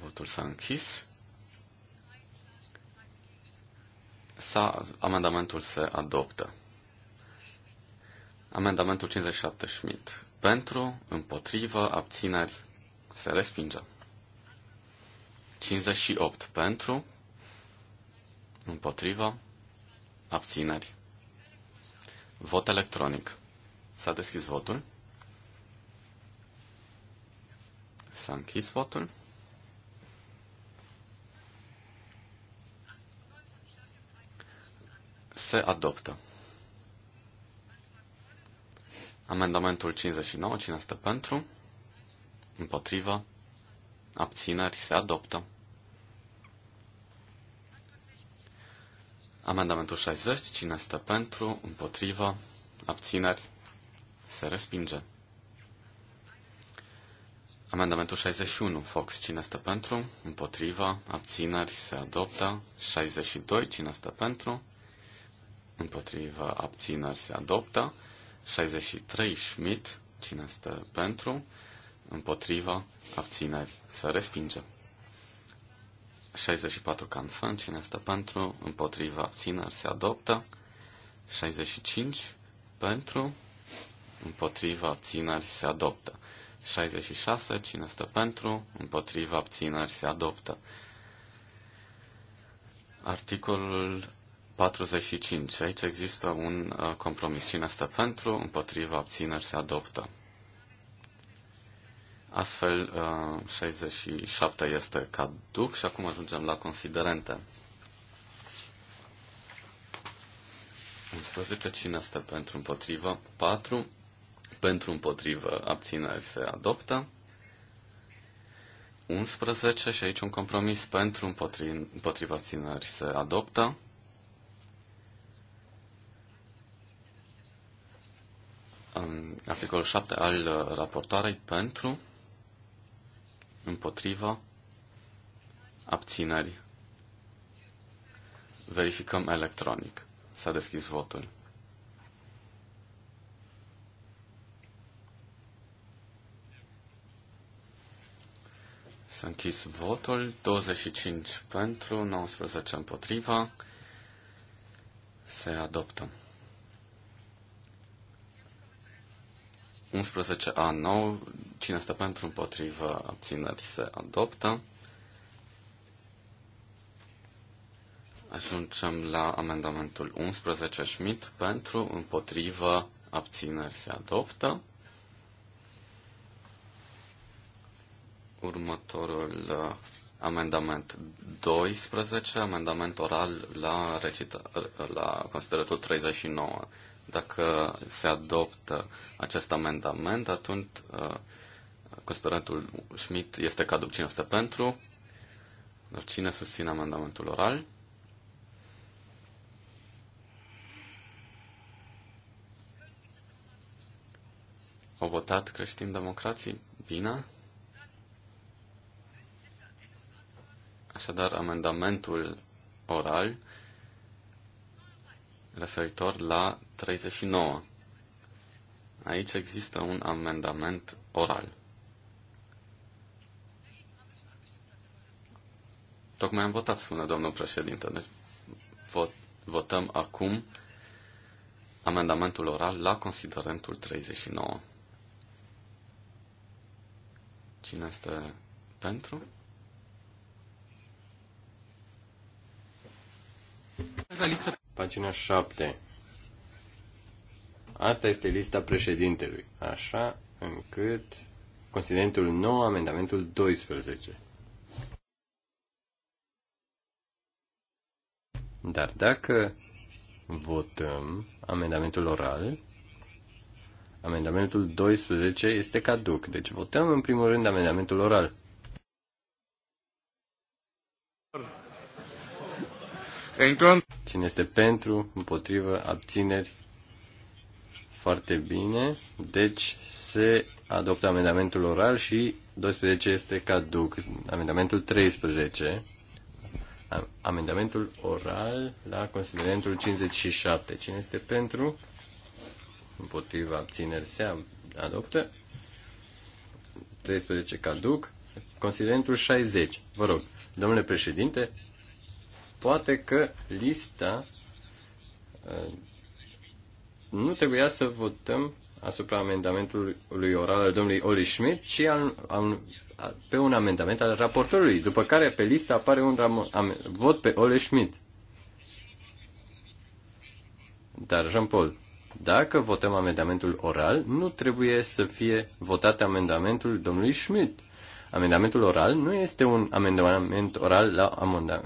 Votul s-a închis. Sa, amendamentul se adoptă. Amendamentul 57 Schmidt. Pentru, împotrivă, abțineri, se respinge. 58 pentru, Împotrivă. Abțineri. Vot electronic. S-a deschis votul. S-a închis votul. Se adoptă. Amendamentul 59, cine este pentru? Împotrivă? Abțineri? Se adoptă. Amendamentul 60. Cine este pentru? Împotrivă? Abțineri? Se respinge. Amendamentul 61. Fox. Cine este pentru? Împotriva. Abțineri. Se adoptă. 62. Cine este pentru? Împotriva. Abțineri. Se adoptă. 63. Schmidt. Cine este pentru? Împotriva. Abțineri. Se respinge. 64 Canfan, cine stă pentru, împotriva abțineri se adoptă. 65 pentru, împotriva abțineri se adoptă. 66 cine stă pentru, împotriva abțineri se adoptă. Articolul 45. Aici există un uh, compromis. Cine stă pentru, împotriva abțineri se adoptă. Astfel, 67 uh, este caduc și acum ajungem la considerente. 11. Cine este pentru împotrivă? 4. Pentru împotrivă, abțineri se adoptă. 11 și aici un compromis pentru împotrivă, abțineri se adoptă. Articolul 7 al raportoarei pentru împotriva, abțineri. Verificăm electronic. S-a deschis votul. S-a închis votul, 25 pentru, 19 împotriva. Se adoptă. 11A9, cine stă pentru, împotrivă, abțineri, se adoptă. Ajungem la amendamentul 11 Schmidt pentru, împotrivă, abțineri se adoptă. Următorul uh, amendament 12, amendament oral la, recita, la consideratul 39 dacă se adoptă acest amendament, atunci uh, considerentul Schmidt este caduc. Cine este pentru? Cine susține amendamentul oral? Au votat creștini democrații? Bine. Așadar, amendamentul oral referitor la 39. Aici există un amendament oral. Tocmai am votat, spune domnul președinte. Deci vot, votăm acum amendamentul oral la considerentul 39. Cine este pentru? La listă. Pagina 7. Asta este lista președintelui, așa încât considerentul nou, amendamentul 12. Dar dacă votăm amendamentul oral, amendamentul 12 este caduc. Deci votăm în primul rând amendamentul oral. Cine este pentru, împotrivă, abțineri, foarte bine. Deci se adoptă amendamentul oral și 12 este caduc. Amendamentul 13. Amendamentul oral la considerentul 57. Cine este pentru? Împotriva abțineri se adoptă. 13 caduc. Considerentul 60. Vă rog, domnule președinte, poate că lista uh, nu trebuia să votăm asupra amendamentului oral al domnului Oli Schmidt, ci al, al, pe un amendament al raportorului, după care pe listă apare un ram, am, vot pe Oli Schmidt. Dar, Jean-Paul, dacă votăm amendamentul oral, nu trebuie să fie votat amendamentul domnului Schmidt. Amendamentul oral nu este un amendament oral la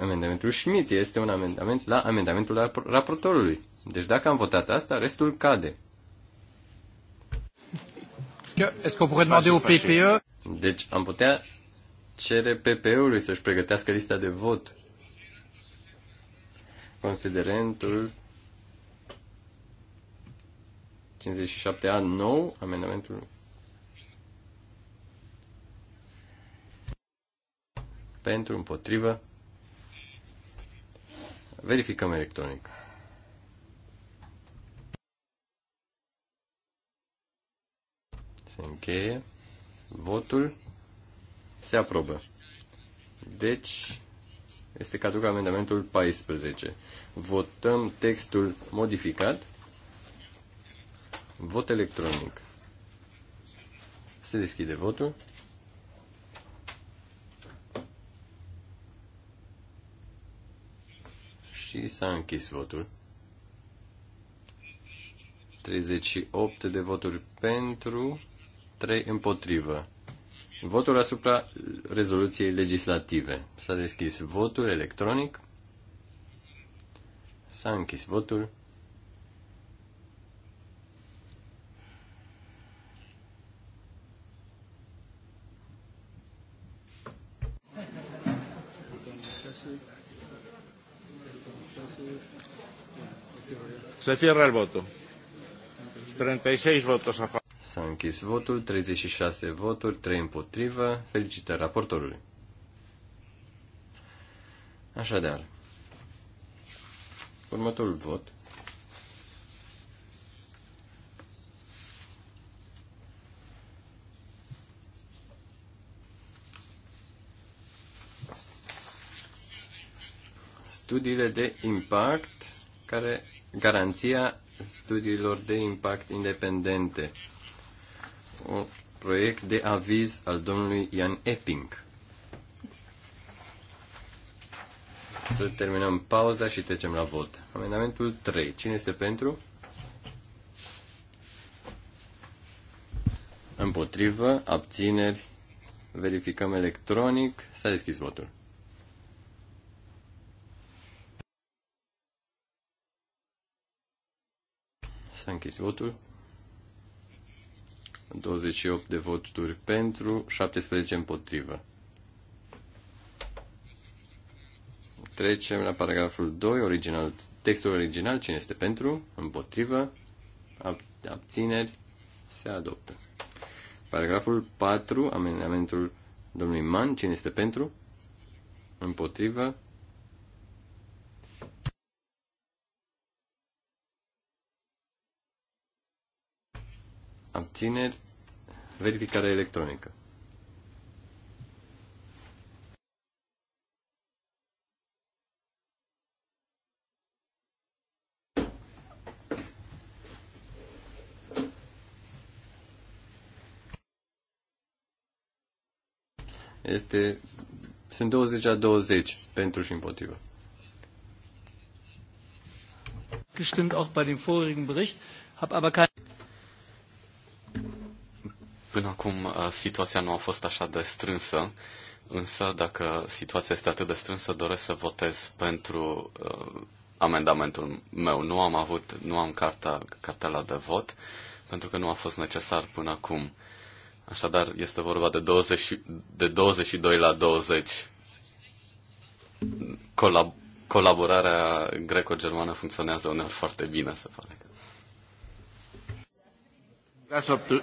amendamentul Schmidt, este un amendament la amendamentul raportorului. Deci dacă am votat asta, restul cade. Deci am putea cere PPE-ului să-și pregătească lista de vot. Considerentul 57A nou, amendamentul pentru, împotrivă. Verificăm electronic. Se încheie. Votul se aprobă. Deci, este caduc amendamentul 14. Votăm textul modificat. Vot electronic. Se deschide votul. Și s-a închis votul. 38 de voturi pentru, 3 împotrivă. Votul asupra rezoluției legislative. S-a deschis votul electronic. S-a închis votul. Se cierra el voto. 36 votos a favor. S-a închis votul, 36 voturi, 3 împotrivă. Felicitări raportorului. Așadar, următorul vot studiile de impact, care garanția studiilor de impact independente un proiect de aviz al domnului Ian Epping. Să terminăm pauza și trecem la vot. Amendamentul 3. Cine este pentru? Împotrivă, abțineri, verificăm electronic. S-a deschis votul. S-a închis votul. 28 de voturi pentru, 17 împotrivă. Trecem la paragraful 2, original, textul original, cine este pentru, împotrivă, ab, abțineri, se adoptă. Paragraful 4, amendamentul domnului Man, cine este pentru, împotrivă, tineri, verificare electronică. Este, sunt 20 la 20 pentru și împotrivă. Gestimmt auch bei dem vorigen Bericht, habe aber keine Până acum uh, situația nu a fost așa de strânsă, însă dacă situația este atât de strânsă, doresc să votez pentru uh, amendamentul meu. Nu am avut, nu am carta, cartela de vot, pentru că nu a fost necesar până acum. Așadar, este vorba de, 20, de 22 la 20. Colab- colaborarea greco-germană funcționează uneori foarte bine, se pare. That's up to...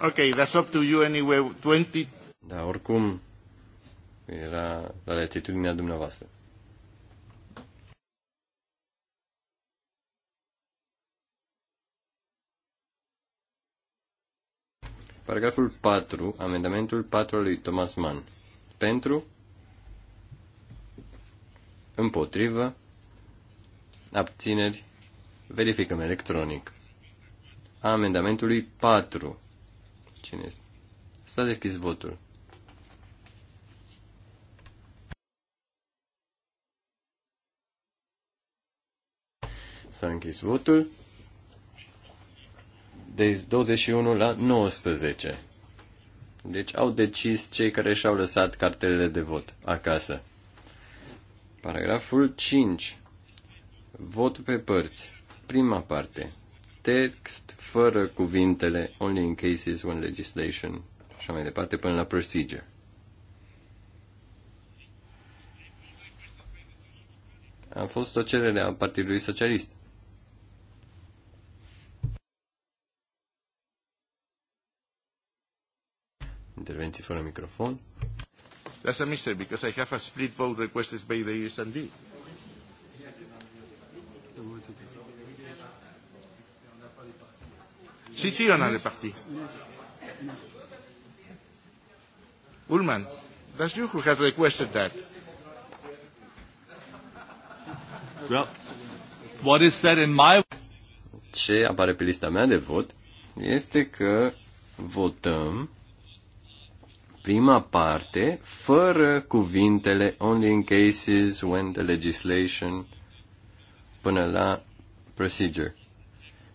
Okay, that's up to you anyway. 20... Da, oricum era la latitudinea dumneavoastră. Paragraful 4, amendamentul 4 al lui Thomas Mann. Pentru, împotrivă, abțineri, verificăm electronic. A amendamentului 4 Cine este? S-a deschis votul. S-a închis votul. Deci 21 la 19. Deci au decis cei care și-au lăsat cartelele de vot acasă. Paragraful 5. Vot pe părți. Prima parte text fără cuvintele only in cases when legislation și așa mai departe până la procedure. A fost o cerere a Partidului Socialist. Intervenții fără microfon. That's a mystery because I have a split vote requested by the USND. Si, si, on en est parti. Ullman, that's you who had requested that. Well, what is said in my... Ce apare pe lista mea de vot este că votăm prima parte fără cuvintele only in cases when the legislation până la procedure.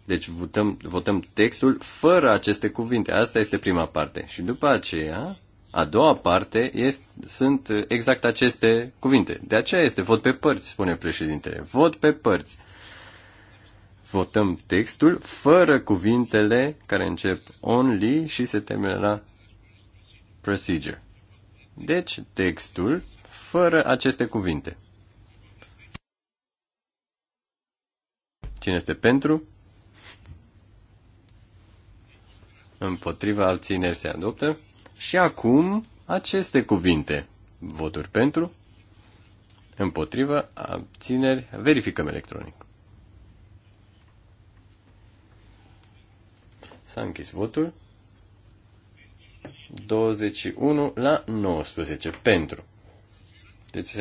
Deci votăm, votăm textul fără aceste cuvinte. Asta este prima parte. Și după aceea, a doua parte este, sunt exact aceste cuvinte. De aceea este vot pe părți, spune președintele. Vot pe părți. Votăm textul fără cuvintele care încep only și se termină la procedure. Deci, textul fără aceste cuvinte. Cine este pentru? împotriva abțineri se adoptă. Și acum aceste cuvinte. Voturi pentru, împotriva abțineri, verificăm electronic. S-a închis votul. 21 la 19 pentru. Deci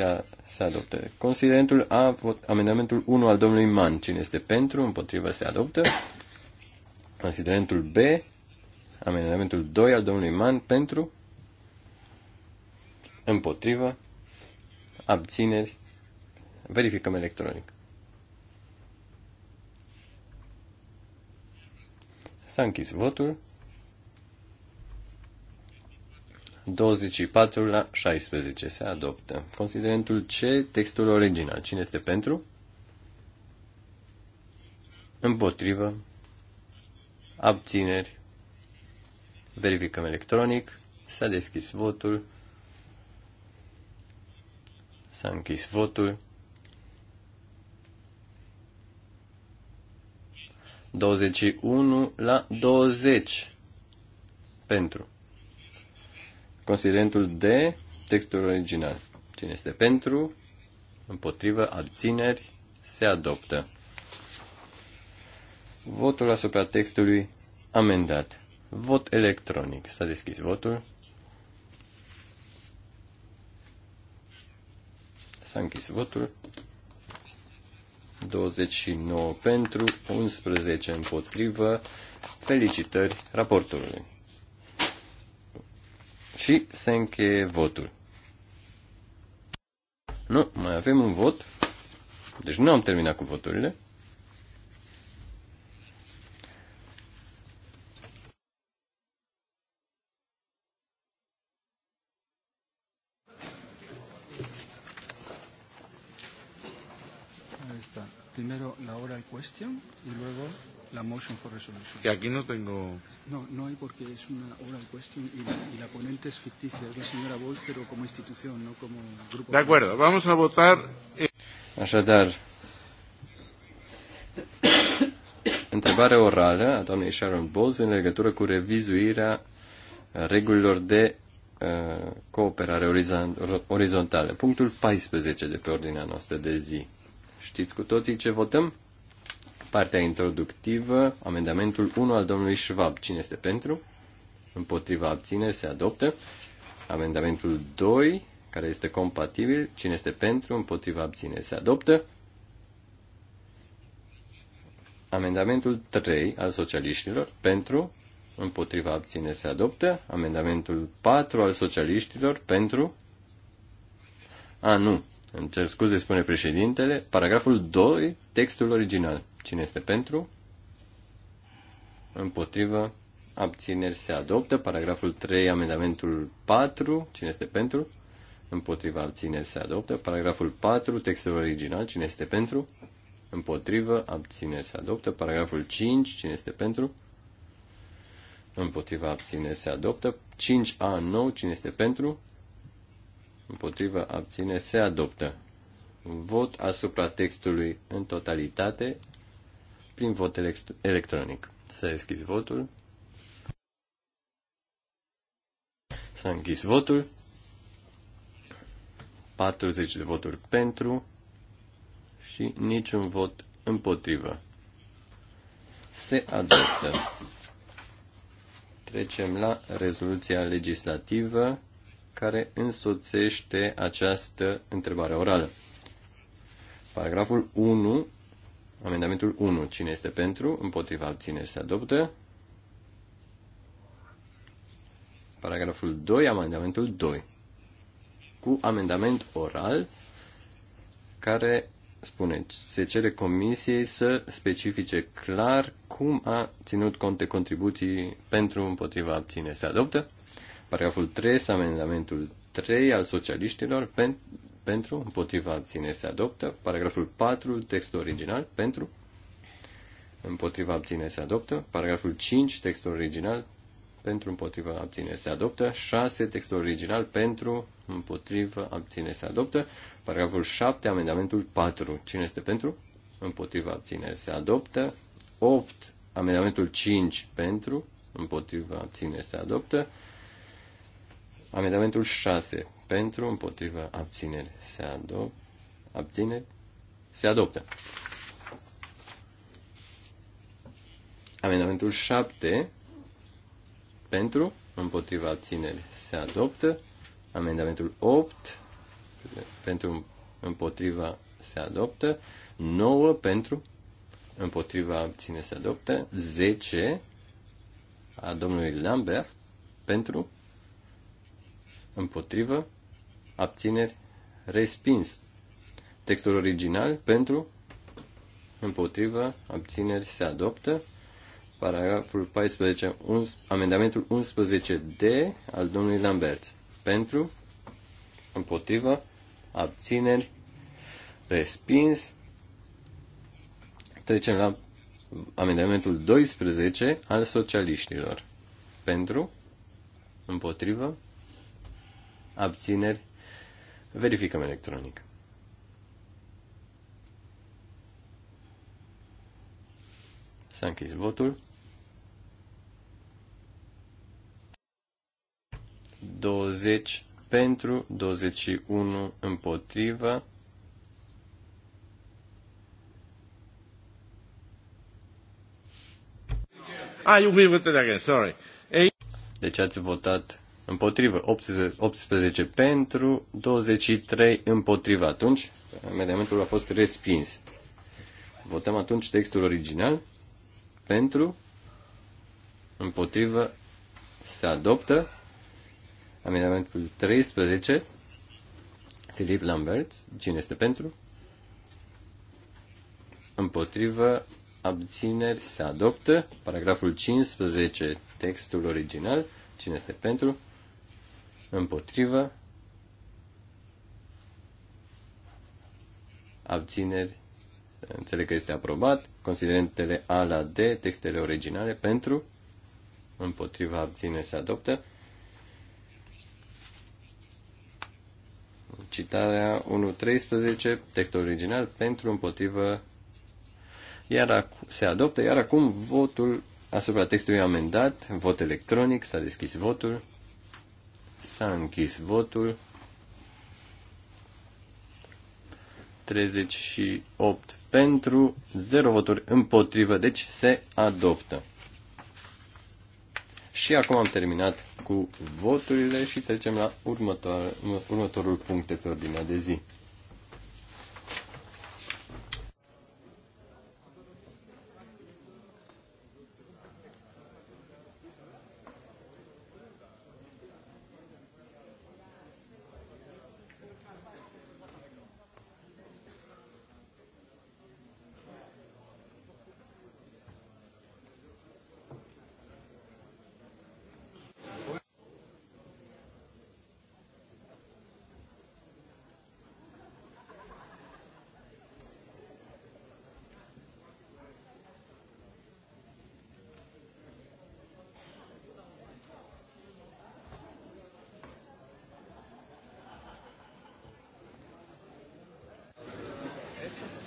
se, adoptă. Considerentul A, vot, amendamentul 1 al domnului Man. Cine este pentru, Împotriva se adoptă. Considerentul B, Amendamentul 2 al domnului Mann pentru, împotrivă, abțineri, verificăm electronic. S-a închis votul. 24 la 16 se adoptă. Considerentul C, textul original. Cine este pentru? Împotrivă. Abțineri. Verificăm electronic. S-a deschis votul. S-a închis votul. 21 la 20 pentru. Considerentul D, textul original. Cine este pentru, împotrivă, abțineri, se adoptă. Votul asupra textului amendat. Vot electronic. S-a deschis votul. S-a închis votul. 29 pentru, 11 împotrivă. Felicitări raportului. Și se încheie votul. Nu, mai avem un vot. Deci nu am terminat cu voturile. question y luego la motion for resolution. Y aquí no tengo. No, no hay porque es una oral question y la, y la ponente es ficticia, es la señora Bolt, pero como institución, no como grupo. De acuerdo, vamos a votar. Eh. Așadar, întrebare orală a doamnei Sharon Bowles în legătură cu revizuirea regulilor de uh, cooperare orizontală. Punctul 14 de pe ordinea noastră de zi. Știți cu toții ce votăm? Partea introductivă, amendamentul 1 al domnului Schwab. Cine este pentru? Împotriva abțineri se adoptă. Amendamentul 2, care este compatibil. Cine este pentru? Împotriva abțineri se adoptă. Amendamentul 3 al socialiștilor pentru, împotriva abține se adoptă. Amendamentul 4 al socialiștilor pentru. A, nu. Îmi cer scuze, spune președintele. Paragraful 2, textul original. Cine este pentru? Împotrivă. Abțineri se adoptă. Paragraful 3, amendamentul 4. Cine este pentru? Împotriva abțineri se adoptă. Paragraful 4, textul original. Cine este pentru? Împotrivă. Abțineri se adoptă. Paragraful 5. Cine este pentru? Împotriva abțineri se adoptă. 5A9. Cine este pentru? Împotriva abțineri se adoptă. Vot asupra textului în totalitate prin vot electronic. S-a deschis votul. S-a închis votul. 40 de voturi pentru și niciun vot împotrivă. Se adoptă. Trecem la rezoluția legislativă care însoțește această întrebare orală. Paragraful 1 Amendamentul 1. Cine este pentru? Împotriva abțineri se adoptă. Paragraful 2. Amendamentul 2. Cu amendament oral care spune, se cere comisiei să specifice clar cum a ținut cont de contribuții pentru împotriva abține. Se adoptă. Paragraful 3, amendamentul 3 al socialiștilor, pentru, împotriva abține, se adoptă. Paragraful 4, textul original, pentru, împotriva abține, se adoptă. Paragraful 5, textul original, pentru, împotriva abține, se adoptă. 6, textul original, pentru, împotriva abține, se adoptă. Paragraful 7, amendamentul 4, cine este pentru? Împotriva abține, se adoptă. 8, amendamentul 5, pentru, împotriva abține, se adoptă. Amendamentul 6, pentru, împotriva, abțineri, se adoptă. Abțineri, se adoptă. Amendamentul 7 pentru, împotriva abțineri se adoptă. Amendamentul 8 pentru, împotriva se adoptă. 9 pentru, împotriva abține se adoptă. 10 a domnului Lambert pentru, împotriva abțineri, respins. Textul original pentru, împotrivă, abțineri se adoptă. Paragraful 14, un, amendamentul 11D al domnului Lambert. Pentru, împotrivă, abțineri, respins. Trecem la amendamentul 12 al socialiștilor. Pentru, împotrivă, abțineri, Verificăm electronic. S-a închis votul. 20 pentru, 21 împotrivă. Ah, you agree with it again, sorry. Deci ați votat împotrivă, 18, pentru, 23 împotrivă. Atunci, amendamentul a fost respins. Votăm atunci textul original pentru, împotrivă, se adoptă amendamentul 13, Filip Lambert, cine este pentru? Împotrivă, abțineri, se adoptă. Paragraful 15, textul original, cine este pentru? Împotrivă. Abțineri. Înțeleg că este aprobat. Considerentele A la D, textele originale, pentru. Împotriva abțineri se adoptă. Citarea 1.13, textul original, pentru împotrivă iar ac- se adoptă, iar acum votul asupra textului amendat, vot electronic, s-a deschis votul. S-a închis votul. 38 pentru, 0 voturi împotrivă, deci se adoptă. Și acum am terminat cu voturile și trecem la următor, următorul punct de pe ordinea de zi.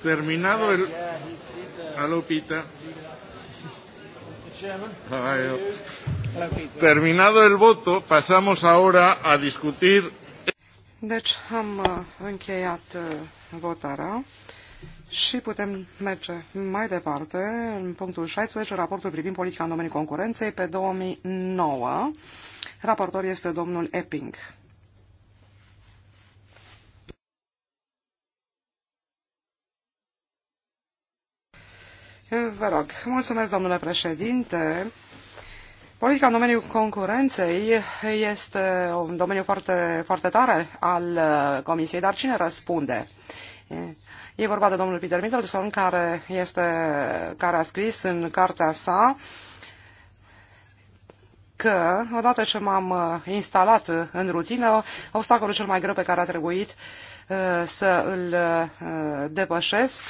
terminado el... Uh, oh. Hello, Peter. Terminado el voto, pasamos ahora a discutir. Deci am uh, încheiat uh, votarea și putem merge mai departe în punctul 16, raportul privind politica în domeniul concurenței pe 2009. Raportor este domnul Epping. vă rog. Mulțumesc, domnule președinte. Politica în domeniul concurenței este un domeniu foarte, foarte tare al uh, Comisiei, dar cine răspunde? E vorba de domnul Peter Middleton, care, este, care a scris în cartea sa că, odată ce m-am uh, instalat în rutină, obstacolul cel mai greu pe care a trebuit uh, să îl depășesc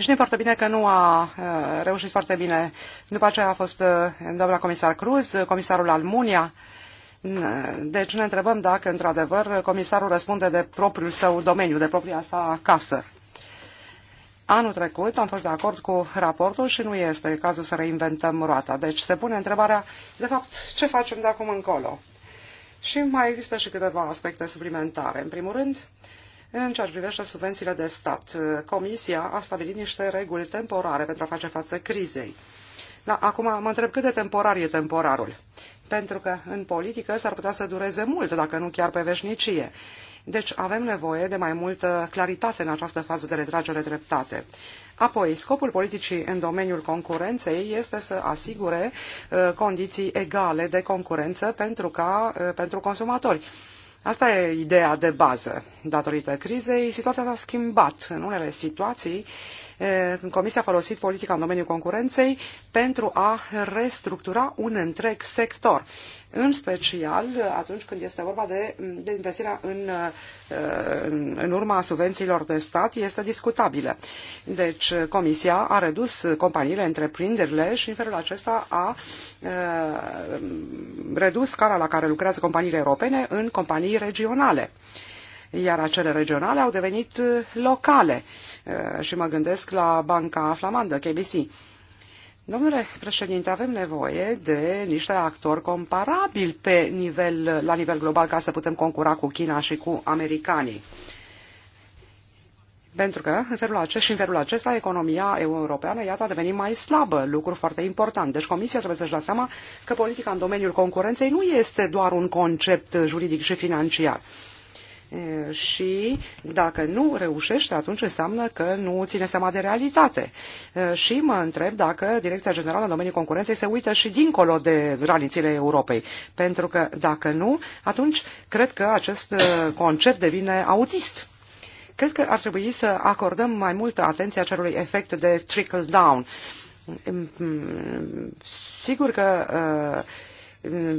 Știm foarte bine că nu a uh, reușit foarte bine. După aceea a fost uh, doamna comisar Cruz, comisarul Almunia. Uh, deci ne întrebăm dacă, într-adevăr, comisarul răspunde de propriul său domeniu, de propria sa casă. Anul trecut am fost de acord cu raportul și nu este cazul să reinventăm roata. Deci se pune întrebarea, de fapt, ce facem de acum încolo? Și mai există și câteva aspecte suplimentare. În primul rând, uh, în ceea ce privește subvențiile de stat, Comisia a stabilit niște reguli temporare pentru a face față crizei. Da, acum mă întreb cât de temporar e temporarul. Pentru că în politică s-ar putea să dureze mult, dacă nu chiar pe veșnicie. Deci avem nevoie de mai multă claritate în această fază de retragere dreptate. Apoi, scopul politicii în domeniul concurenței este să asigure uh, condiții egale de concurență pentru, ca, uh, pentru consumatori. Asta e ideea de bază. Datorită crizei, situația s-a schimbat. În unele situații, Comisia a folosit politica în domeniul concurenței pentru a restructura un întreg sector, în special atunci când este vorba de, de investirea în, în urma subvențiilor de stat, este discutabilă. Deci Comisia a redus companiile, întreprinderile și în felul acesta a redus scala la care lucrează companiile europene în companii regionale iar acele regionale au devenit uh, locale. Uh, și mă gândesc la Banca Flamandă, KBC. Domnule președinte, avem nevoie de niște actori comparabili pe nivel, la nivel global ca să putem concura cu China și cu americanii. Pentru că, în felul acesta și în felul acesta, economia europeană, iată, a devenit mai slabă, lucru foarte important. Deci Comisia trebuie să-și dea seama că politica în domeniul concurenței nu este doar un concept juridic și financiar și dacă nu reușește, atunci înseamnă că nu ține seama de realitate. Și mă întreb dacă Direcția Generală în domeniul concurenței se uită și dincolo de granițele Europei. Pentru că dacă nu, atunci cred că acest concept devine autist. Cred că ar trebui să acordăm mai multă atenție acelui efect de trickle-down. Sigur că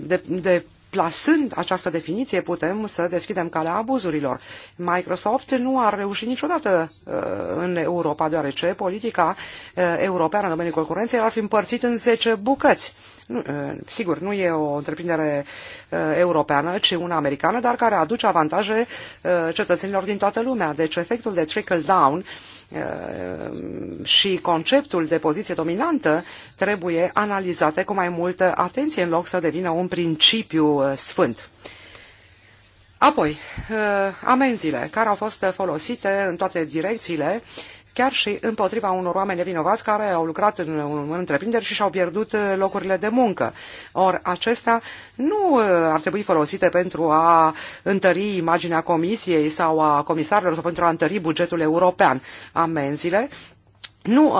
de, de plasând această definiție putem să deschidem calea abuzurilor. Microsoft nu a reușit niciodată uh, în Europa, deoarece politica uh, europeană în domeniul concurenței ar fi împărțit în 10 bucăți. Nu, uh, sigur, nu e o întreprindere europeană, ci una americană, dar care aduce avantaje cetățenilor din toată lumea. Deci efectul de trickle-down uh, Ehm, și conceptul de poziție dominantă trebuie analizate cu mai multă atenție în loc să devină un principiu eh, sfânt. Apoi, eh, amenziile care au fost folosite în toate direcțiile chiar și împotriva unor oameni nevinovați care au lucrat în, în întreprinderi și și-au pierdut uh, locurile de muncă. Or, acestea nu uh, ar trebui folosite pentru a întări imaginea comisiei sau a comisarilor sau pentru a întări bugetul european. Amenzile nu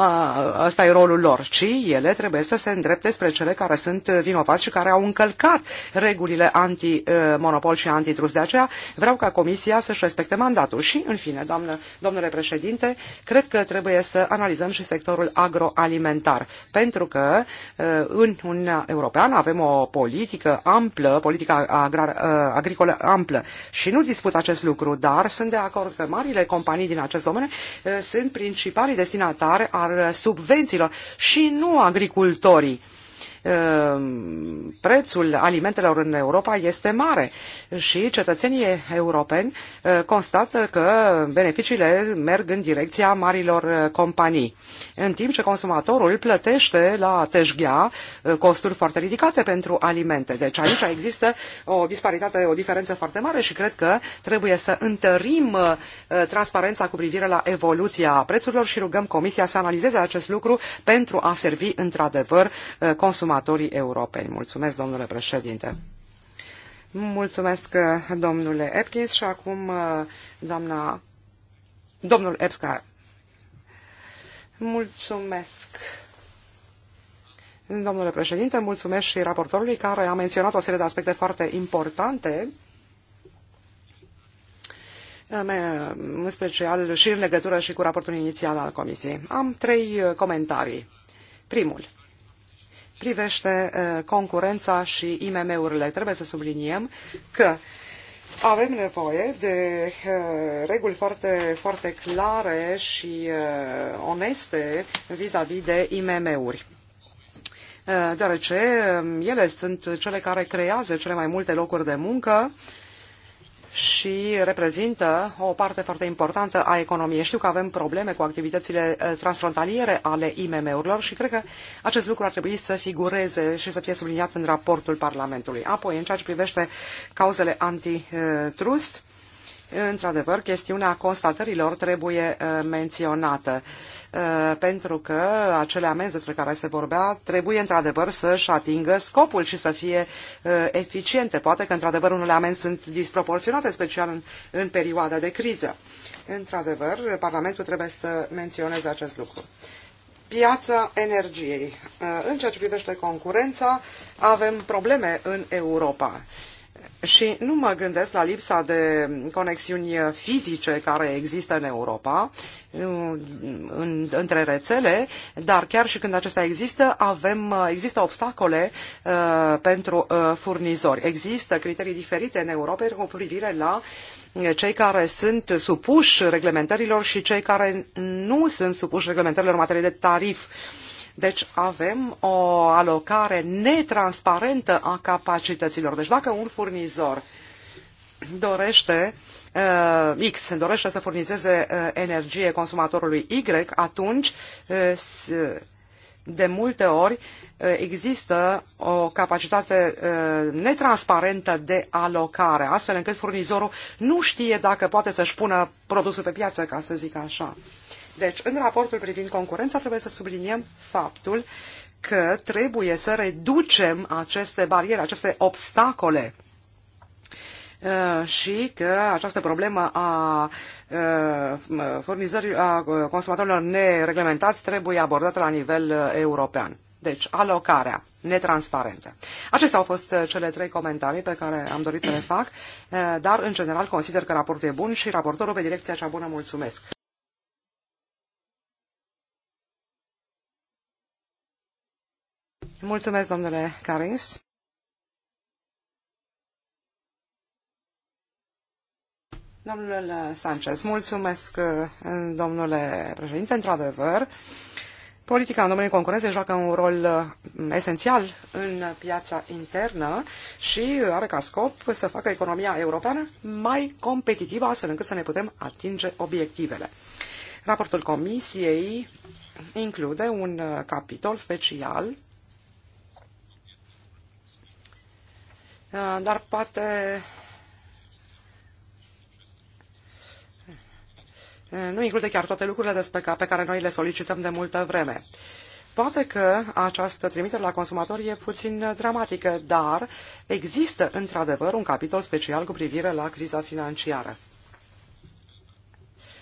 ăsta e rolul lor, ci ele trebuie să se îndrepte spre cele care sunt vinovați și care au încălcat regulile anti-monopol și antitrust. De aceea vreau ca Comisia să-și respecte mandatul. Și, în fine, doamnă, domnule președinte, cred că trebuie să analizăm și sectorul agroalimentar, pentru că în Uniunea Europeană avem o politică amplă, politică agrar, agricolă amplă și nu disput acest lucru, dar sunt de acord că marile companii din acest domeniu sunt principalii destinatari beneficiar al subvențiilor și nu agricultorii. Ehm, prețul alimentelor în Europa este mare și cetățenii europeni eh, constată că beneficiile merg în direcția marilor eh, companii, în timp ce consumatorul plătește la teșghea eh, costuri foarte ridicate pentru alimente. Deci aici există o disparitate, o diferență foarte mare și cred că trebuie să întărim transparența cu privire la evoluția prețurilor și rugăm Comisia să analizeze acest lucru pentru a servi într-adevăr consumatorul consumatorii europeni. Mulțumesc, domnule președinte. Mulțumesc, domnule Epkins, și acum doamna, domnul Epska. Mulțumesc. Domnule președinte, mulțumesc și raportorului care a menționat o serie de aspecte foarte importante în special și în legătură și cu raportul inițial al Comisiei. Am trei uh, comentarii. Primul privește uh, concurența și IMM-urile. Trebuie să subliniem că avem nevoie de uh, reguli foarte, foarte clare și uh, oneste vis-a-vis -vis de IMM-uri deoarece um, ele sunt cele care creează cele mai multe locuri de muncă și reprezintă o parte foarte importantă a economiei. Știu că avem probleme cu activitățile eh, transfrontaliere ale IMM-urilor și cred că acest lucru ar trebui să figureze și să fie subliniat în raportul Parlamentului. Apoi, în ceea ce privește cauzele antitrust, Într-adevăr, chestiunea constatărilor trebuie uh, menționată, uh, pentru că acele amenzi despre care se vorbea trebuie într-adevăr să-și atingă scopul și să fie uh, eficiente. Poate că într-adevăr unele amenzi sunt disproporționate, special în, în perioada de criză. Într-adevăr, Parlamentul trebuie să menționeze acest lucru piața energiei. În ceea ce privește concurența, avem probleme în Europa și nu mă gândesc la lipsa de conexiuni fizice care există în Europa în, între rețele, dar chiar și când acestea există, avem, există obstacole uh, pentru uh, furnizori. Există criterii diferite în Europa cu privire la uh, cei care sunt supuși reglementărilor și cei care nu sunt supuși reglementărilor în materie de tarif. Uh, deci avem o alocare netransparentă a capacităților. Deci dacă un furnizor dorește uh, X dorește să furnizeze uh, energie consumatorului Y, atunci uh, de multe ori uh, există o capacitate uh, netransparentă de alocare, astfel încât furnizorul nu știe dacă poate să-și pună produsul pe piață, ca să zic așa. Deci, în raportul privind concurența trebuie să subliniem faptul că trebuie să reducem aceste bariere, aceste obstacole uh, și că această problemă a uh, furnizării a consumatorilor nereglementați trebuie abordată la nivel uh, european. Deci, alocarea netransparentă. Acestea au fost cele trei comentarii pe care am dorit să le fac, dar, în general, consider că raportul e bun și raportorul pe direcția cea bună mulțumesc. Mulțumesc, domnule Carins. Domnule Sanchez, mulțumesc, uh, domnule președinte. Într-adevăr, politica în domeniul concurenței joacă un rol uh, esențial în piața internă și are ca scop să facă economia europeană mai competitivă, astfel încât să ne putem atinge obiectivele. Raportul Comisiei include un uh, capitol special Uh, dar poate uh, nu include chiar toate lucrurile despre ca, pe care noi le solicităm de multă vreme. Poate că această trimitere la consumatori e puțin uh, dramatică, dar există într-adevăr un capitol special cu privire la criza financiară.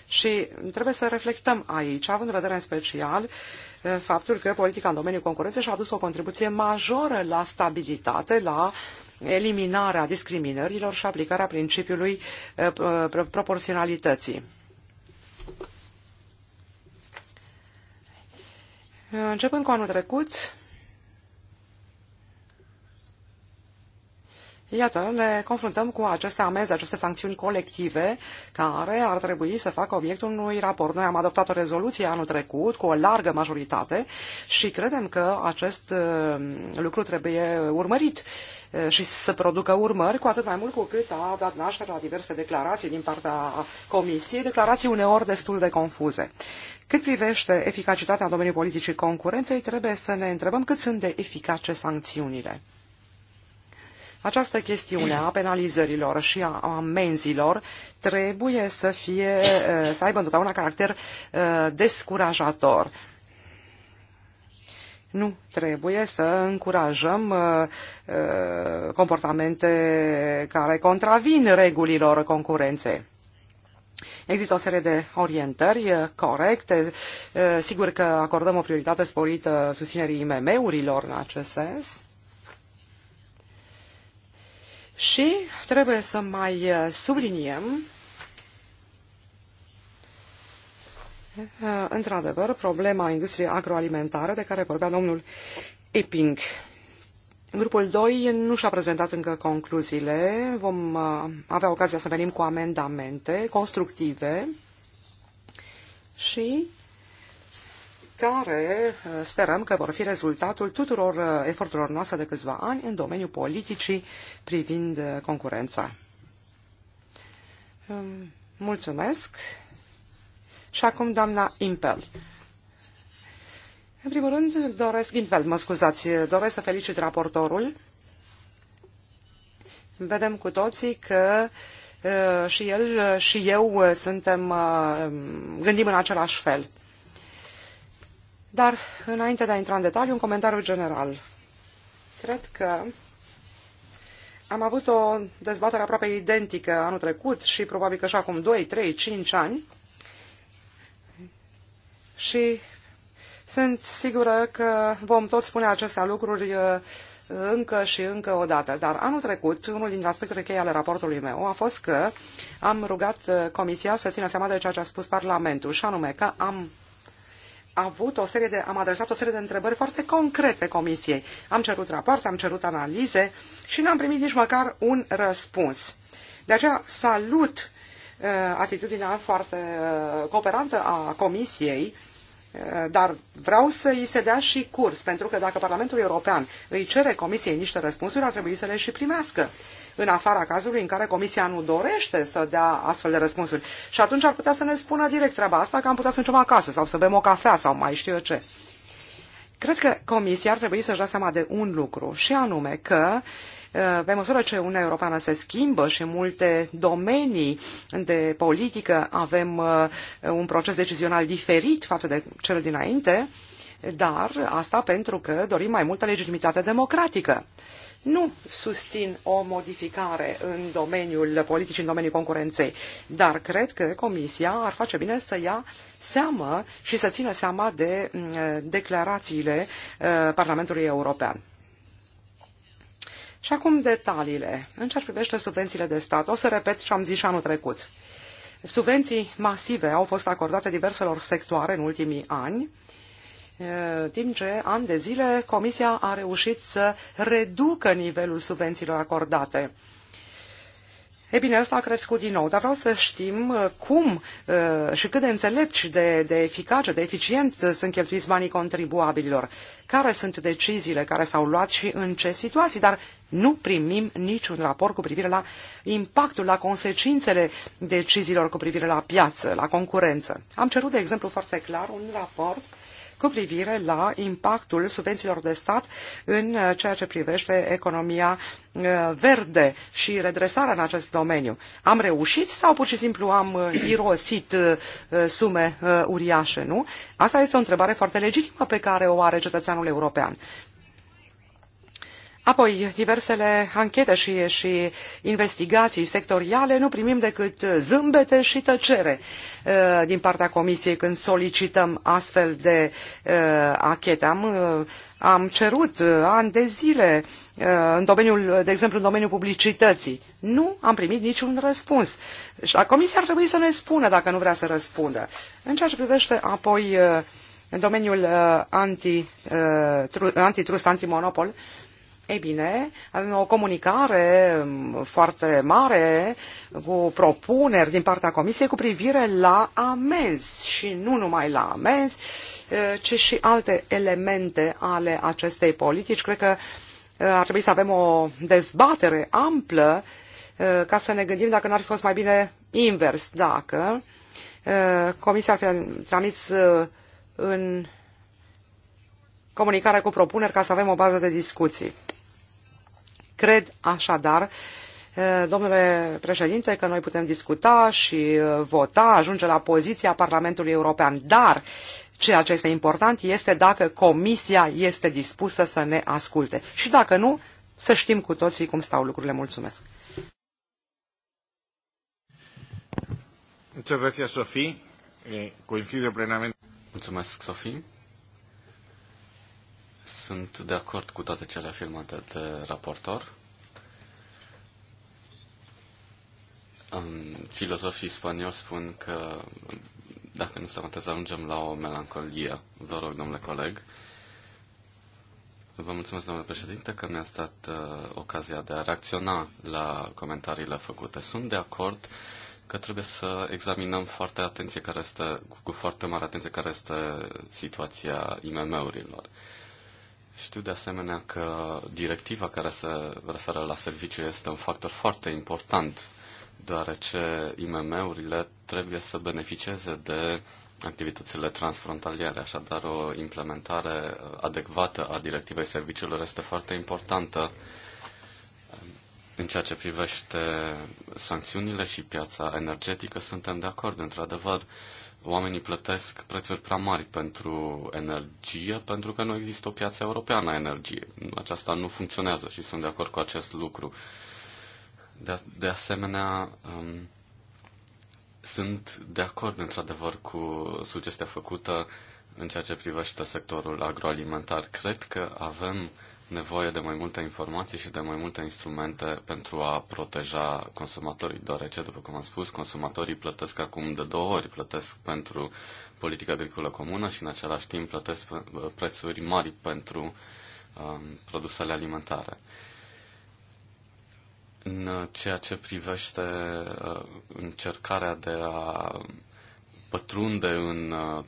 Și trebuie să reflectăm aici, având în vedere în special faptul că politica în domeniul concurenței și-a adus o contribuție majoră la stabilitate, la eliminarea discriminărilor și aplicarea principiului eh, eh, proporționalității. Începând cu anul trecut, Iată, ne confruntăm cu aceste amenzi, aceste sancțiuni colective care ar trebui să facă obiectul unui raport. Noi am adoptat o rezoluție anul trecut cu o largă majoritate și credem că acest uh, lucru trebuie urmărit uh, și să producă urmări, cu atât mai mult cu cât a dat naștere la diverse declarații din partea Comisiei, declarații uneori destul de confuze. Cât privește eficacitatea în domeniul politicii concurenței, trebuie să ne întrebăm cât sunt de eficace sancțiunile. Această chestiune a penalizărilor și a amenzilor trebuie să, fie, eh, să aibă întotdeauna caracter eh, descurajator. Nu trebuie să încurajăm eh, comportamente care contravin regulilor concurenței. Există o serie de orientări corecte. Sigur că acordăm o prioritate sporită susținerii IMM-urilor în acest sens și trebuie să mai uh, subliniem uh, într-adevăr problema industriei agroalimentare de care vorbea domnul Epping. Grupul 2 nu și-a prezentat încă concluziile. Vom uh, avea ocazia să venim cu amendamente constructive și care eh, sperăm că vor fi rezultatul tuturor eh, eforturilor noastre de câțiva ani în domeniul politicii privind eh, concurența. Mulțumesc. Și acum doamna Impel. În primul rând, doresc, Gintveld, mă scuzați, doresc să felicit raportorul. Vedem cu toții că și el și eu suntem, gândim în același fel. Dar, înainte de a intra în detaliu, un comentariu general. Cred că am avut o dezbatere aproape identică anul trecut și probabil că și acum 2, 3, 5 ani. Și sunt sigură că vom tot spune aceste lucruri uh, încă și încă o dată. Dar anul trecut, unul dintre aspectele cheie ale raportului meu a fost că am rugat uh, Comisia să țină seama de ceea ce a spus Parlamentul și anume că am avut o serie de, am adresat o serie de întrebări foarte concrete comisiei. Am cerut rapoarte, am cerut analize și n-am primit nici măcar un răspuns. De aceea salut uh, atitudinea foarte uh, cooperantă a comisiei uh, dar vreau să îi se dea și curs, pentru că dacă Parlamentul European îi cere Comisiei niște răspunsuri, ar trebui să le și primească în afara cazului în care Comisia nu dorește să dea astfel de răspunsuri. Și atunci ar putea să ne spună direct treaba asta, că am putea să mergem acasă sau să bem o cafea sau mai știu eu ce. Cred că Comisia ar trebui să-și dea seama de un lucru, și anume că ă, pe măsură ce Uniunea Europeană se schimbă și în multe domenii de politică avem ă, un proces decizional diferit față de cel dinainte, dar asta pentru că dorim mai multă legitimitate democratică nu susțin o modificare în domeniul politicii, în domeniul concurenței, dar cred că Comisia ar face bine să ia seamă și să țină seama de mm, declarațiile uh, Parlamentului European. Și acum detaliile. În ce privește subvențiile de stat, o să repet ce am zis și anul trecut. Subvenții masive au fost acordate diverselor sectoare în ultimii ani, Eh, timp ce ani de zile Comisia a reușit să reducă nivelul subvențiilor acordate. E bine, asta a crescut din nou, dar vreau să știm eh, cum eh, și cât de înțelept și de, de eficace, de eficient sunt cheltuiți banii contribuabililor, care sunt deciziile care s-au luat și în ce situații, dar nu primim niciun raport cu privire la impactul, la consecințele deciziilor cu privire la piață, la concurență. Am cerut, de exemplu, foarte clar un raport uh, cu privire la impactul subvențiilor de stat în uh, ceea ce privește economia uh, verde și redresarea în acest domeniu. Am reușit sau pur și simplu am uh, irosit sume uriașe, nu? Asta este o întrebare foarte legitimă pe care o are cetățeanul european. Apoi, diversele anchete și, și investigații sectoriale, nu primim decât uh, zâmbete și tăcere uh, din partea Comisiei când solicităm astfel de uh, anchete. Am, uh, am cerut uh, ani de zile, uh, în domeniul, de exemplu, în domeniul publicității. Nu am primit niciun răspuns. Și Comisia ar trebui să ne spună dacă nu vrea să răspundă. În ceea ce privește apoi uh, în domeniul uh, anti, uh, antitrust, antimonopol, uh, ei bine, avem o comunicare foarte mare cu propuneri din partea Comisiei cu privire la amenzi și nu numai la amenzi, eh, ci și alte elemente ale acestei politici. Cred că eh, ar trebui să avem o dezbatere amplă eh, ca să ne gândim dacă n-ar fi fost mai bine invers, dacă Comisia ar fi transmis în comunicare cu propuneri ca să avem o bază de discuții. Cred așadar, domnule președinte, că noi putem discuta și vota, ajunge la poziția Parlamentului European, dar ceea ce este important este dacă Comisia este dispusă să ne asculte și dacă nu, să știm cu toții cum stau lucrurile. Mulțumesc! Muchas Sofie. Eh, coincido plenamente. Mulțumesc, Sofie. Sunt de acord cu toate cele afirmate de raportor. filozofii spanioli spun că dacă nu se să ajungem la o melancolie. Vă rog, domnule coleg. Vă mulțumesc, domnule președinte, că mi-a stat uh, ocazia de a reacționa la comentariile făcute. Sunt de acord că trebuie să examinăm foarte atenție care este, cu, cu foarte mare atenție care este situația IMM-urilor. Uh, știu de asemenea că directiva care se referă la serviciu este un factor foarte important, deoarece IMM-urile trebuie să beneficieze de activitățile transfrontaliere, așadar o implementare adecvată a directivei serviciilor este foarte importantă în ceea ce privește sancțiunile și piața energetică, suntem de acord, într-adevăr oamenii plătesc prețuri prea mari pentru energie, pentru că nu există o piață europeană a energiei. Aceasta nu funcționează și sunt de acord cu acest lucru. De, de asemenea, um, sunt de acord, într-adevăr, cu sugestia făcută în ceea ce privește sectorul agroalimentar. Cred că avem uh, nevoie de mai multe informații și de mai multe instrumente pentru a proteja consumatorii, deoarece, după cum am spus, consumatorii plătesc acum de două ori, plătesc pentru politica agricolă comună și în același timp plătesc prețuri mari pentru um, produsele alimentare. În ceea ce privește uh, încercarea de a pătrunde în uh,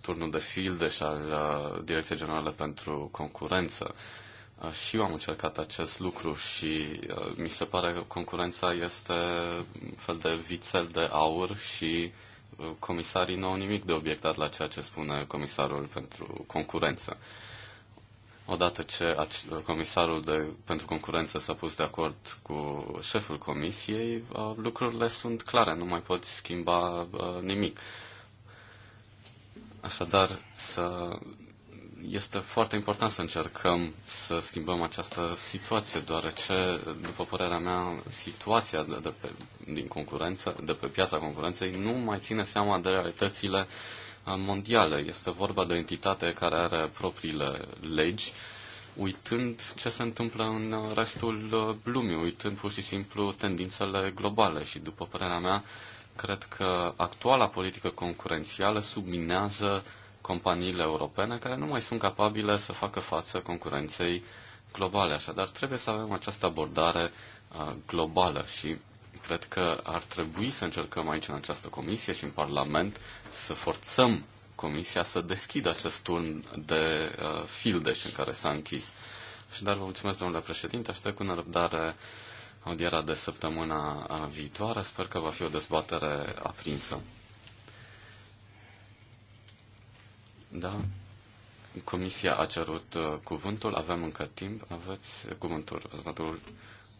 turnul de filde și al uh, Direcției Generale pentru Concurență. Și eu am încercat acest lucru și uh, mi se pare că concurența este un fel de vițel de aur și uh, comisarii nu au nimic de obiectat la ceea ce spune comisarul pentru concurență. Odată ce comisarul de, pentru concurență s-a pus de acord cu șeful comisiei, uh, lucrurile sunt clare, nu mai poți schimba nimic. Așadar, să este foarte important să încercăm să schimbăm această situație, deoarece, după părerea mea, situația de, de pe, din concurență, de pe piața concurenței nu mai ține seama de realitățile uh, mondiale. Este vorba de o entitate care are propriile legi, uitând ce se întâmplă în uh, restul uh, lumii, uitând pur și simplu tendințele globale și, după părerea mea, cred că actuala politică concurențială subminează uh, companiile europene care nu mai sunt capabile să facă față concurenței globale. Așadar, trebuie să avem această abordare uh, globală și cred că ar trebui să încercăm aici în această comisie și în Parlament să forțăm comisia să deschidă acest turn de uh, fildeș în care s-a închis. Și dar vă mulțumesc, domnule președinte, aștept cu nerăbdare audiera de săptămâna uh, viitoare. Sper că va fi o dezbatere aprinsă. Da? Comisia a cerut uh, cuvântul, avem încă timp, aveți cuvântul reprezentantul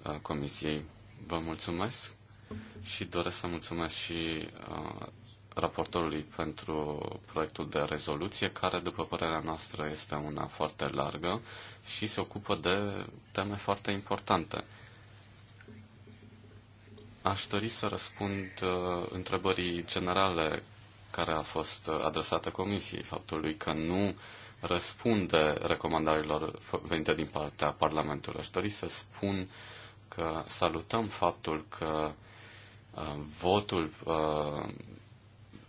uh, Comisiei. Vă mulțumesc și doresc să mulțumesc și uh, raportorului pentru proiectul de rezoluție, care, după părerea noastră, este una foarte largă și se ocupă de teme foarte importante. Aș dori să răspund uh, întrebării generale care a fost uh, adresată Comisiei, faptului că nu răspunde recomandărilor venite din partea Parlamentului. Aș dori să spun că salutăm faptul că uh, votul uh,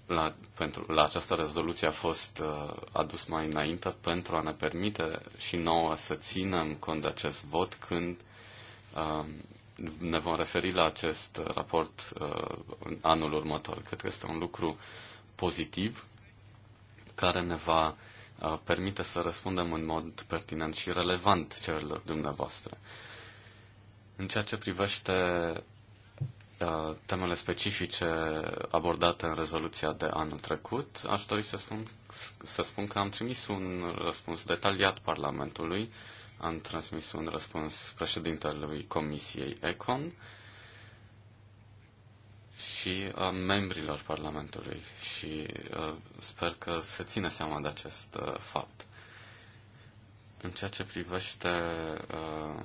la, pentru, la această rezoluție a fost uh, adus mai înainte pentru a ne permite și nouă să ținem cont de acest vot când uh, ne vom referi la acest raport uh, anul următor. Cred că este un lucru pozitiv care ne va uh, permite să răspundem în mod pertinent și relevant cererilor dumneavoastră. În ceea ce privește uh, temele specifice abordate în rezoluția de anul trecut, aș dori să spun, să spun că am trimis un răspuns detaliat Parlamentului, am transmis un răspuns președintelui Comisiei ECON, și a uh, membrilor Parlamentului și uh, sper că se ține seama de acest uh, fapt. În ceea ce privește uh,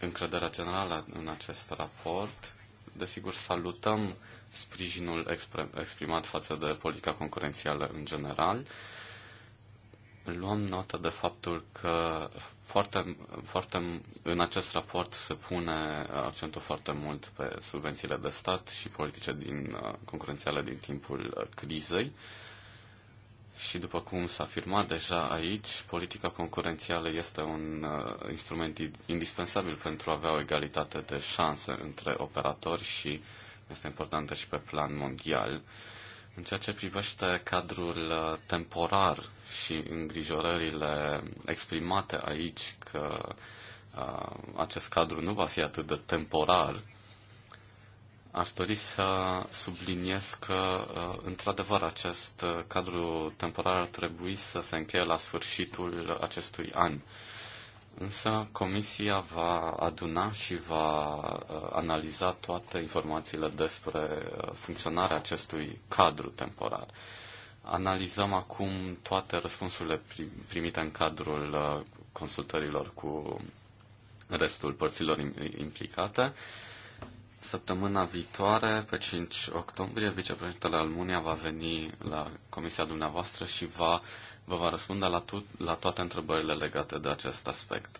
încrederea generală în acest raport, desigur salutăm sprijinul exprimat față de politica concurențială în general. Luăm notă de faptul că foarte, foarte, în acest raport se pune uh, accentul foarte mult pe subvențiile de stat și politice din, uh, concurențiale din timpul uh, crizei. Și după cum s-a afirmat deja aici, politica concurențială este un uh, instrument indispensabil pentru a avea o egalitate de șanse între operatori și este importantă și pe plan mondial. Uh, în ceea ce privește cadrul uh, temporar și îngrijorările exprimate aici că uh, acest cadru nu va fi atât de temporar, aș dori să subliniez că, uh, într-adevăr, acest cadru temporar ar trebui să se încheie la sfârșitul acestui an. Însă comisia va aduna și va uh, analiza toate informațiile despre uh, funcționarea acestui cadru temporar. Analizăm acum toate răspunsurile primite în cadrul uh, consultărilor cu restul părților implicate. Săptămâna viitoare, pe 5 octombrie, vicepreședintele Almunia va veni la comisia dumneavoastră și va uh, vă va răspunde la, tu, la toate întrebările legate de acest aspect.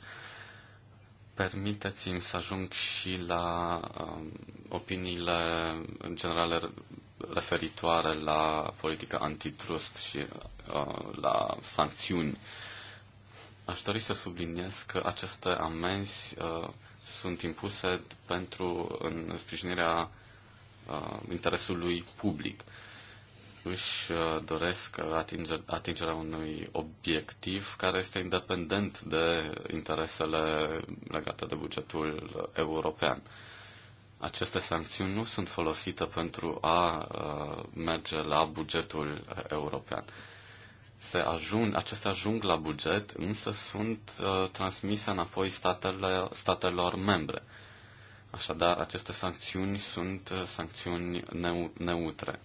Permiteți-mi să ajung și la um, opiniile în generale referitoare la politica antitrust și uh, la sancțiuni. Aș dori să subliniez că aceste amenzi uh, sunt impuse pentru în sprijinirea uh, interesului public își uh, doresc atingerea unui obiectiv care este independent de interesele legate de bugetul european. Aceste sancțiuni nu sunt folosite pentru a uh, merge la bugetul european. Se ajung, acestea ajung la buget, însă sunt uh, transmise înapoi statele, statelor membre. Așadar, aceste sancțiuni sunt uh, sancțiuni neu, neutre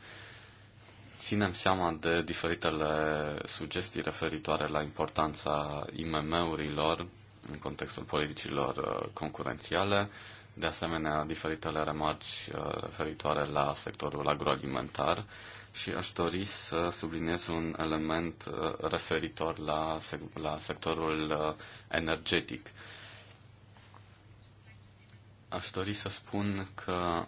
ținem seama de diferitele sugestii referitoare la importanța IMM-urilor în contextul politicilor uh, concurențiale, de asemenea diferitele remarci uh, referitoare la sectorul agroalimentar și aș dori să subliniez un element uh, referitor la, la sectorul energetic. Aș dori să spun că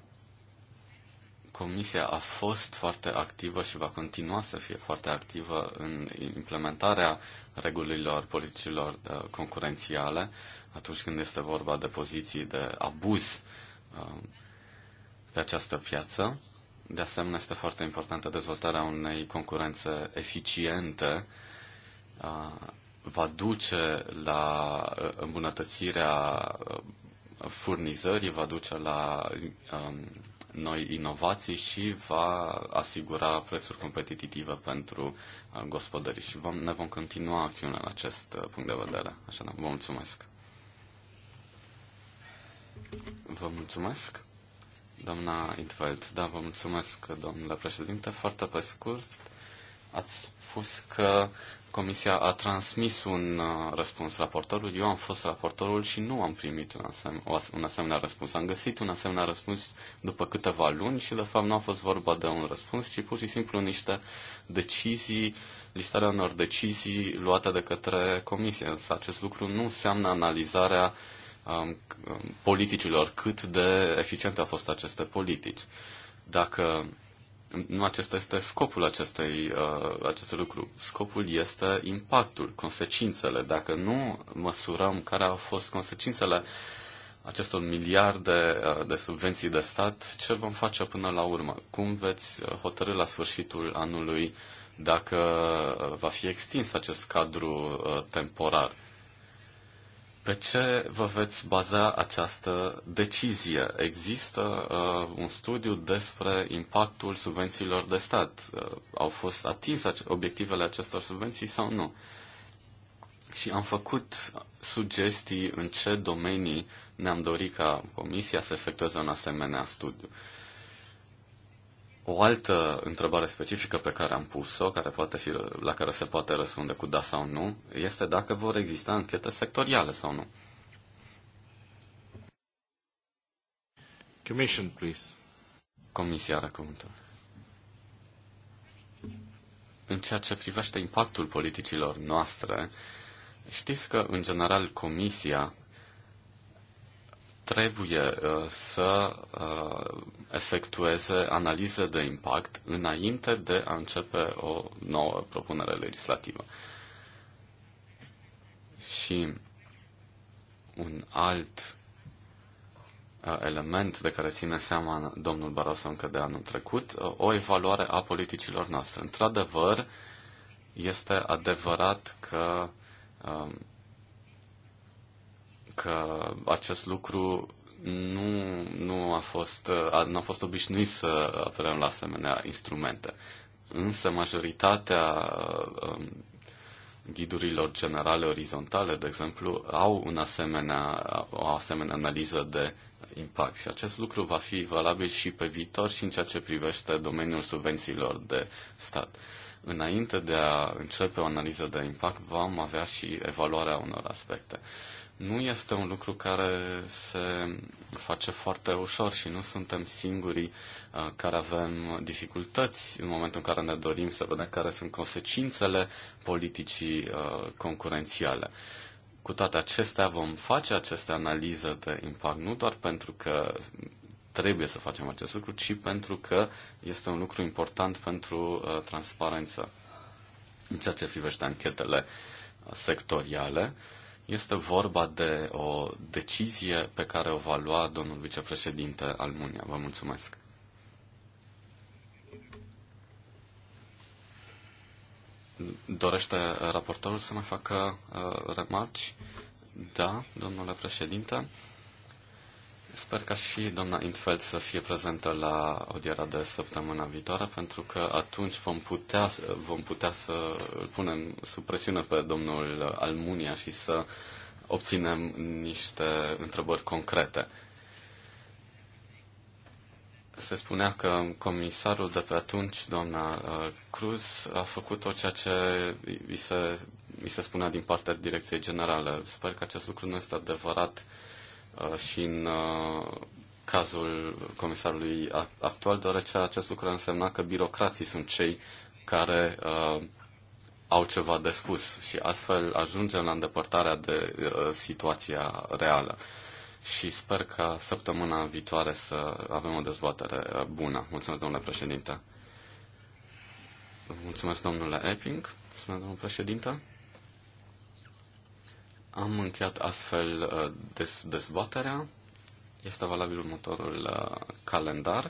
Comisia a fost foarte activă și va continua să fie foarte activă în implementarea regulilor politicilor uh, concurențiale atunci când este vorba de poziții de abuz uh, pe această piață. De asemenea, este foarte importantă dezvoltarea unei concurențe eficiente. Uh, va duce la îmbunătățirea furnizării, va duce la um, noi inovații și va asigura prețuri competitive pentru uh, gospodării. Și vom, ne vom continua acțiunea în acest uh, punct de vedere. așa da, vă mulțumesc. Vă mulțumesc. Doamna Intveld, da, vă mulțumesc, domnule președinte. Foarte pe scurt, ați spus că Comisia a transmis un uh, răspuns raportorului, eu am fost raportorul și nu am primit un, asem- un asemenea răspuns. Am găsit un asemenea răspuns după câteva luni și, de fapt, nu a fost vorba de un răspuns, ci pur și simplu niște decizii, listarea unor decizii luate de către Comisie. Însă acest lucru nu înseamnă analizarea um, um politicilor, cât de eficiente au fost aceste politici. Dacă nu acesta este scopul acestei, uh, acestui lucru. Scopul este impactul, consecințele. Dacă nu măsurăm care au fost consecințele acestor miliarde uh, de subvenții de stat, ce vom face până la urmă? Cum veți uh, hotărâ la sfârșitul anului dacă va fi extins acest cadru temporar? Pe ce vă veți baza această decizie? Există uh, un studiu despre impactul subvențiilor de stat. Uh, au fost atinse obiectivele acestor subvenții sau nu? Și am făcut sugestii în ce domenii ne-am dorit ca Comisia să efectueze un asemenea studiu. Uh, o altă întrebare specifică pe care am pus-o, care poate fi, la care se poate răspunde cu da sau nu, este dacă vor exista închete sectoriale sau nu. Commission, please. Comisia are cuvântul. În ceea ce privește impactul politicilor noastre, știți că, în general, Comisia trebuie uh, să uh, efectueze analize de impact înainte de a începe o nouă propunere legislativă. Și un alt uh, element de care ține seama domnul Barroso încă de anul trecut, o evaluare a politicilor noastre. Într-adevăr, este adevărat că um, că acest lucru nu, nu, a fost, a nu a fost obișnuit să apelăm la asemenea instrumente. Însă majoritatea um, ghidurilor generale orizontale, de exemplu, au un asemenea, o asemenea analiză de impact și acest lucru va fi valabil și pe viitor și în ceea ce privește domeniul subvențiilor de stat. Înainte de a începe o analiză de impact, vom avea și evaluarea unor aspecte. Uh, nu este un lucru care se face foarte ușor și nu suntem singurii uh, care avem dificultăți în momentul în care ne dorim să vedem care sunt consecințele politicii uh, concurențiale. Cu toate acestea vom face aceste analize de impact nu doar pentru că trebuie să facem acest lucru, ci pentru că este un lucru important pentru uh, transparență în ceea ce privește anchetele sectoriale. Este vorba de o decizie pe care o va lua domnul vicepreședinte Almunia. Vă mulțumesc. Dorește raportorul să mai facă uh, remarci? Da, domnule președinte. Sper ca și doamna Intfeld să fie prezentă la odiera de săptămâna viitoare, pentru că atunci vom putea, vom putea să îl punem sub presiune pe domnul Almunia și să obținem niște întrebări concrete. Se spunea că comisarul de pe atunci, doamna uh, Cruz, a făcut tot ceea ce mi se, i se spunea din partea Direcției Generale. Sper că acest lucru nu este adevărat Uh, și în uh, cazul comisarului actual, deoarece acest lucru însemna că birocrații sunt cei care uh, au ceva de spus și astfel ajungem la îndepărtarea de uh, situația reală. Și sper că săptămâna viitoare să avem o dezbatere uh, bună. Mulțumesc, domnule președinte. Mulțumesc, domnule Epping. Mulțumesc, domnule președinte. Am încheiat astfel uh, des- dezbaterea. Este valabil următorul uh, calendar.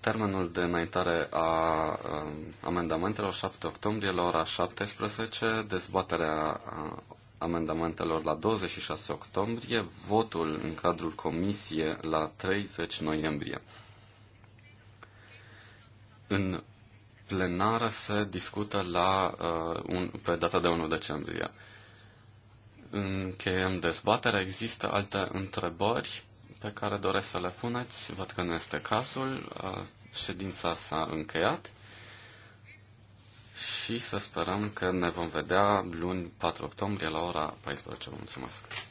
Termenul de înaintare a um, amendamentelor 7 octombrie la ora 17, dezbaterea uh, amendamentelor la 26 octombrie, votul în cadrul comisie la 30 noiembrie. În plenară se discută la, uh, un, pe data de 1 decembrie încheiem dezbaterea. Există alte întrebări pe care doresc să le puneți? Văd că nu este cazul. Ședința s-a încheiat și să sperăm că ne vom vedea luni 4 octombrie la ora 14. Mulțumesc!